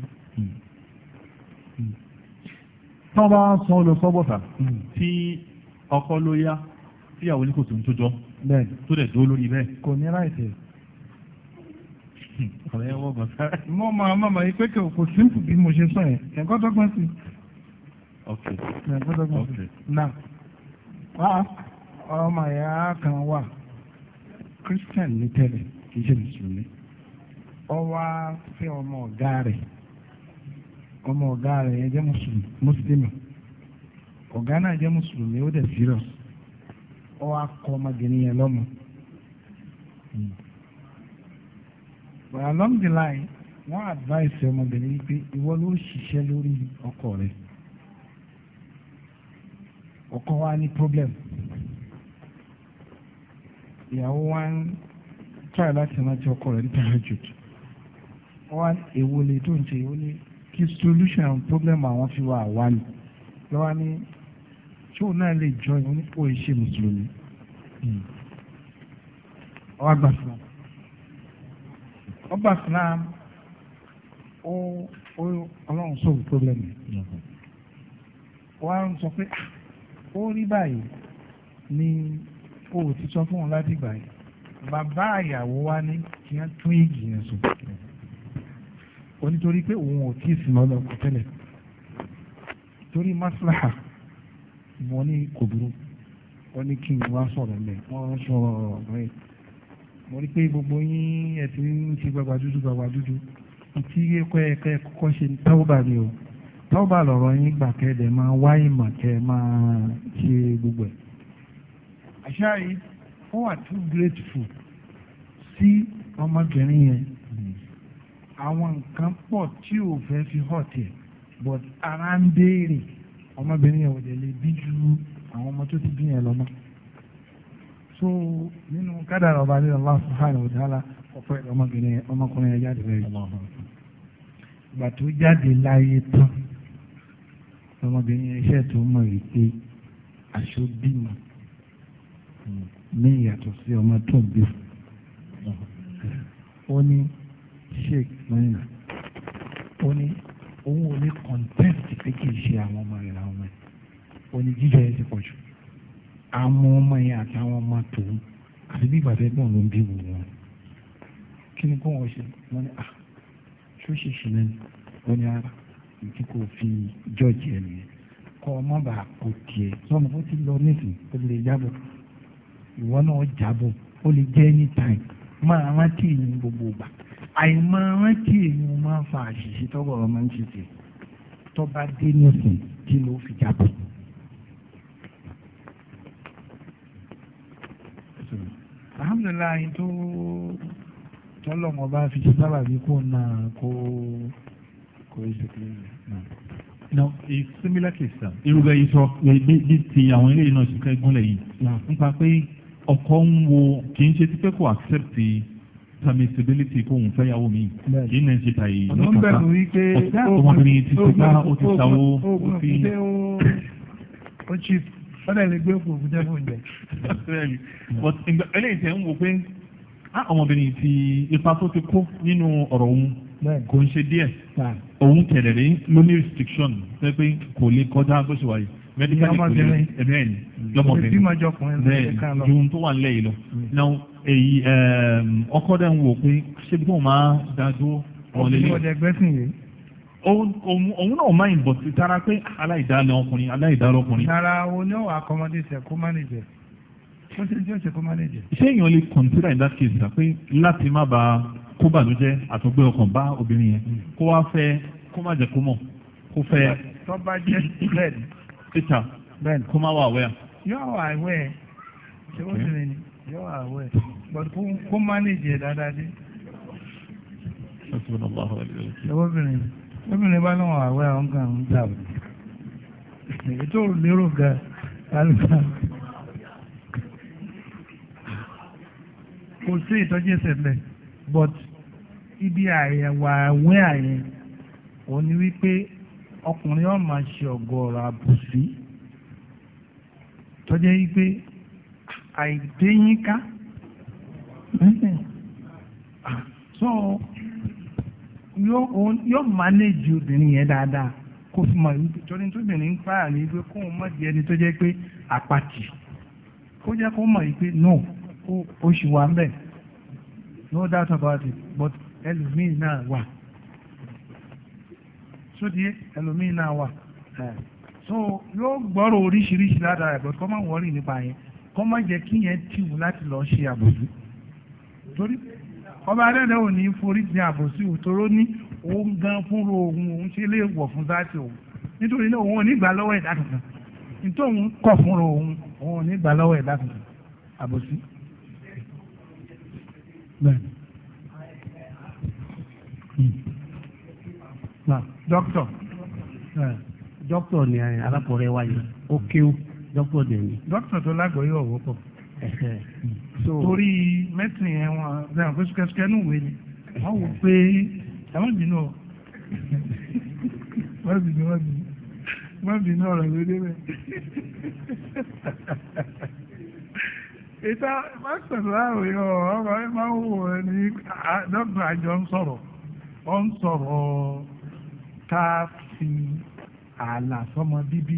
tí wọ́n bá ń sọ lọ sọ́bọ̀tà tí ọkọ ló yá tí àwọn oníkòtò ń tójọ́ tó dẹ̀ dúró lórí bẹ́ẹ̀. kò ní láìsí hmm. ọ̀rẹ́ wọ́n gbọ́n sáré. mo máa máa máa pé kò kò sínkù bí mo ṣe sọ yẹn ẹ̀kọ́ dọ́gbọ́n sí. ok ẹ̀kọ́ dọ́gbọ́n sí. náà wá ọmọ ìyá kan wà christian ní tẹ́lẹ̀ kì í ṣe mùsùlùmí. ó wá fẹ́ ọmọ ọ̀gá rẹ̀. ọmọ ọ̀gá rẹ̀ yẹn jẹ́ mùsùlùmí ọ̀gá náà jẹ́ mùsùlùmí ó dẹ̀ serious ọ wá kọ́ ọmọbìnrin yẹn lọ́mọ. but along the line wọ́n advice ọmọbìnrin yìí pé ìwọ ló ṣiṣẹ́ lórí ọkọ rẹ̀ ọkọ wa ní problem kí solution problem àwọn fi wà wá ni lọ́wọ́ ni ṣóò náà lè jọ onípò ìṣe mùsùlùmí ọba hmm. gba Islam ọba Islam ó ó ọlọ́run sọ̀rọ̀ problem yìí wọ́n á sọ pé ah, ó rí báyìí ni ó ti sọ fún wọn láti gbà yìí bàbá àyàwó wa ní kí wọ́n tún ìgbìyànjú onítorí pé òun ò tí ì sìn lọ́lọ́ kò tẹ́lẹ̀ torí maslaha mo ní kò burú wọ́n ní kí n wá sọ̀rọ̀ mẹ́ wọ́n sọ̀rọ̀ mẹ́ mo rí pé gbogbo yín ẹ̀ ti ń ṣe gbàgbà dúdú gbàgbà dúdú ìtí kọ́ ẹ kẹ́ kọ́kọ́ ṣe tọ́ba ni o tọ́ba lọ̀rọ̀ yín gbà kẹ́dẹ̀ máa wá ìmọ̀ kẹ́ máa ṣe gbogbo ẹ̀. àṣà yìí ó wà too grateful sí ọmọbìnrin yẹn àwọn nǹkan pọ̀ tí ò fẹ́ fi hàn tiẹ̀ but ara ń béèrè ọmọbìnrin yẹn ò dẹ̀ lè bí ju àwọn ọmọ tó ti bí yẹn lọ́mọ. so nínú kádàrà ọba ní Allah subhanahu wa ta'ala ọ̀pọ̀ ẹ̀rọ ọmọbìnrin ọmọkùnrin yẹn jáde bẹ́ẹ̀ ìgbà tó jáde láyé tán ọmọbìnrin yẹn iṣẹ́ tó mọ̀ yìí pé aṣọ bímọ hmm. ní ìyàtọ̀ sí ọmọ tó bí ó ní sheik mayina ó ní òun ò ní contest pé kì í ṣe àwọn ọmọ rẹ̀ làwọn ọmọ rẹ̀ ó ní jíjọ yẹn ti pọ̀ jù àwọn ọmọ yẹn àtàwọn ọmọ tòun àti bí ìbàdàn ẹgbẹ́ òun bí wù wọn kí ni kó wọn ṣe wọn ni ah ṣóṣì ṣìlẹ̀ ni ó ní ara ìdí kò fi jọ́ọ̀jì ẹ̀ nìyẹn kọ́ ọmọ bá kò tiẹ̀ sọmọ ó ti lọ nísìn ó lè jábọ̀ ìwọ náà jábọ̀ ó lè jẹ́ anytime máa rántí ìyìn gbogbo ìgbà àìmọ̀ràn kí èèyàn máa ń fa àṣìṣe tọ́wọ́ ọmọ ń ṣètì tó bá dé nísìn kí ló fi jábọ̀. alhamdulilayi tó tọ́lọ́mọba fi ṣe sábàbí kó náà kó kó ṣe kí náà. Now, a similar case sir. Irúgbẹ́ yìí sọ bí ti àwọn eléyìí náà ṣe fẹ́ gúnlẹ̀ yìí. Nípa pé ọkọ ń wo kì í ṣe tí kò accept permissibility kó òun fẹ́yàwó mi kì í nà ń ṣe tàyè nípa ọmọbìnrin ti ṣe bá ó ti sáwó ah, ó ti. ó ti ọ̀dà lè gbé òkú òkú jẹ́ fún ìjẹ. eléyìí tẹ̀ ń wò pé ah, ọmọbìnrin ti ipa tó ti kó nínú ọ̀rọ̀ òun kò ń ṣe díẹ̀ òun kẹ̀lẹ̀ rí lóní restriction pé pé kò lè kọjá bó wáyé medically kò ẹ̀mí ẹ̀ ní lọ́mọbìnrin bẹ́ẹ̀ ju ohun tó wà nílẹ̀ yìí lọ. Mm èyí ọkọ dẹ̀ ń wò pé ṣé bí wọ́n máa dájú wọn lélẹ̀. ọ̀dẹ̀ gbẹ́sìn yìí. òun náà máa ń bọ̀ sí tara pé aláìdáná ọkùnrin aláìdáná ọkùnrin. tara o ní ọ̀wà akọmọdé sẹ̀ kó má nìjẹ́ kó ṣe jẹ́ ọ̀sẹ̀ kó má nìjẹ́. ṣé èèyàn lè consider in that case sà pé láti má ba kó bànújẹ́ àtúgbé ọkàn bá obìnrin yẹn kó wá fẹ́ kó má jẹ́ kó mọ̀ kó fẹ́. tó bá jẹ́ bẹ́ẹ̀ ni. peter kó má wà aware. yóò wà aware ṣé wọ́n ti rìn ní. You are aware, but kó mánéjì ẹ̀ dáadáa dé. obìnrin obìnrin bá lọ́wọ́ àwẹ̀ àwọn kan ń dà bọ̀ ètò lérò ga kálíkà kò sí ìtọ́jú ẹsẹ̀ mẹ́ but ibi àyẹ̀wò àwẹ̀ àyẹ̀ òun ni wípé ọkùnrin ọ̀ máa ṣe ọ̀gọ̀ọ̀rọ̀ àbùsí tọ́jú wípé. àìdéyínká so yóò manage obìnrin yẹn dáadáa kó fi ma ìwé torí tó bìnrin ń pààyà kó o má di ẹni tó jẹ́ pé àpàtì kó jẹ́ kó mọ̀ no ó ṣì wà no doubt about it but ẹlòmíì náà wà ẹlòmíì náà so yóò gbọ́rọ̀ oríṣiríṣi ládàá ẹ̀ but kọ́ máa wọ́rì nípa kọ́ mọ́ jẹ́ kí yẹn tìwù láti lọ ṣe àbòsí torí ọba adẹ́dẹ́ ò ní forí jẹ àbòsí òtóró ní òun gan fúnra òun òun ṣe lè wọ̀ fún sáàtì òun nítorí náà òun ò ní gbà lọ́wọ́ ẹ̀dá kankan nítorí kọ̀ fúnra òun òun ò ní gbà lọ́wọ́ ẹ̀dá kankan àbòsí. dókítà hmm. dókítà ni alákọ̀ọ́rẹ́ wa yìí ó kéwù dókítà dẹ̀ ni. dókítà tó lágbóyè ọ̀wọ́ pọ̀ torí mẹ́tìn yẹn wọn ṣẹ́yìn pé sukẹ́sukẹ́ ní ìwé ni wọ́n wò pé ẹ̀wọ́n bínú ọ̀ wọ́n bínú wọ́n bínú wọ́n bínú ọ̀rọ̀ lóde rẹ̀ ìta pásítọ̀ láàrin ọ̀rọ̀ ẹ máa ń wò ẹ dókítà àjọ ń sọ̀rọ̀ ń sọ̀rọ̀ ká fi ààlà sọmọ bíbí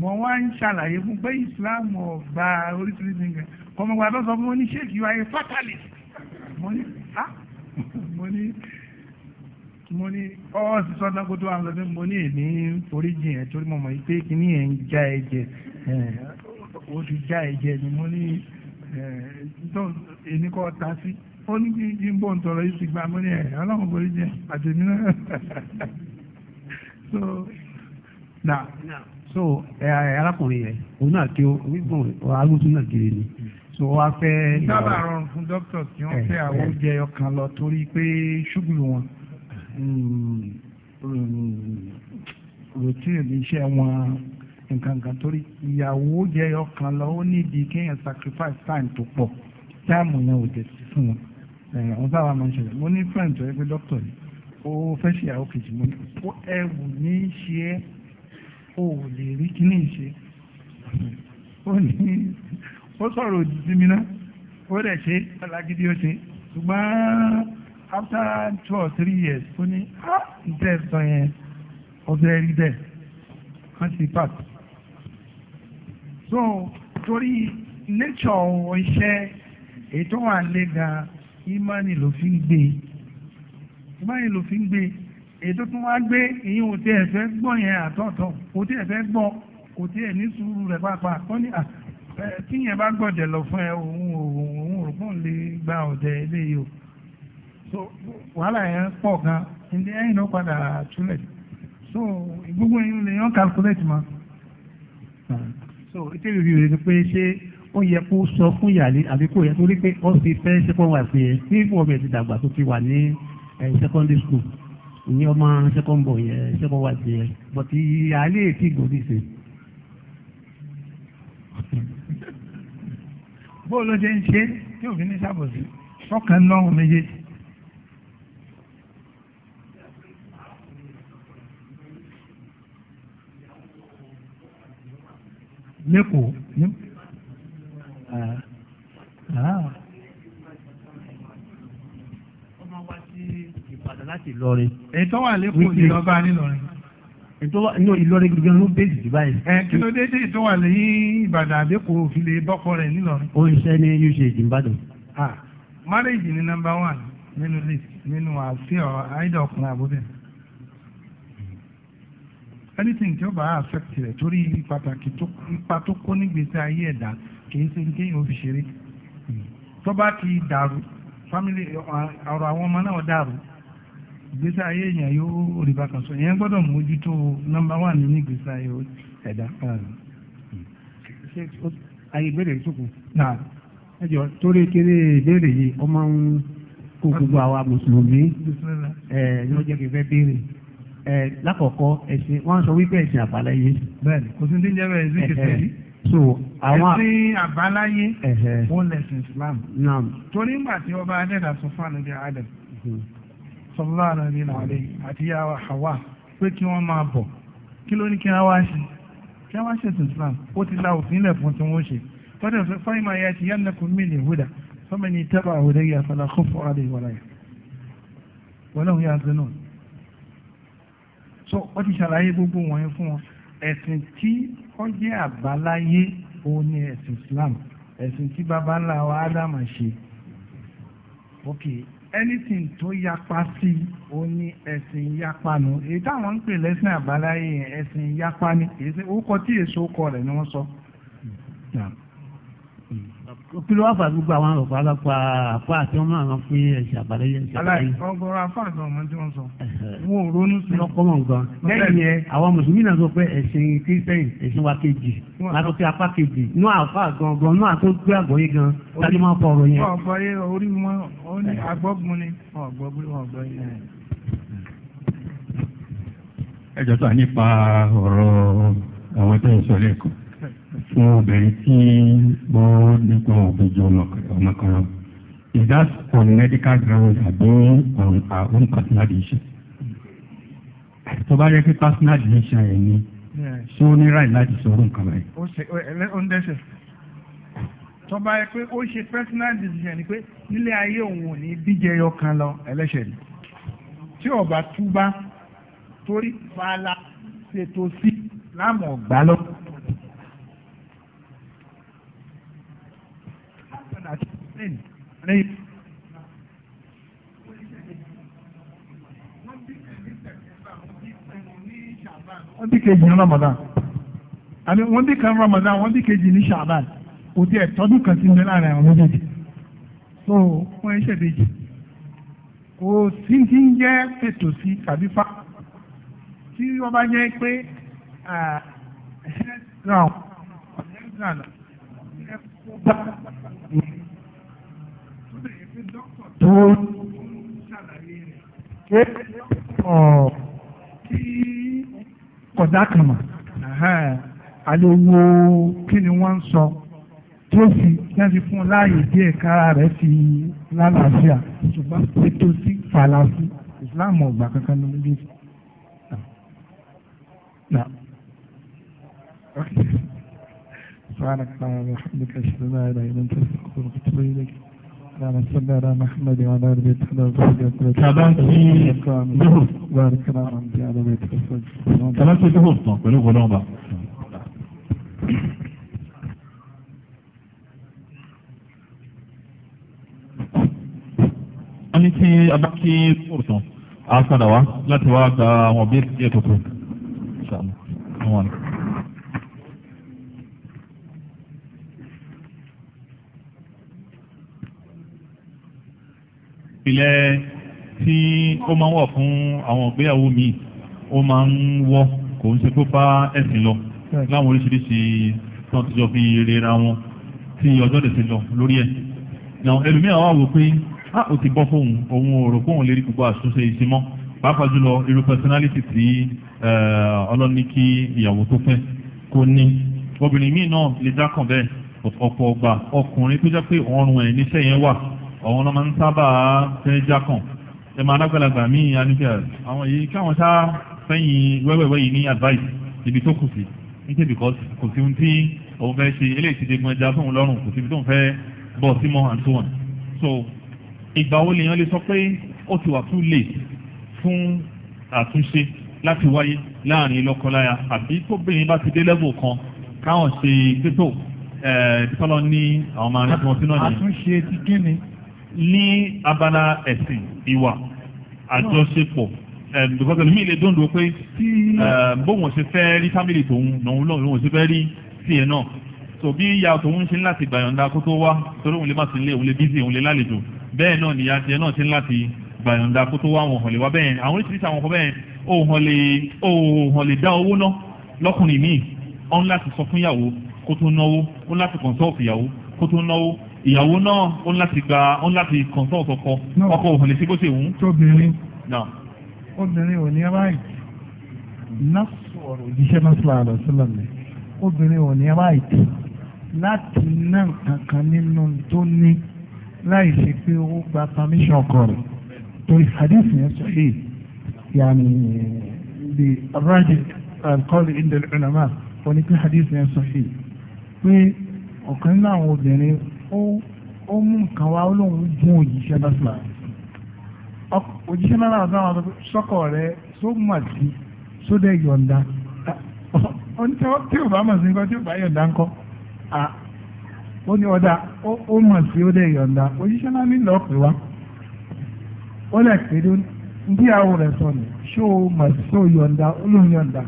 mọ̀ wá ń ṣàlàyé fún pé islam ọba oríṣiríṣi nǹkan kọ́mọ̀gbà tó sọ fún mo ní sheik you are a fatalist mo ní ah mo ní mo ní ọ́ sì sọ náà kó tó àwọn ọ̀sẹ̀ mo ní èmi oríjìn ẹ̀ torí mo mọ̀ pé kíní ẹ̀ ń já ẹ̀jẹ̀ ó ti já ẹ̀jẹ̀ ni mo ní tó èmi kọ́ ta sí ó ní kí kí n bọ̀ ń tọrọ yìí ti gba mo ní ẹ̀ ọlọ́run oríjìn àtẹ̀mí náà so arákùnrin yẹn òun náà kí onígbọ̀n arúgbó náà kiri ni so wá fẹ́. sábà rọrùn fún dókítà tí wọ́n fẹ́ àwọn oúnjẹ ọkàn lọ torí pé ṣúgù wọn hmm, hmm, hmm, routine iṣẹ́ wọn nǹkan kan torí ìyàwó jẹ́ ọkàn lọ ó nídìí kéèyàn sacrifice time tó pọ̀ táàmù yẹn ò tẹ̀ sí fún wọn wọn sábà máa ń ṣẹlẹ̀ mo ní friend tó yẹ pé doctor ni ó fẹ́ ṣe ìyàwó kejì mo ní ẹ̀wù ní í ṣe é o ò lè rí kíní ìṣe ó sọ̀rọ̀ òjijì mi náà ó dẹ̀ ṣe alágídí ó ṣe ṣùgbọ́n after two or three years ó ní á ǹtẹ́ sọ yẹn ọbẹ̀ rí bẹ́ẹ̀ wọ́n ti pàt. so torí nature iṣẹ́ èyí tó wà lé gan imani ló fi ń gbé imani ló fi ń gbé èyí tó tún wá gbé ìyín ò tí ẹ fẹ́ gbọ́ yẹn àtọ̀tọ̀ kò tí ẹ fẹ́ gbọ́ kò tí ẹ ní sùúrù rẹ̀ pàápàá kọ́ ní à tí yẹn bá gbọ̀dẹ̀ lọ fún ẹ òun òun òun òun lè gba ọ̀dẹ̀ eléyìí o so wàhálà yẹn pọ̀ gan ilé ẹ̀yìn ló padà túlẹ̀ so gbogbo yẹn lè yàn calculate ma. so ìtẹ́lẹ̀ rẹ̀ ni pé ṣé ó yẹ kó sọ fún ìyàlẹ́ àbí kò yẹ torí pé ó ti fẹ́ ṣẹ́kọ̀ọ́ wà pé ẹ̀ tí wọ́n bẹ̀ ti dàgbà tó ti wà ní eh, secondary school ìyẹn ọmọ sẹ́kọ̀ǹbọ̀ yẹn sẹ́kọ̀ǹwá ti yẹn bọ̀tí àlẹ́ ètí ìgbòdì sí. bóò ló ṣe ń ṣe tí òfin ní sábòsí fọkàn lọ́hùn méjèèjì. lẹ́kọ̀ọ́ ah, ah. Ìbàdàn láti Ìlọrin. èyí tó wà lẹ́kọ̀ọ́ ni lọ́ọ́ bá nílọrin. èyí tó wà ní Ìlọrin gbogbo ló bẹ́ẹ̀ dìde báyìí. ẹ kí ló dé dé tó wà lẹ́yìn Ìbàdàn àbẹ́kọ̀ òfin lè bọ́kọ rẹ̀ nílọrin. ó ń ṣe ní usage Ìbàdàn. ah marriage ni number one nínú list nínú àfihàn àìdá ọkùnrin àbúrò anything tí ó bá affect rẹ̀ torí pàtàkì ipa tó kó nígbèsè ayé ẹ̀dá kìí ṣe ní kéèyàn fi ṣeré tó bá ti dàrú family ọ̀rọ̀ àwọn ọmọ náà dàrú ìgbésí ayé èèyàn yóò rí bákan sọ ìyẹn gbọ́dọ̀ mójútó nọ́mbà wà nínú ìgbésí ayé ẹ̀dá. ayé ìbéèrè yìí sókun. ẹ jọ torí kéré ìbéèrè yìí ó máa ń kó gbogbo àwa mùsùlùmí ẹ ní wọ́n jẹ́ kí n fẹ́ béèrè ẹ lákọ̀ọ́kọ́ ẹ̀sìn wọ́n sọ wípé ẹ̀sìn àbáláyé. bẹ́ẹ̀ni kò sí ní jẹ́ bẹ́ẹ̀ ẹ̀sìn kẹfẹ́ yìí so àwọn ẹsìn àbáláyé wọn lẹsìn islam naam torí ngbà tí ọba adẹ́dà sọ fún ànújẹ sọlá àrẹ̀lẹ̀ làlẹ̀ àti yàrá Hawa pé kí wọ́n máa bọ̀ kí ló ní kí wọ́n wá ṣe kí wọ́n wá ṣe ètò Islam ó ti la òfin lẹ̀ fún tí wọ́n ṣe tọ́jú fẹ́ fáyìmọ̀ ayé àti yànnà kò mí lè wúdà fọ́mọ ní tẹ́bà àwòrán yà fọlá kó fọ́ àlè wàlàyé wọ́n lóun yà zẹ́ náà so wọ́n ti ṣàlàyé gbogbo wọ̀nyí fún wọn ẹ̀sìn tí ó jẹ́ àbáláyé òun ni ẹ̀sìn Islam ẹ̀sìn tí babaláwa Ádámà ṣe Okay anything tó yapa sí ó ní ẹ̀sìn yapa nù èyí táwọn ń pè lẹ́sìn àbáláyé ẹ̀sìn yapa ni kì í ṣe ó kọ tí èso kọ rẹ̀ ni wọ́n sọ. Hmm. Yeah kí ló wá fà gbogbo àwọn ọ̀pọ̀ alápá àpá àti ọmọ àwọn pé ẹ̀ṣẹ̀ àbálẹ̀ yẹn ṣe àbálẹ̀ yẹn. ọgọrọ afá àti ọmọ tí wọn sọ wọn ò ronú sí. lọkọ mọ nǹkan lẹ́yìn yẹn àwọn mùsùlùmí náà sọ pé ẹ̀sìn kírísítẹ́yìn ẹ̀sìn wa kejì látọ̀ sí apá kejì inú àfa gangan inú àtó gbé àgbọ̀yé gan tàbí máa fọ ọ̀rọ̀ yẹn. ọgbọ̀yé orí wọn ó ní agbọ́gun ni ẹ jọ nípa ọ̀rọ̀ àwọn tó ń sọ lẹ́kọ̀ọ́ fún obìnrin tí ó nípa òbejì ọmọ is that on medical grounds àbí on our own personal decision tó bá yẹ kí personal decision ẹ̀ ni ṣé ó ní right láti sọ̀rọ̀ nǹkan báyìí. ó ṣe ó ń dẹ́sẹ̀ tó bá yẹ pé ó ṣe personal decision ni pé nílé ayé òun ò ní díje ẹyọ kan lọ ẹlẹ́ṣẹ̀ ni tí ọba túbá torí fàlà ṣètò sí láàmú ọ̀gbá Palestine ní. wọ́n bí kejì ní Ramadan àbí wọ́n bí kan Ramadan wọ́n bí kejì ní Shaban kò tí ẹ̀ tọ́dún kan sí ní láàrin àwọn méjèèjì so wọ́n ṣe méjì kò sí ti ń jẹ́ fètò tàbí fa tí wọ́n bá jẹ́ pé head ground head ground. dúró ṣé ọ̀ kí kọ̀dá kan mà alẹ́ wo kí ni wọ́n ń sọ tó fi láti fún láàyè díẹ̀ kára rẹ̀ fi lálàáfíà ṣùgbọ́n ètò sí fàlàsí ìsìláàmù ọ̀gbà kankan ní ojú ìsìn. نعم سبحانك اللهم وبحمدك اشهد ان لا اله الا انت استغفرك واتوب اليك اللهم صل على محمد وعلى ال بيت حلال وصحبه كابان في ظهر بارك الله عند على بيت الصدق كابان في ظهر pẹ̀lú ọlọ́run bá. wọ́n ní tí a bá kí kúrò tán a padà ìpìlẹ̀ tí ó máa ń wà fún àwọn ìgbéyàwó míì ó máa ń wọ́ kò ń ṣe kó bá ẹ̀sìn lọ láwọn oríṣiríṣi tán ti jọ fi rera wọn tí ọjọ́ lè ti lọ lórí ẹ̀ náà ẹlòmíràn wà wò pé a ò ti bọ́ fóun òun ò rò fóun lè rí gbogbo àtúnṣe ìsinmọ́ pàápàá jùlọ irú personality tí eh, ọlọ́ni kí ìyàwó tó fẹ́ kó ní obìnrin míì náà lè dákàn bẹ́ẹ̀ ọ̀pọ̀ ọgbà ọkùnrin tó jẹ́ pé ọrùn ẹ̀ níṣẹ́ yẹn wà ọ̀hún lọ́mọ ń sábà fẹ́ jákàn ẹ máa lágbàlagbà míì anifẹ́ àwọn èyí káwọn sá fẹ́yìn wẹ́wẹ́wẹ́ yìí ní advice ibi tó kù sí níṣẹ́ because kò sí ohun tí òun fẹ́ ṣe eléyìí ti dégun ẹja fóun lọ́rùn kò sí ibi tóun fẹ́ bọ̀ sí mọ́ and so on so ìgbà wo lèèyàn lè sọ pé ó ti wà too late fún àtúnṣe láti wáyé láàrin lọ́kọláya àbí tóbìnrin bá ti dé level kan káwọn ṣe pépò ẹ̀ẹ́dítọ́lọ́ ní àwọn ọmọ àrùn tí wọ́n ti náà yẹn. àtúnṣe ti kí ni ní abala ẹ̀sìn ìwà àjọṣepọ̀ because ẹlòmíì lè dóńdó pé bóun ṣe fẹ́ rí family tòun lòun lòun ṣe fẹ́ rí tiẹ̀ náà so bí ìyá tòun ṣe ń láti gbàyànjá kó tó wá torí òun lè má sílé òun lè bísí òun lè lálejò bẹ́ẹ̀ náà nìyá tiẹ̀ náà ṣe ń láti gbàyànjá kó tó wá àwọn ọ̀hàn lè wá bẹ́ẹ̀ àwọn oríṣiríṣi àwọn ọkọ̀ bẹ́ẹ̀ òhàn lè dá owó náà lọ́kùnrin míì ọ̀hún láti sọ fún ìyàwó kó tó náwó ó láti consult ìyàwó kó tó náwó ìyàwó náà ó láti gba ó láti kọ̀ǹtọ̀ kọ̀kọ̀ ọkọ òhun lè ṣe bó ṣe wù ú. tóbìnrin obìnrin ò ní ráì nọ́ọ̀sì ọ̀rọ̀ òjíṣẹ́ nọ́ọ̀sì àlọ́ sílẹ̀ mi obìnrin ò ní ráì tì láti ná kankan nínú tó ní láì ṣe pé ó gba permission ọkọ rẹ̀ torí hadith yẹn sọ èyí yàní the rajid alkọ́lì indel ulama onípẹ́ hadith yẹn sọ èyí pé ọ̀kan nínú àwọn obìnrin ó mú nǹkan wá ó lóun gún òjíṣẹ́ náà òjíṣẹ́ náà náà sáwọn sọ́kọ̀ rẹ só mà sí sódẹ̀ yọ̀ǹda tí ò bá mọ̀ sí nǹkan tí ò bá yọ̀ǹda ńkọ́ ó ní ọ̀dà ó mọ̀ sí ó dẹ̀ yọ̀ǹda òjíṣẹ́ náà nílò ọ̀pẹ̀ wá ó lẹ̀ pé ndí àwọn rẹ̀ sọ ni ṣó o mọ̀ sí ó yọ̀ǹda ó lóun yọ̀ǹda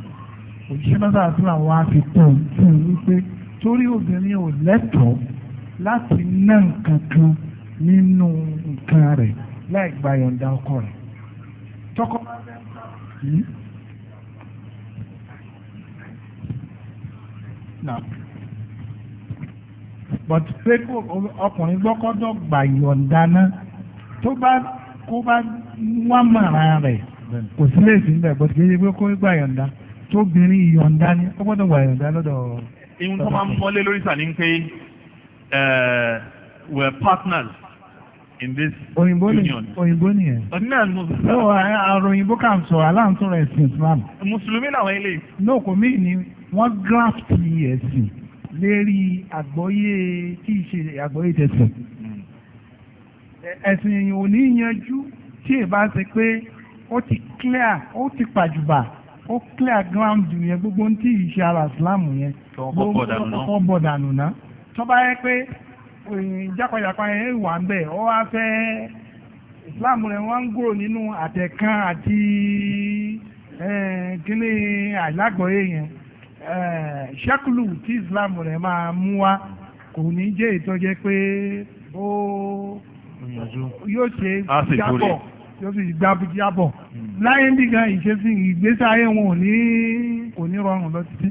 òjíṣẹ́ náà sáà tún àwọn afikún fún un wípé torí obìnrin ò lẹ́tọ̀ọ́ láti ná nǹkan kan nínú nǹkan rẹ̀ láì gba yọ̀ǹda ọkọ rẹ̀ tọkọ yìí. Hmm? but pé ọkùnrin gbọ́kọ́dọ̀ gbà yọ̀ǹda náà tó bá kó bá wá màrà rẹ̀ kò sí lè sí níbẹ̀ bọ́tù kéde pé kó gbà yọ̀ǹda tóbìnrin yọ̀ǹda ni ó gbọ́dọ̀ gbà yọ̀ǹda lọ́dọ̀. ihun tó máa ń bọ́lé lórí sàn ni pé uh, were partners in this òyìnbó union. òyìnbó nìyẹn. ọ̀nà mùsùlùmí. no àrùn òyìnbó kà ń sọ aláǹtúrọ̀ ẹ̀sìn islam. mùsùlùmí làwọn eléyìí. no kò mí ni wọ́n graft ẹ̀sìn lérí àgbọ́yé tí ì ṣe àgbọ́yé tẹ̀sán. ẹ̀sìn ò ní yanjú tí ì bá ṣe pé ó ti clear ó ti pàjùbà ó clear ground yẹn gbogbo ní tí ì ṣe ara islam yẹn. tó ń kọ́kọ́ bọ̀dànù náà tó bá yẹ pé eh, jákọ̀jákọ̀ yẹn wà ń bẹ̀ ọ wá fẹ́ islam rẹ̀ wọ́n ń gbòòrò nínú àtẹ̀kán àti eh, kíní àlágbọ̀ọ́yé yẹn eh, ṣẹ́kùlù tí islam rẹ̀ máa mú wá kò ní jẹ́ ìtọ́jẹ́ pé ó yóò ṣe jábọ̀ yóò sì jábọ̀ láyé ń bí ìṣesí ìgbésí ayé wọn ò ní rọrùn lọ títí.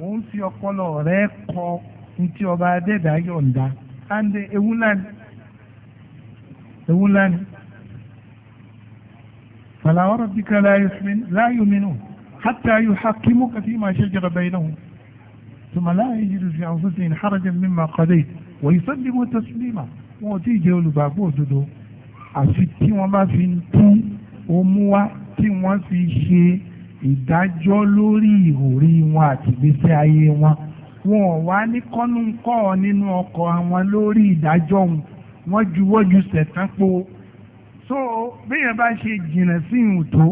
ò ń fi ọpọlọ rẹ kọ ní tí ọba adẹ́dá yọ̀ǹda ande ewu lani ewu lani fala wa rabbika la yusmin la yuminu hatta yuhaqqimuka fima shajara bainahum thumma la yajidu fi anfusihim harajan mimma qadayt wa yusallimu taslima wọn ò tí ì jẹ́ olùgbàgbọ́ òdodo àfi tí wọ́n bá fi tún omuwa tí wọ́n fi ṣe ìdájọ́ lórí ìhòrí wọn àti ìgbésí ayé wọn wọn ò wá ní kọ́nùkọ́ nínú ọkọ̀ wọn lórí ìdájọ́ wọn wọ́n juwọ́jú sẹ̀tán po so bẹ́ẹ̀ bá ṣe jìnnà sí ìhùn tó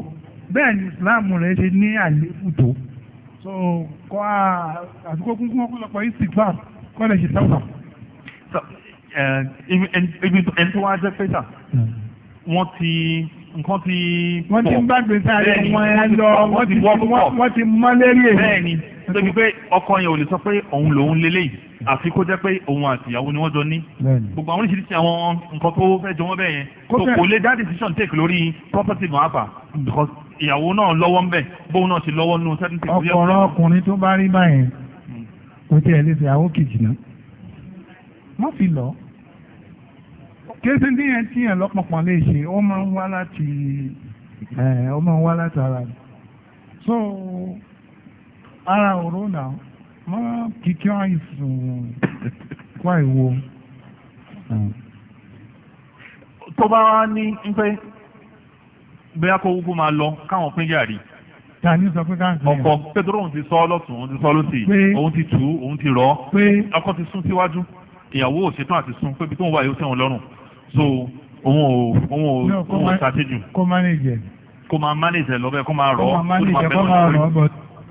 bẹ́ẹ̀ ni Islam rẹ̀ ṣe ní àlékù tó so kọ́ àdúgbò kúnkún ọ̀pọ̀lọpọ̀ istikfar kọ́ lè ṣe tọ́pọ̀. Eh, ẹni tó wá jẹ́ pẹ́sà hmm. wọ́n ti nǹkan ti pọ̀ wọ́n ti ń bá gbèsè ààrẹ lọ wọ́n ti wọ́n ti mọ́ lérí èyí. bẹ́ẹ̀ni tóbi pé ọkọ yẹn ò lè sọ pé òun lòun leléyìí àfi kó jẹ́ pé òun àti ìyàwó ni wọ́n jọ ní. gbogbo àwọn oríṣiríṣi àwọn nǹkan tó fẹ́ jọ wọ́n bẹ́ẹ̀ yẹn tó kò lè dá decision take lórí property mọ́àfà because ìyàwó náà lọ́wọ́ ń bẹ̀ náà ti lọ́wọ́ nù certain things kéésì ní yẹn tí yẹn lọ́pọ̀pọ̀ lè ṣe ó máa ń wá láti ẹ̀ ó máa ń wá láti ara rẹ̀ so ara òró náà má kíkí àìsàn wá ìwo. tó bá wá ní pé bóyá kó wúkú máa lọ káwọn pín yàrí tani sọ pé káàkiri yẹn. ọkọ pétrò òun ti sọ lọtún òun ti sọ lọsì òun ti tù òun ti rọ ọkọ ti sún síwájú ìyàwó òṣètò àti sún pé bí tóun wà yóò tẹ̀ lọ́rùn so òun ò òun ò òun ò ṣàtìjù. kó manage ẹ. kó máa manage ẹ lọ́bẹ̀ kó máa rọ̀ ọ́ kó máa bẹ́ẹ̀ lórí. kó máa rọ̀ ọ́ bọ̀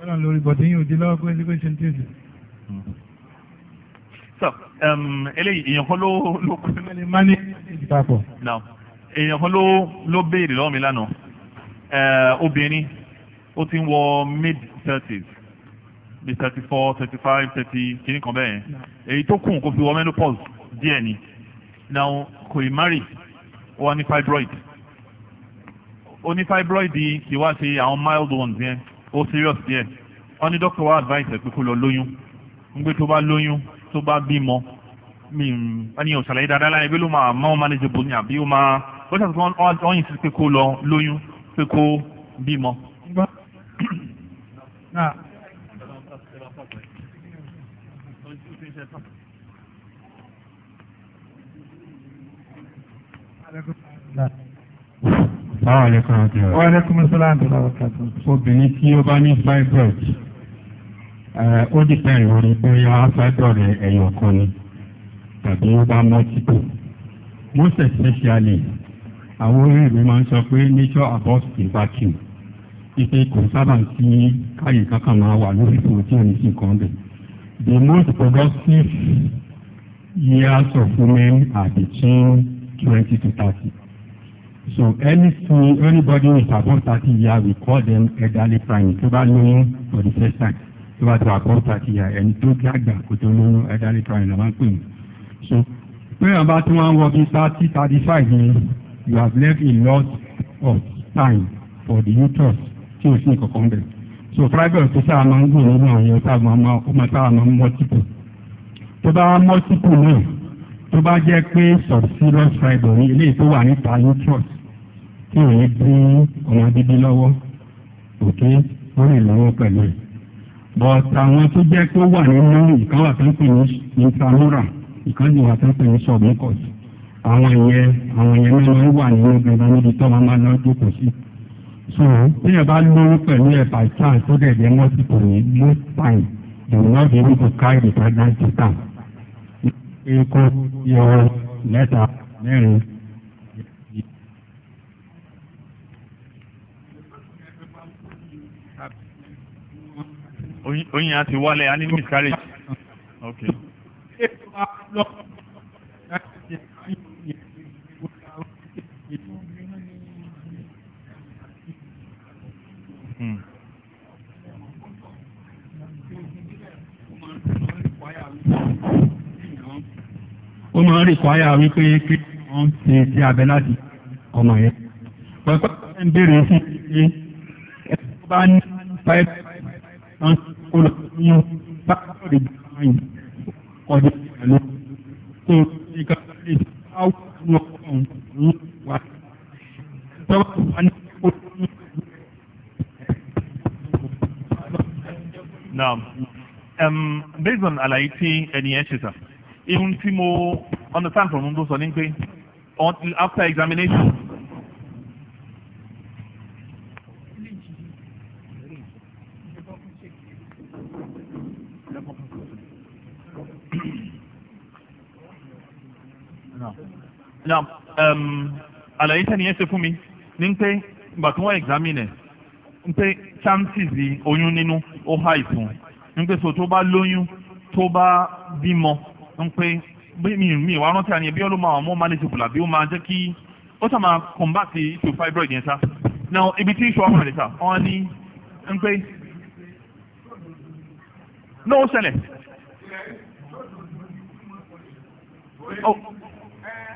ọ́ lórí bọ̀ dín yóò di lọ́wọ́ pé ṣé ṣe ń tẹ̀sí. so um, eléyìí èèyàn kan ló ló. manage papọ̀. èèyàn kan ló ló béèrè lọ́wọ́ mi lánàá eh, obìnrin ó ti ń wọ mid thirties bí thirty four thirty five thirty kìíní kan bẹ́ẹ̀ èyí tó kù kó fi wọ menopause díẹ̀ ni now kò ì marry ó wá ní fibroid ó ní fibroid kì wá ṣe àwọn mild ones yẹn ó serious díẹ̀ wọ́n ní doctor wa advice ẹ̀ pé kó lọ lóyún ń gbé tó bá lóyún tó bá bímọ mi ẹni ò ṣàlàyé dáadáa láyé bí ló máa mọ́ manageable ni àbí ó máa wọ́n ṣàtúnṣe wọ́n yìn sí pé kó lọ lóyún pé kó bímọ. Ah. Báwo ni kò rántí rẹ̀? Wọ́n ní kúmí sílá ń tọ́lá wákàtí. Obìnrin tí ó bá ní fibroid, eh, ó dìpẹ́ ìròyìn pé yá fibroid ẹ̀yọ̀ kan ni tàbí ó bá multiple. Most especially, àwọn olóyìnbó máa ń sọ pé nature abhors in vacuum. Ipe kò sábà sí káyè kankan máa wà lórí ìfòwò tí ò sí nǹkan bẹ̀. The most productive years of women are between twenty to thirty so anything anybody who is above thirty years we call them elderly prime tó bá lóyún for the first time tó bá tó above thirty years ẹni tó gbàgbà kó tó lóyún elderly prime la máa ń pè ní. so pé àbá tí wọ́n ń wọ bí thirty thirty five ni you have left a lot of time for the uterus tí o sì kọ̀ọ̀kan bẹ̀. so private tó sáà máa ń gbòòrò náà yẹn tá a máa ọmọ tá a máa ń multiple tó bá multiple náà tó bá jẹ́ pé subservious fibre ní eléyìí tó wà níta uterus tí ò ní ọmọ bíbí lọ́wọ́ òkè wọ́n rìn lọ́wọ́ pẹ̀lú ẹ̀. but àwọn tó jẹ́ pé wà nínú ìkan wà pè ní intramural ìkan wà tó àwọn ìyẹn àwọn ìyẹn náà wà nínú gbẹ̀gbẹ̀ níbi tó máa máa sí. so bí ẹ bá lóyún pẹ̀lú ẹ̀ by chance tó dẹ̀ dé ní oyin a ti wálẹ̀ a ní miscarriage. okay. Hmm. ó máa ń rí kwaya wípé kí wọ́n ṣe ti abẹ láti ọmọ yẹn. pẹ̀pẹ́ ń béèrè fún mi pé bá ní five months olùkọ́yọ́ bákàtọ̀rì báyìí ọ̀dọ̀ ìlànà tó ní kàkàrí àwọn ọmọ ọ̀hún ní wà. Tọ́wọ́ wà ní ọdún ní Naam. Um, based on àlàyé tí ẹni ẹ ṣe sà, ihun tí mo understand from ohun tó sọ ni pé after examination. now um, àlàyé tẹ́ni yẹn ṣe fún mi ní pé ìgbà tí wọ́n examine ẹ̀ ń pé chances oyún nínú ó high fún un ń pé so tó bá lóyún tó bá bímọ ń pé mi mi wà rántí àníyàn bí ọlọ́mọ àwọn ọmọ manageable àbí ó máa jẹ́ kí ó sọ ma combat to fibroid yẹn sá now ibi tí ìṣòro àwọn ẹ̀dẹ̀ta wọ́n ní ń pé náà ó ṣẹlẹ̀. Oh,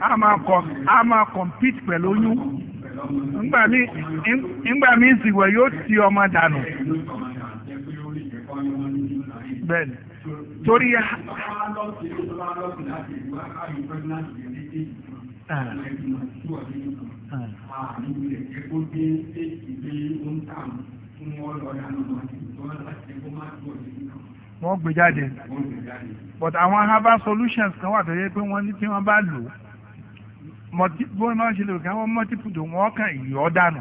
a máa kọ a máa compete pẹ̀lú oyún ńgbà mí ńgbà mí yóò ti ọmọ dànù bẹ́ẹ̀ni torí Uh. wọ́n gbé jáde but àwọn herbal solutions kan wà tó yẹ pé wọ́n ní tí wọ́n bá lò bó náà ṣe lè kí wọ́n tó wọ́n kàn yọ̀ dànù.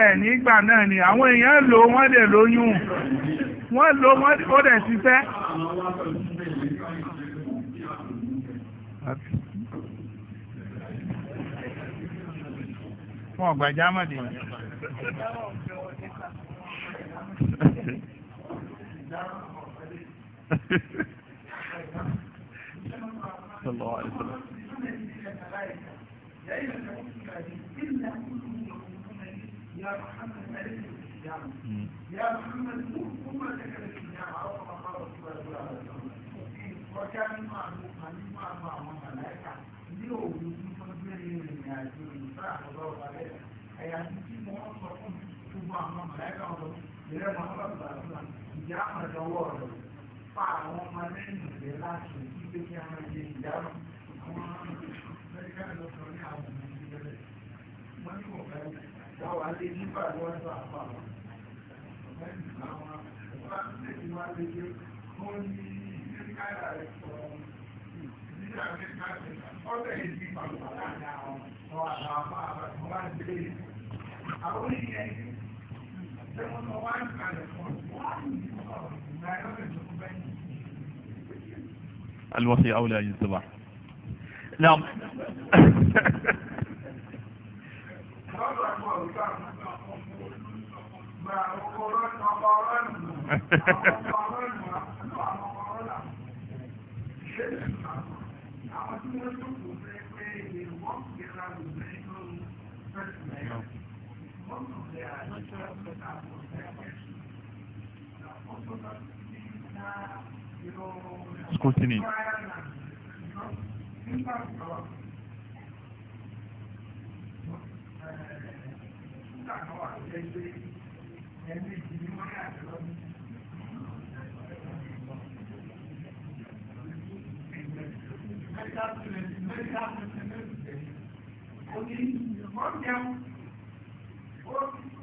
ẹ nígbà náà ni àwọn èèyàn lò wọ́n lóyún wọ́n lò wọ́n dẹ̀ ṣiṣẹ́. صلى الله عليه وسلم يا محمد عليك يا محمد أمتك التي جعل الله رسول الله kọjá nínú àwọn kan nínú àwọn àwọn màláìka ní òun ní ọgbẹ́rẹ́ ìrìn àjò ìfẹ́ àkọ́bá ọ̀bàlẹ̀ àyàfi tí wọ́n sọ fún gbogbo àwọn màláìka ọ̀rọ̀ ìrẹ́ Muhammad bàbá ìjà àdánwò rẹ̀ fa àwọn ọmọ lẹ́yìn rẹ̀ láti ìgbé kí a máa ṣe ìdáhùn àwọn mẹ́ríkà lọ́sọ̀ ní àwọn ọmọ ìgbẹ́lẹ̀ wọ́n ní kò fẹ́ dáwà lé nípa lọ́sọ̀ àpapọ̀ àwọn ọ̀pá lẹ́yìn wá lé dé wọ́n ní mẹ́ríkà rẹ̀ sọ nígbà mẹ́ríkà rẹ̀ ọ̀bẹ̀ yìí ti pàlọ́ láàárín àwọn ọ̀pá àwọn àbá àwọn ìgbẹ́lẹ̀ àwọn ìyẹn الوصي أولى للذبح نعم Thank you. Scrutiny. Thank you.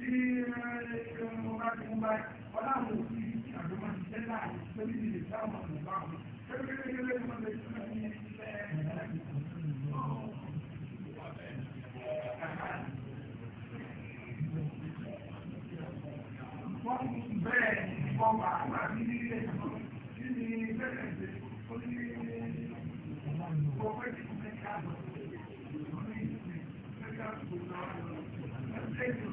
tí mo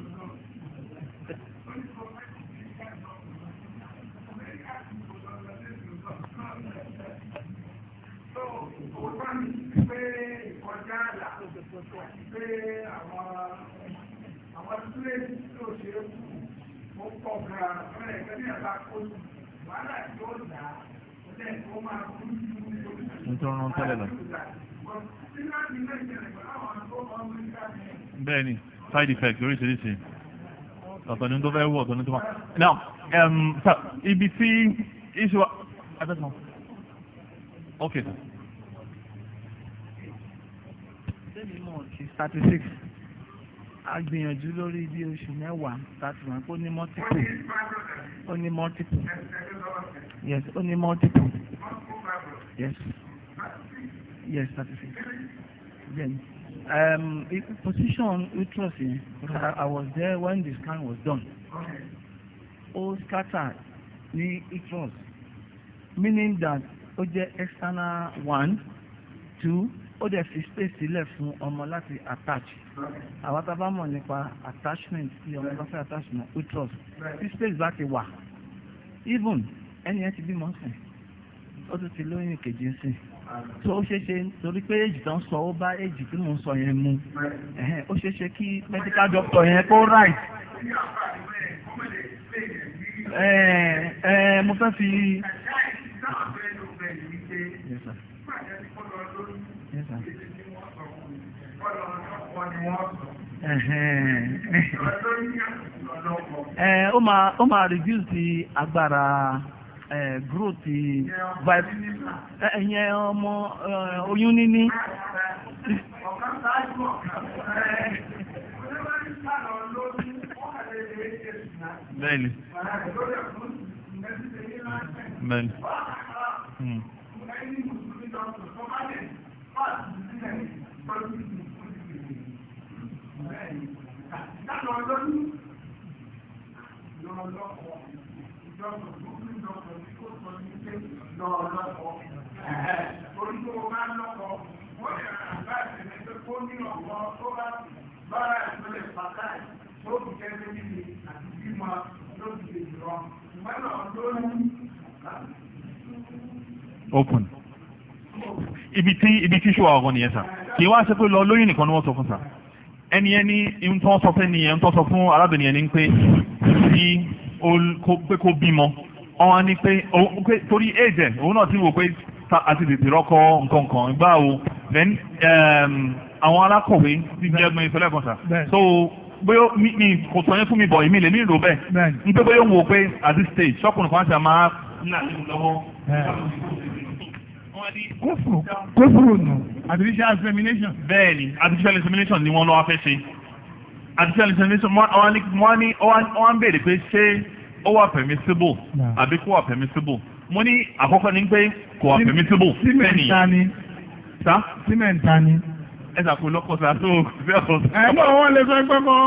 pé ìkọjá àlà àti pé àwọn àwọn túlẹ̀sì tí ó ṣe é kù ó pọ̀ gan-an lọ́nà ẹ̀gbẹ́ ní àbá tẹ́lẹ̀ lọ. bẹ́ẹ̀ni side effect oríṣiríṣi ọ̀tọ̀ ni tó fẹ́ wọ̀ ọ̀tọ̀ ni tó máa. now um, ibi tí iṣu. ok sir. thirty six a gbìyànjú lórí bí oṣù mẹ́wàá láti mọ̀ pé ó ní multiple ó ní multiple yes ó ní multiple yes yes thirty six then um, position uterus yẹn I, I was there when the scan was done ó scatter ní uterus meaning that ó jẹ́ external one two ó dẹ̀ fi space sílẹ̀ fún ọmọ láti attach àwọn tá a nípa attachment tí ọmọ bá fẹ́ attach mọ́ uterus tí space bá ti wà even ẹni ẹ ti bímọ sìn ó tún ti lóyún ìkejì sìn So ó ṣeéṣe torí pé èjì tó ń sọ ó bá èjì tí mò ń sọ yẹn mu ó ṣeéṣe kí medical doctor yẹn kó right mo fẹ́ fi. Yes, sir. ó máa ó reduce the agbára growth ẹ̀yẹn ọmọ oyún níní. Hmm. Open ibi tí ibi tí ṣùwà ọ̀gọ́ nìyẹn sà kì í wá ṣe pé lọ lóyún nìkan ni wọ́n sọ fún sà ẹni ẹni ń tọ́ sọ fẹ́ni ẹ̀ ń tọ́ sọ fún arábìnrin ẹni pé kí pé kó bímọ ọ̀hún ni pé torí ẹ̀jẹ̀ òun náà ti wò pé àti tètè rọ́kọ nǹkan kan gbá o then ehm, àwọn alákọ̀wé ti jẹ́ ẹgbẹ́ ìfẹ́lẹ́ kan sà so bóyá mi mi kò sọ yẹn fún mi bọ̀ èmi lè ní ìrò bẹ́ẹ̀ n pé bóyá òun wò pé at this stage ṣọ́kùnrin kan ṣe máa ń nà sí lọ́wọ́ kófùrù kófùrù nù. artificial insemination. bẹ́ẹ̀ni artificial insemination ni wọ́n lọ wá fẹ́ ṣe artificial insemination wọ́n ní wọ́n ní wọ́n ń béèrè pé ṣé ó wà permissible àbí kò wà permissible mo ní àkọ́kọ́ ni pé kò wà permissible. símẹ̀ntì ta ni. sa símẹ̀ntì ta ni ẹ ṣàkóso lọ́kọ̀ sá tó fẹ́ ọ̀rọ̀ sá. ẹ náà wọ́n lè fẹ́ pẹ́ kọ́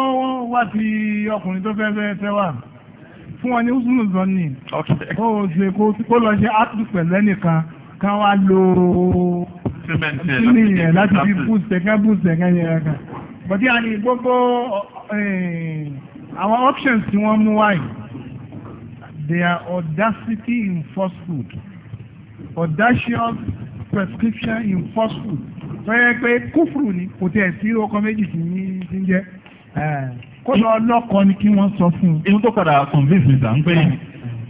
wá sí ọkùnrin tó fẹ́ fẹ́ fẹ́ wà fún wọn ní húsùnù zọ́ọ̀nì kó o ṣe kó lọ ṣe áàtù pẹ̀lú ẹnìkan kan wá lo sílẹ̀ yẹn láti fi búùsẹ̀ kan búùsẹ̀ kan yẹn kan bọ̀dí a ní gbogbo eh, àwọn options tí wọ́n mú wáyé their audacity in food, audacious prescription in falsehood tó yẹ pé kúfùrù ni kò tẹ̀ sí ọkọ méjì tí ń jẹ́ eh, kó lọ lọ́kọ ni kí wọ́n sọ fún un. inú tó padà convince me sàn pé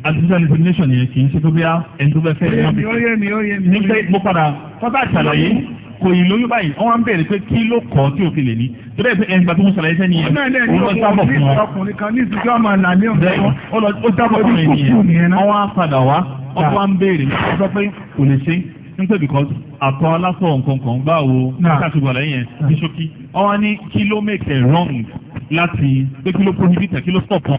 artificial insemination yẹn kì í ṣe tó bí a ẹni tó bẹ fẹ́ ẹ̀ ní pé mo padà kọ́tà ṣàlàyé kò yìí lóyún báyìí wọ́n ń bẹ̀rẹ̀ pé kí ló kọ́ tí òfin lè ní tó dẹ́ pé ẹni gbà tó ń ṣàlàyé sẹ́ni yẹn òun lọ sábọ̀ fún wọn. ọkùnrin kan ní ìsìnkú àmọ́ àlàyé ọ̀hún ó sábọ̀ fún ẹ̀yìn ọwọ́ á padà wá ọkọ̀ wa ń bẹ̀rẹ̀ ó sọ pé kò lè ṣe ń pè because àtọ̀ aláfọ̀ nǹkan kan báwo kásìgbọ̀lẹ̀ yẹn ní ṣókí ọwọ́ ní kí ló make a wrong láti pé kí ló prohibit kí ló stop wọn.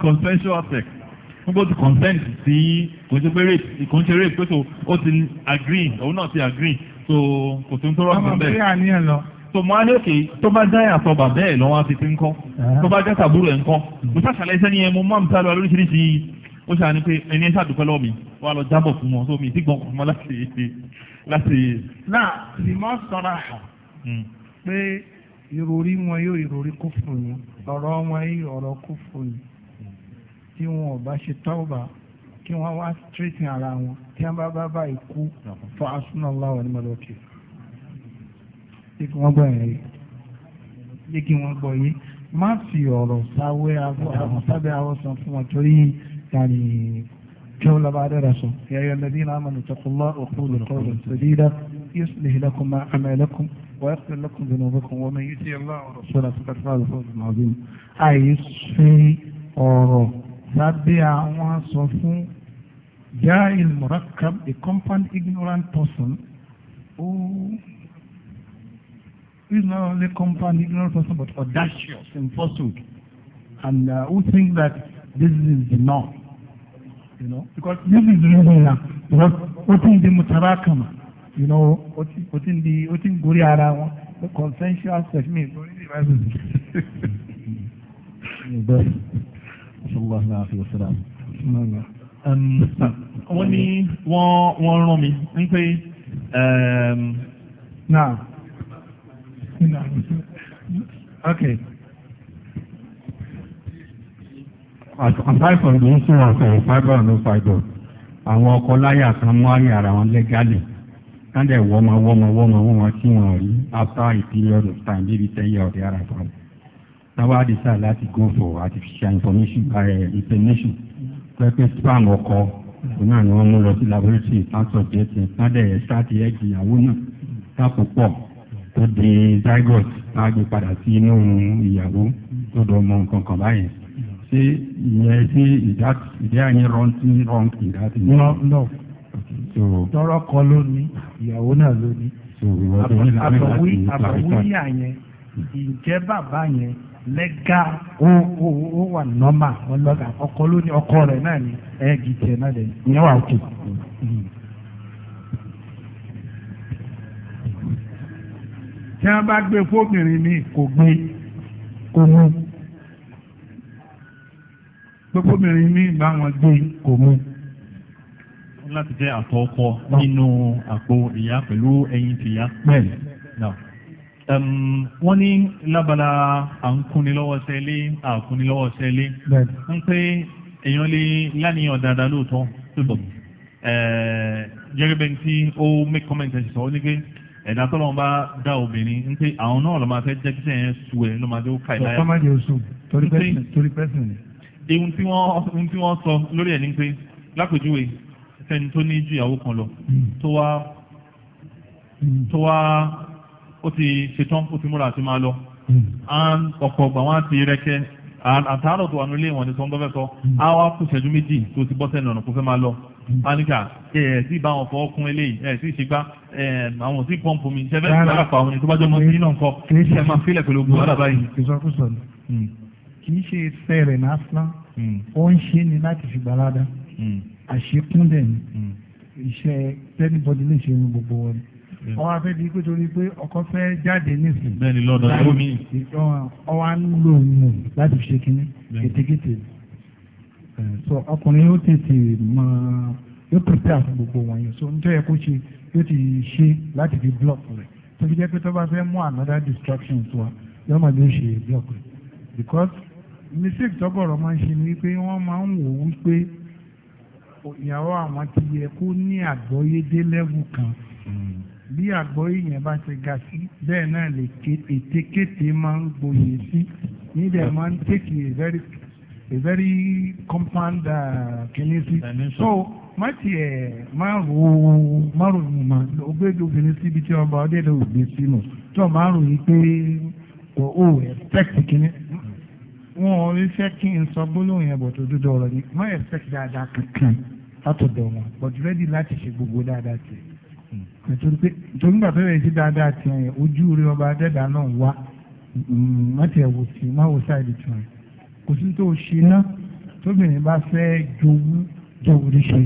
consensual sex nígbà tó consent sí kò ṣe pé rape kò ń ṣe rape pé tó ó ti agree òun náà ti agree so kò tó ń tọrọ àgbẹ̀ bẹ́ẹ̀. ọmọ bí àníyàn lọ. tó mọ alẹ́ òkè tó bá dá yàtọ̀ bàbá ẹ̀ lọ́wọ́ àti ti ah. tó bá dá tàbúrò ẹ̀ ń mo ṣàṣàlẹ̀ iṣẹ́ ni ẹ mo máa ń sáré wa lóríṣiríṣi ó ṣàní pé ẹni ẹ ṣàdúpẹ́ lọ́wọ́ mi wà á lọ jábọ̀ fún wọn sómi ìdígbọ̀n fún wọn láti láti tí wọn ò bá ṣe tọ́ọ̀bà kí wọ́n wá straighten ara wọn tí wọ́n bá bá báyìí kú fún asúnàlá wọn ní mọ́lọ́kì. jẹ́ kí wọ́n gbọ́ yẹn rí jẹ́ kí wọ́n gbọ́ yé má fi ọ̀rọ̀ sáwé àwọn sábẹ́ àwọn fún wọn torí yàrá جو لما درسوا يا أيها الذين آمنوا اتقوا الله وقولوا قولا سديدا يصلح لكم أعمالكم ويغفر لكم ذنوبكم ومن يطع الله ورسوله فقد فاز فوزا عظيما في أورو lábẹ́ àwọn sọ fún jail Murakab, a compound ignorant person who is not only compound ignorant person but audacious in falsehood and uh, who think that this is the norm you know because this is the reason now because ó ti ń di mutarakama you know ó ti ń di ó ti ń gorí ara wọn the consensual sex means. sallallahu alaihi wasallam. Um, wọ́n ní wọ́n rán mi ní pé um, náà okay. aside from the insurance of fibre and no fibre àwọn ọkọ láyà kan mú àyè ara wọn lẹ́gàlì káńdẹ̀ wọ́mọ wọ́mọ wọ́mọ wọ́mọ tí wọ́n rí after a period of time bíbi ten years ọ̀dẹ́ ara fún wọn táwa àdìsá láti go for artificial information information pẹ́pẹ́ spam ọkọ òun náà ni wọ́n mú lọ sí laboratory pásọ̀ jẹ́tì pádẹ̀ ṣáàtì ẹ̀gì ìyàwó náà sápò pọ̀ tó di zygote máa gbé padà sí inú ìyàwó tó dọ̀ mọ nǹkan kan báyẹn ṣé ìyẹn sí ìdá yẹn rántí rántí ìdáàtì. no no tọrọ kọ lónìí ìyàwó náà lónìí àbọ̀wí àbọ̀wí yà yẹn ǹjẹ́ bàbá yẹn lẹ́gà ó ó ó wà nọ́mà ọlọ́gà ọkọ ló ní ọkọ rẹ̀ náà ni ẹ̀ẹ́dì tiẹ̀ náà lẹ̀ ní wà òkè. tí wọ́n bá gbé fóbìnrin mi kò gbé kò mú gbogbomirin mi bá wọn gbé kò mú. láti jẹ́ àtọ̀ ọkọ nínú àpò ìyá pẹ̀lú ẹyin tìyá. bẹ́ẹ̀ ni wọ́n ní lábala à ń kúni lọ́wọ́ sẹ́lé à kúni lọ́wọ́ sẹ́lé ń pé èèyàn lè lánìyàn dáadáa lóòótọ́ síbò jẹ́gẹ́bẹ́ tí ó make comment ẹ̀ sọ ó ní pé ẹ̀dá tó lọ́wọ́ bá dá obìnrin ń pé àwọn náà lọ́ máa fẹ́ jẹ́ kí sẹ́yìn su ẹ̀ ló máa dé ó ká ìláyà. ọ̀sán máa jẹ́ oṣù torí pẹ́sìn ni. ihun tí wọ́n sọ lórí ẹ̀ ní pé lápèjúwe fẹ́ni tó ní ju ìyàwó kan lọ hmm. tó wá hmm ó ti ṣetán ó ti múra àti máa lọ hmm. ọkọ̀ ọgbà wọn ti rẹ́kẹ́ àtàárọ̀ tó wà nílé ìwọ̀n ni sọ́n tó fẹ́ sọ á hmm. wá kù ṣẹ́jú méjì tó ti bọ́ sẹ́nu ọ̀nà kó fẹ́ máa lọ hmm. anika ẹ̀ sì bá wọn fọwọ́ kún eléyìí ẹ̀ sì ṣe gbá àwọn sì pọ́ǹpù mi ṣẹ́fẹ́ ìgbàlápà àwọn tó bá jọmọ sí náà kọ́ ṣe máa fílẹ̀ pẹ̀lú ogun wàhálà báyìí. ìsọkúsọ ni kì í ṣe iṣẹ́ rẹ̀ lásán ó ń ṣe ni láti fi gbàládà àṣekúndẹ̀ ni iṣẹ́ tẹ́nibọ́dí lè ṣe ní gbogbo wọn ọwọ́ mm. afẹ́ di pé torí pé ọkọ fẹ́ jáde nísìnyí. bẹ́ẹ̀ni lọ́dọ̀ ẹ̀rọ mi. ọwọ́ à lò mù láti ṣe kínní kètèkètè so ọkùnrin yóò tètè mọ yóò pèsè àti gbogbo wọ̀nyí so n tó yẹ kó ṣe yóò ti ṣe láti fi block rẹ̀ tó fi jẹ́ pé tó bá fẹ́ mú another distraction tó wa yóò máa lè ṣe block rẹ̀ because mistake tọ́gbọ̀rọ̀ máa ń ṣe ni wípé wọ́n máa ń wò wípé ìyàwó àwọn ti yẹ kó ní àgbọ́yédé level kan mm bí àgbọ́yé yẹn bá ti ga sí bẹ́ẹ̀ náà lè ètekéte máa ń gboyè sí níbẹ̀ máa ń tètè a very a very compound uh, kìíní sí so má tiẹ̀ má ro má ro yìí mà ó gbé obìnrin síbi tí ọba ọdẹ lè gbé sínú tí ọ má ro yìí pé o ò expect kìíní wọn ò rí fẹ́ kí n sọ gbólóhùn yẹn bọ̀ tó dúdú ọ̀rọ̀ ni má expect dáadáa kankan látọ̀dọ̀ wọn but ready láti ṣe gbogbo dáadáa tiẹ̀ nítorí gbàtọ́ rẹ̀ ṣe dáadáa tiẹ̀ yẹn ojú rẹ̀ ọba adẹ́dà náà wá mọ́tì mm, ẹ̀wò sí máwò sáìdì tiwọn kò sí tó ṣe ná tóbìnrin bá fẹ́ jowú jowú lè ṣe.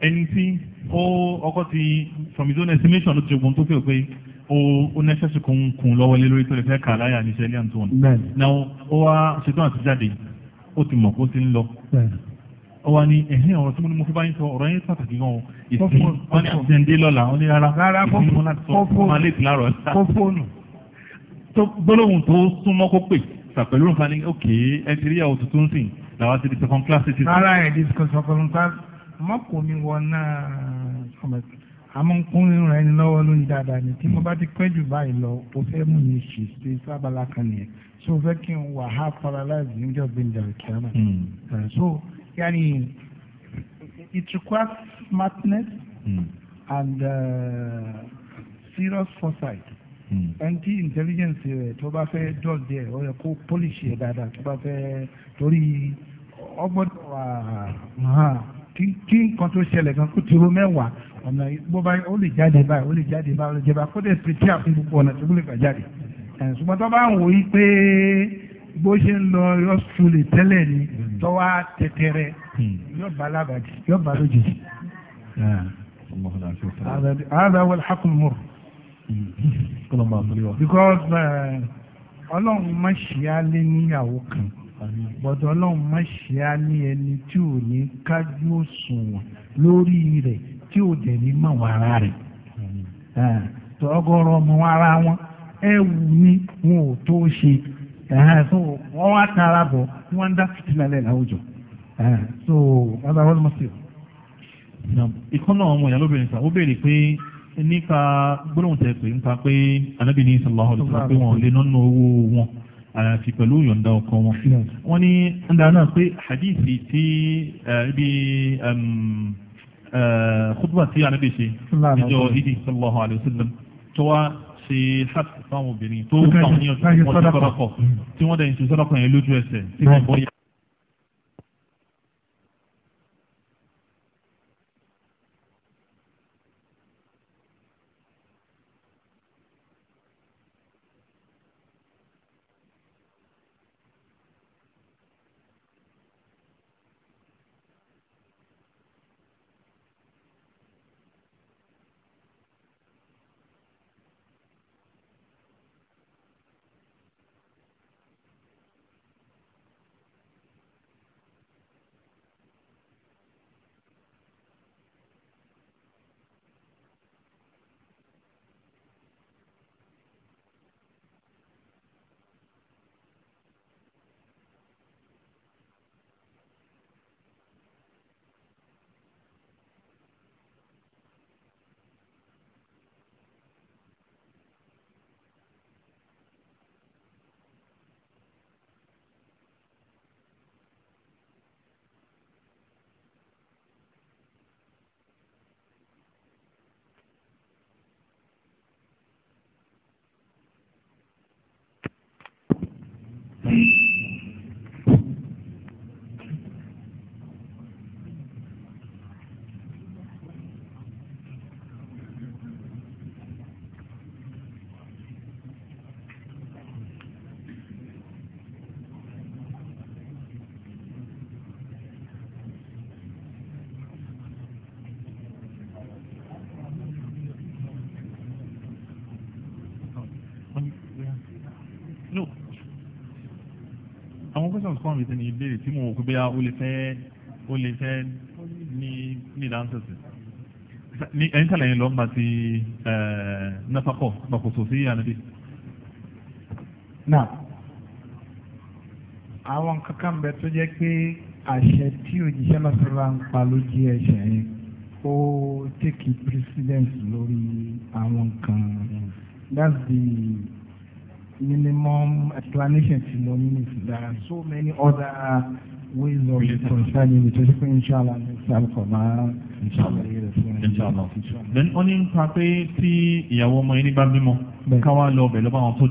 ẹni tí ó ọkọ ti from his own estimation ló ti jogun tó fẹ́ pé ó nẹ́sẹ̀sì kún kún lọ́wọ́ lé lórí tó lè fẹ́ kà láyà ní sẹ́lẹ̀ àti wọn. náà ó wá ṣetán àti jáde ó ti mọ̀ kó ti ń lọ ọwọ́ ni ẹ̀hìn ọ̀rọ̀ tí mo ní mo fi bá yín sọ ọ̀rọ̀ yín pàtàkì gan-an ìsìn wọn ni àtẹ̀ǹdé lọ́la wọn ní rárá ìsìn wọn láti sọ ọmọ alẹ́ ìtìlá rọ̀ ṣá. fọ́fóònù. tó gbólóhùn tó súnmọ́ kó pè sàpẹ̀lú nǹkan ní òkè ẹ ti rí àwọn tuntun sìn làwọn ti di second class citizen. rárá ẹ̀ di second class mọ́kùnrin wọn náà amúnkúnrin rẹ̀ ni lọ́wọ́ lórí dáadáa ni tí mo bá ti pẹ́ jù báyìí lọ o fẹ́ mú mi ṣì ṣe sábàlá kan nìyẹn so fẹ́ kí n wà á paralyze níjọ́ gbẹ̀ndẹ̀ òkè hmm. so yani it requires smartness mm. and uh, serious foresight hmm. anti tí intelligence rẹ eh, tó bá fẹ́ dọ̀dẹ̀ ẹ̀ ọ yẹ kó polish ẹ̀ dáadáa tó bá fẹ́ torí ọgbọ́dọ̀ wà ah, ah, kí nǹkan tó ṣẹlẹ̀ kan kó ti ro mẹ́wàá ọ̀nà bó bá ó lè jáde báyìí ó lè jáde báyìí ó lè jáde báyìí kó dẹ̀ pèsè àfihàn gbogbo ọ̀nà tó gbọ́dọ̀ gbà jáde eh, ṣùgbọ́n tó bá ń wòye pé. bó ṣe ń lọ yọ̀sùlè tẹ́lẹ̀ ni hmm. tọ́wá tẹ̀tẹ̀rẹ̀ hmm. yóò bá alábàjì yóò bá lójijì. هذا هو الحق المر because uh, ọlọ́run ṣe lé níyàwó kan bọ́dọ̀ ọlọ́run ma ṣe ní ẹni tí ò ní kájú òṣùwọ̀n lórí rẹ̀ tí ò dẹ̀ ní mọ̀ wọ́n ara rẹ̀ ah, tọ́gọ́rọ̀ ọmọ ara wọn ẹ wù ní wọn ò tó ṣe. so wọ́n wá tara bọ̀ tí wọ́n ń dá fìtínà lẹ̀ láwùjọ so bàbá wọn mọ̀ sí o. ìkọ́nà ọmọ ìyá lóbìnrin sá ó béèrè pé nípa gbólóhùn tẹ̀ pé nípa pé anábì ní sallallahu alaihi wasallam pé wọn ò lè nánú owó wọn àyàfi pẹ̀lú yọ̀ǹda ọkọ wọn. wọ́n ní ẹ̀ńdà náà pé hadithi tí ibi khutbah tí anábì ṣe níjọ́ ìdí sallallahu alaihi wasallam tó wá ṣe hàpù fáwọn obìnrin tó fáwọn ní ọjọ́ ìpọ́njú sọ́dọ̀kọ̀ tí wọ́n dẹ̀ ń ṣe sọ́dọ̀kọ̀ yẹn lójú ẹsẹ̀ tí wọ́n bọ́ yá. fún àmì tẹ́ni ìbéèrè tí mo wò pé bóyá o lè fẹ́ ó lè fẹ́ ní ní ìdánsẹ̀sẹ̀ ní ẹ̀yìn sàlẹ̀ yẹn lọ́nba ti nafakọ̀ gbàkóso sí ànábì. náà àwọn kankan bẹ tó jẹ́ pé àṣẹ tí òjíṣẹ́ náà sọ́ra ń pa ló jẹ́ ẹ̀ṣẹ̀ yẹn ó tèkì precedence lórí àwọn nǹkan that's the minimum explanation ti mo ní nìsí there are so many other ways of concerning the ṣe pé inshallah next time kò inshallah inshallah then only ní nípa pé tí ìyàwó ọmọ yẹn ní bá bímọ káwá lọ bẹ̀ lọ́ba àwọn tó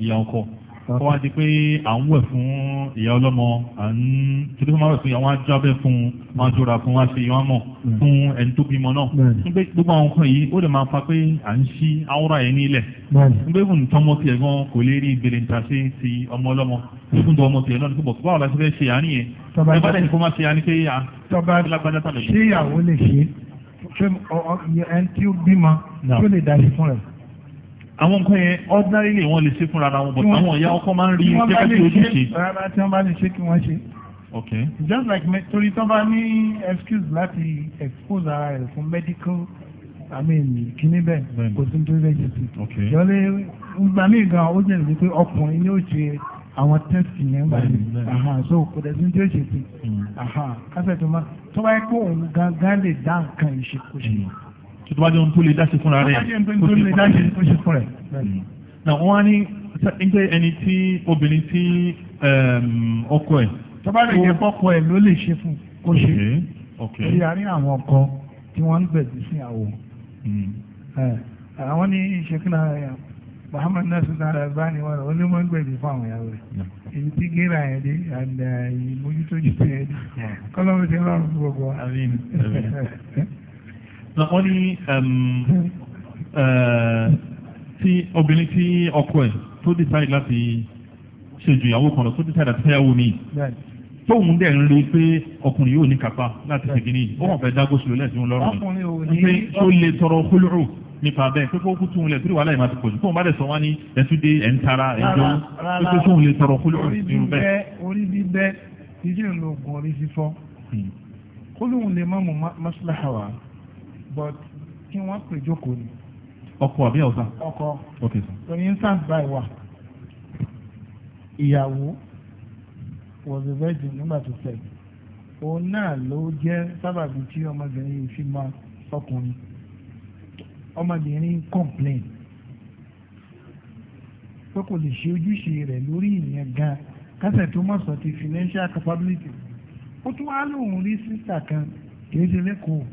ju ọmọ wọ́n wá di pé à ń wẹ̀ fún ìyá ọlọ́mọ à ń títí fún máa wẹ̀ fún ìyá wọn á jábẹ́ fún wọn á jọra fún wọn á ṣe ìyá mọ̀ fún ẹni tó bímọ náà nígbà gbogbo àwọn nǹkan yìí ó lè máa fa pé à ń ṣí awúrà yẹn nílẹ̀ nígbà ìbùn tọmọ tiẹ̀ gan kò lè rí ìbèrè níta sí ti ọmọ ọlọ́mọ fún tó ọmọ tiẹ̀ náà nígbà báwo la ṣe fẹ́ ṣe àárín yẹn nígbà àwọn nǹkan yẹn ordinarily wọ́n lè ṣe fúnra wọn but àwọn ìyá ọkọ máa ń rí gẹ́gẹ́ bí ojúṣe. rárá tí wọ́n bá lè ṣe kí wọ́n ṣe. ok just like me torí tí wọ́n bá ní excuse láti expose ara rẹ̀ fún medical i mean kíní bẹ́ẹ̀ kò sí nítorí bẹ́ẹ̀ jù sí. ok yọlé ìgbà míì gan ó jẹ́ ìdí pé ọkùnrin ni ó ṣe àwọn test yẹn gbà ní so kò dẹ̀ sí ní tí ó ṣe sí hmm. kásẹ̀ tó máa tó bá yẹ kó òun gangan lè dá nǹkan ìṣekúṣe tuntun bá jẹ́ ohun tó lè dáṣe fúnra rẹ̀ na hmm. wọ́n á ní nígbà ẹni tí obìnrin tí ehm, ọkọ ẹ̀. tọ́ba rẹ̀ jẹ́ fọ́kọ ẹ̀ ló lè ṣe fún kó ṣe lórí àárín àwọn ọkọ tí wọ́n ń gbẹ̀bí sí àwọ̀. Hmm. Eh, àwọn ní ìṣèkínà Muhammad Nasir náírà báni wọn ò ní mọ́ ń gbẹ̀bí fún àwọn ìyàwó rẹ̀ èyí tí gíra ẹ̀ dé àdá eh, ìmójútó jù sí ẹ̀ dé kọ́lọ́mù ti rọrùn gbogbo wọ́n ní eh, tí obìnrin tí ọkọ ẹ̀ tó decide láti ṣe ju ìyàwó kan lọ tó decide láti fẹ́yàwó mi tóun dẹ̀ ń rí pé ọkùnrin yóò ní kápá láti ṣe kínní ó hàn fẹ́ dágó sílò lẹ́sìn ọlọ́run pé tó lè tọrọ kólórò nípa bẹ́ẹ̀ pé kó kú tóun lẹ̀ torí wàhálà yìí máa ti pọ̀ jù tóun bá dẹ̀ sọ wá ní ẹtúndé ẹ̀ ń tara ẹ̀ jọ pé tóun lè tọrọ kólórò nínú bẹ́ẹ̀. orí bíbẹ́ ìjì but kí wọ́n pè jókòó ni. ọkọ àbí ọ̀sà. ọkọ òní instance báyìí wà ìyàwó was a virgin nígbà tó fẹ́ òun náà ló jẹ́ sábàbí tí ọmọbìnrin yìí fi máa ọkùnrin ọmọbìnrin complain pé kò lè ṣe ojúṣe rẹ̀ lórí ìyẹn gan kásẹ̀ tó mọ̀ sọ ti financial capability ó tún wá lóun rí sísà kan kì í ṣe lẹ́kọ̀ọ́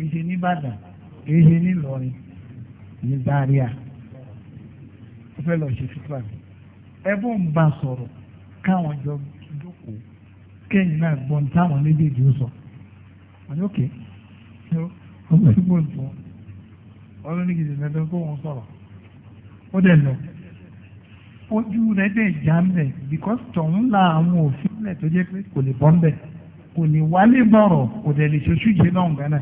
kì í ṣe nìbàdàn kì í ṣe nìlọrin ní Zaria ó fẹ́ lọ ṣe fífà mi ẹbùn ń bá sọ̀rọ̀ káwọn jọ jókòó kẹ́yìn náà gbọ́n táwọn méjèèjì ó sọ àní òkè ó fi gbọ́n tó ọlọ́nìkìtì mẹ́tọ́ kó wọn sọ̀rọ̀ ó dẹ̀ lọ ojú rẹ̀ dẹ̀ já ń bẹ̀ because tọ̀hún la àwọn òfin lẹ̀ tó jẹ́ pé kò lè bọ́ ń bẹ̀ kò lè wálé bọ̀rọ̀ kò dẹ̀ lè ṣoṣù jẹ́ náà gánà.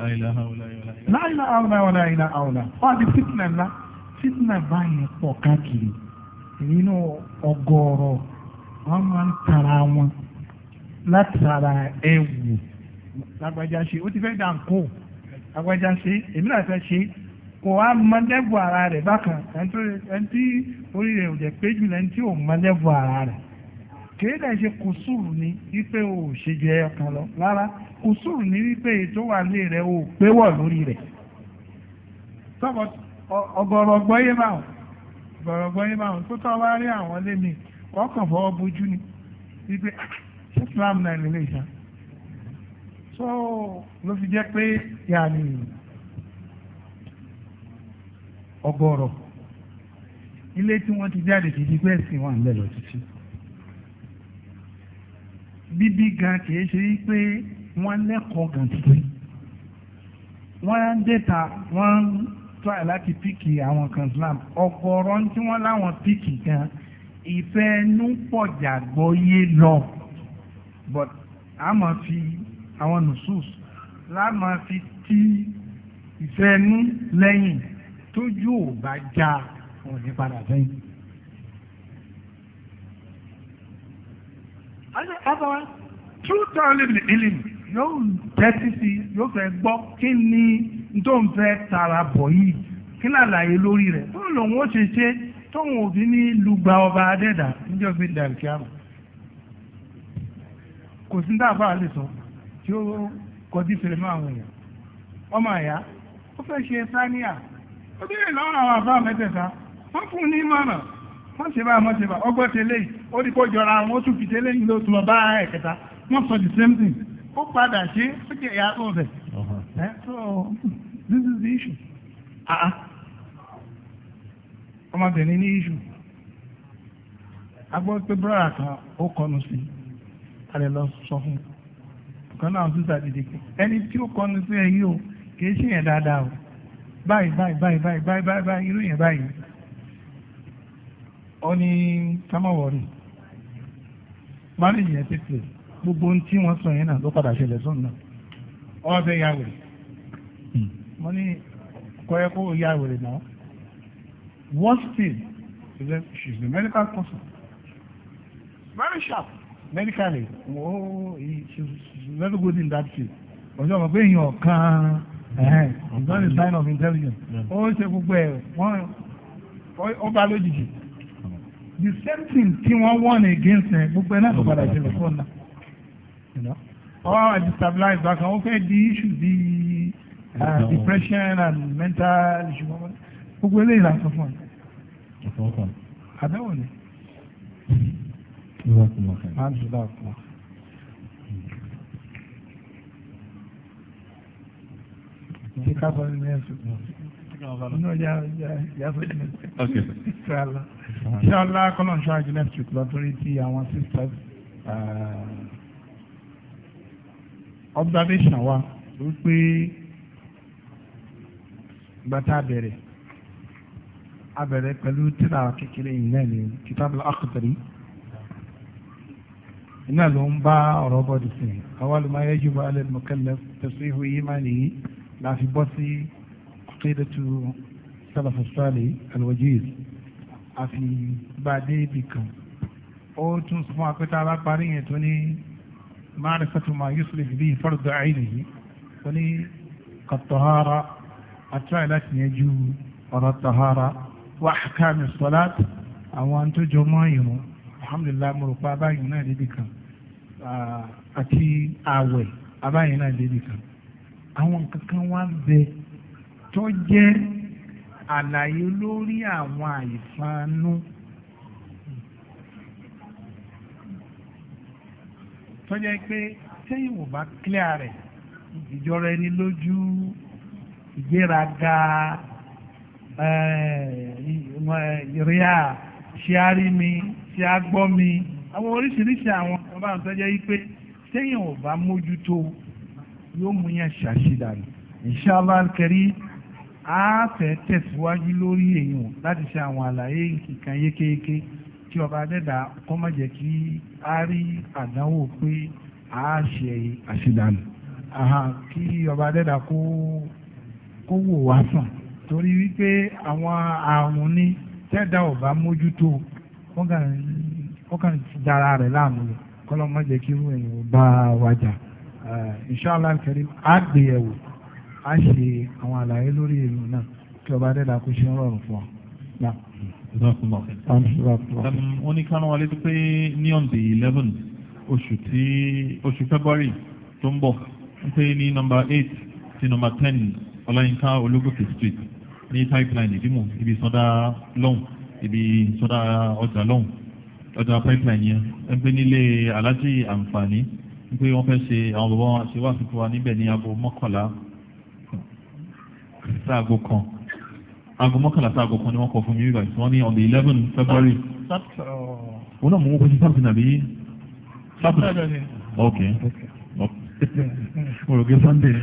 láìlà àwùlà wàlà àìlà àwùlà wọ́n ti fitna ńlá fitna báyìí pọ̀ káàkiri nínú ọgọ́rọ̀ máa ń tara wọn látara ó ti fẹ́ èmi náà fẹ́ ṣe kò wá mọ́lẹ́bù ara rẹ̀ bákan ẹni tí orí rẹ̀ ò jẹ́ tí ò mọ́lẹ́bù ara rẹ̀. kìí dẹ̀ ṣe kùsùrù ní wípé o ò ṣe jẹ ọkàn lọ rárá kùsùrù ní wípé ètò wà lé rẹ o ò pé wọ̀ lórí rẹ̀ tọ́kọ̀ ọ̀gọ̀rọ̀ gbọ́yé máa ń ọ̀gọ̀rọ̀ gbọ́yé máa ń tó tọ́ wá rí àwọn lémi ọkàn fọwọ́ bojú ni wípé ah, ṣé Islam náà lè lè ṣá so ló fi jẹ́ pé yàrá ọ̀gọ̀rọ̀ ilé tí wọ́n ti jáde kìí di pé wà ń bẹ̀ lọ títí bíbí gan kìí ṣe pé wọ́n lẹ́kọ̀ọ́ gan títí wọ́n á dẹ́ta wọ́n try láti píkì àwọn kan Islam ọ̀gọ̀ọ̀rọ̀ tí wọ́n láwọn píkì gan ìfẹ́ ẹnu pọ̀jà gbọ́yé lọ but a máa fi àwọn nùsùs la máa fi tí ìfẹ́ ẹnu lẹ́yìn tójú ò bá já òní padà sẹ́yìn. otherwise true thoroughly healing yóò tẹ́tí sí yóò fẹ́ gbọ́ kí ni tó ń fẹ́ tara bọ̀ yìí kí làlàyé lórí rẹ̀ tó lòun ó ṣe ṣe tóun òbí ní lùgbà ọba adẹ́dà níjọ́ fi dàrú kí á mọ̀ kò sí dáàbà lè sọ tí ó kọjú fèrè mọ́ àwọn èèyàn ọmọ àyà ó fẹ́ ṣe sáníà ó béèrè lọ́rùn àwọn àbá mẹ́tẹ̀ẹ̀ta wọ́n fún un ní ìmọ̀ràn wọ́n ṣe bá wọ́n ṣe bá ọgbọ́n ṣe ó ní kó jọra wọn ó tún fi délé yìí ló bá ẹ̀kẹta wọ́n sọ the same thing ó padà ṣe ó jẹ ìyá tó rẹ̀ uh-huh. so this is the issue ah, ah. ọmọbìnrin ní issue agbọ́ brọ́dà kan ó kọnu sí a lè lọ sọ fún ọ̀kan náà sísà dìde pé ẹni tí ó kọnu sí ẹ yìí o kì í ṣe yẹn dáadáa o báyìí báyìí báyìí báyìí báyìí irú yẹn báyìí ó ní kámọ́wọ́rì márìyìn yẹn ti pè gbogbo ohun tí wọ́n sọ yẹn náà ló padà ṣẹlẹ̀ sọ́nù náà ọ fẹ́ ya wèrè mo hmm. ní kọ́ ẹ kó ya wèrè náà worst thing is that she is a medical person very sharp medically oh she is very good in that field ọjọ́ mọ̀ pé èèyàn kan ọ̀gbọ́n is hmm. sign of intelligence ó ṣe gbogbo ẹ̀ wọ́n ó bá lójijì the same thing tí wọ́n warn against ẹ̀ gbogbo ẹ̀ náà tó padà ṣẹlẹ̀ fún ọ̀nà ọwọ́ àwọn destabilize bákan ó fẹ́ di issue bí uh, depression and mental issue gbogbo eléyìí là ń fún ọ̀nà àbẹ̀wò ni. Ficar fazendo inú ọjà ìyáfẹ́ ní ìsirala ṣé ọlá kọlọ́nṣọ́ àjẹlẹ̀ street lọ́tọ́rí tí àwọn sisters uh, observation wa wípé gbàtà bẹ̀rẹ̀ abẹ̀rẹ̀ pẹ̀lú tíra kékeré yìí náà ní kitabul akhdari iná ló ń bá ọ̀rọ̀ bọ́ọ̀dù sí i awwalu ma yajibu ala al-mukallaf tasrihu imanihi láfi bọ́ sí aqidatu salaf as-salih al-wajiz àfi bàdé ibì kan ó tún fún wa pé tá a bá parí yẹn tó ní ma'rifatu ma yuslih bihi fardu 'aynihi tó ní kat-tahara àtúrà láti yẹn ju ọ̀rọ̀ tahara wa ahkam as-salat àwọn tó jọ mọ́ ìrún alhamdulilayi mo rò pé abáyọ̀ náà débi kan àti àwẹ̀ abáyọ̀ náà débi kan àwọn kankan wá ń bẹ. tó jẹ́ àlàyé lórí àwọn àìfanú tó jẹ́ pé tẹ́yìn bá clear rẹ̀ ìjọra ẹni lójú ìgbéraga eh, ìrìà ṣe á mi ṣe á gbọ́ mi àwọn oríṣiríṣi àwọn ọba àtọ́jẹ́ yìí pé tẹ́yìn bá mójútó yóò mú yẹn ṣàṣìdànù inshallah al a fẹ́ tẹ̀síwájú lórí èèyàn láti ṣe àwọn àlàyé kíkan yékéyéké kí ọba adẹ́dà kó má jẹ́ kí a rí àdánwò pé a ṣe àṣedànù kí ọba adẹ́dà kó kó wò wá sàn torí wípé àwọn àrùn ní tẹ́dà ọba mójútó ó kàn ti dára rẹ̀ láàmú lọ kọ́lọ́ má jẹ́ kí irú èèyàn bá wájà inṣàlá kẹrin á a ṣe àwọn àlàyé lórí ìlú náà kí ọba adẹ́dà kó ṣe ń rọrùn fún wa. wọ́n ní kánú wọlé pé ní on the eleven oṣù tí oṣù February tó ń bọ̀ ń pé ní nọ́mbà eight sí nọ́mbà ten ọláyínká ológòkè street ní pipeline ìdímọ̀ ibi sọ́dá lọ́hùn ibi sọ́dá ọjà lọ́hùn ọjà pipeline yẹn ń pé nílé aláàjì àǹfààní ń pé wọ́n fẹ́ ṣe àwọn bàbá wa ṣe wa níbẹ̀ ní aago mọ́kànlá sáago kan aago mọ́kànlá sáago kan ni wọ́n kọ fún mi bíbá ìsìn wọn on the eleven February. wọn náà mú wọn kó sí sábà nàbí sábà ok mo rò pé Sunday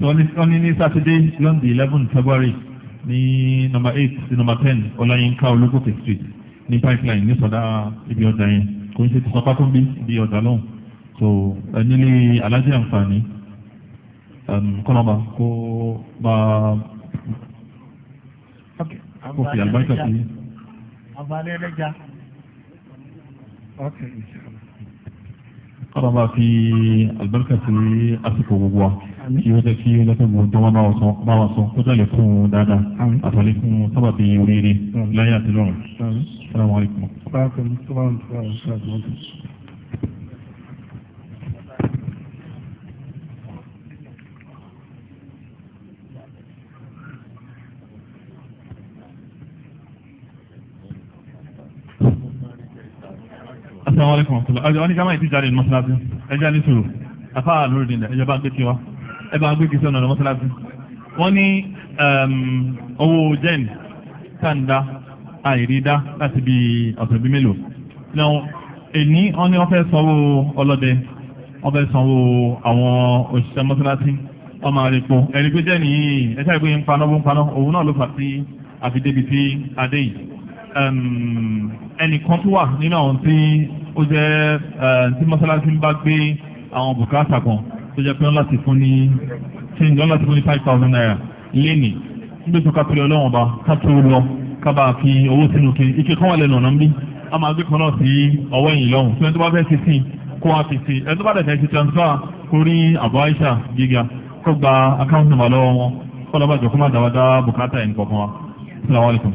wọ́n ní ní Saturday on the eleven February ni number eight sí number ten Ọláyínká Olókòkè street ní pipeline ní sọdá ibi ọjà yẹn kò ń ṣe ti sọ pákó bí ibi ọjà lọ́hùn so ẹni ní alájẹ àǹfààní kọ́nọ́ba um, kó bá kó fi àlùbáríkà sí. àbálẹ́ ẹlẹ́ja. kọ́nọ́ba fi àlùbáríkà sí àsìkò gbogbo wa kí ó jẹ́ kí lọ́sẹ̀ mú dánwà bá wa sọ kó jáde fún un dáadáa àtàlẹ́ fún un sábàbí oríire láyé àti lọ́rùn. Assalamu alaikum. Assalamu alaikum ọ̀tọ̀lá ọjọ́ ní kámá ìtìjáde ní mọ́sálásí ẹjá ní sòrò afáà lórí dìndẹ̀ ẹjọ́ bá gbé kí wá ẹbá gbé kí sọ́nà mọ́sálásí wọ́n ní owó jen tàǹdà àìrídá láti bí ọ̀sẹ̀ bí mélòó náà èní wọ́n ní wọ́n fẹ́ sanwó ọlọ́dẹ wọ́n fẹ́ sanwó àwọn òṣìṣẹ́ mọ́sálásí ọmọ àrèpo ẹ̀rí pé jẹ́ nìyí ẹ̀ṣẹ́ ìgbé ń paná bó ń paná òun náà ló fà sí àfidébi sí adé yìí Um, ẹnìkan tó wà nínú àwọn tí ó jẹ́ um, tí mọ́sálásí ń bá gbé àwọn bùkátà kan tó jẹ́ pé wọ́n láti fún ní change wọ́n láti fún ní five thousand naira léni níbi tó kápẹ́lẹ́ ọlọ́wọ́n bá kátó lọ kábàá fi owó sínú kí ike kan wà lẹ́nu ọ̀nà ń bí a máa gbé kan náà sí ọwọ́ ẹ̀yìn lọ́hùn tí wọ́n tó bá fẹ́ ṣe sí kó wá fi sí ẹni tó bá dẹ̀ fẹ́ ṣe transfer kó rí àbọ̀ àìsà gíga kó gba account number lọ́wọ́ wọn kó lọ́ bàjọ́ kó má dáwọ́ dá bùkátà ẹ̀ nìkan kan wa. Assalamu alaikum.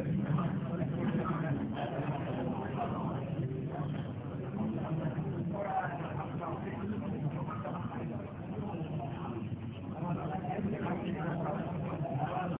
Amen.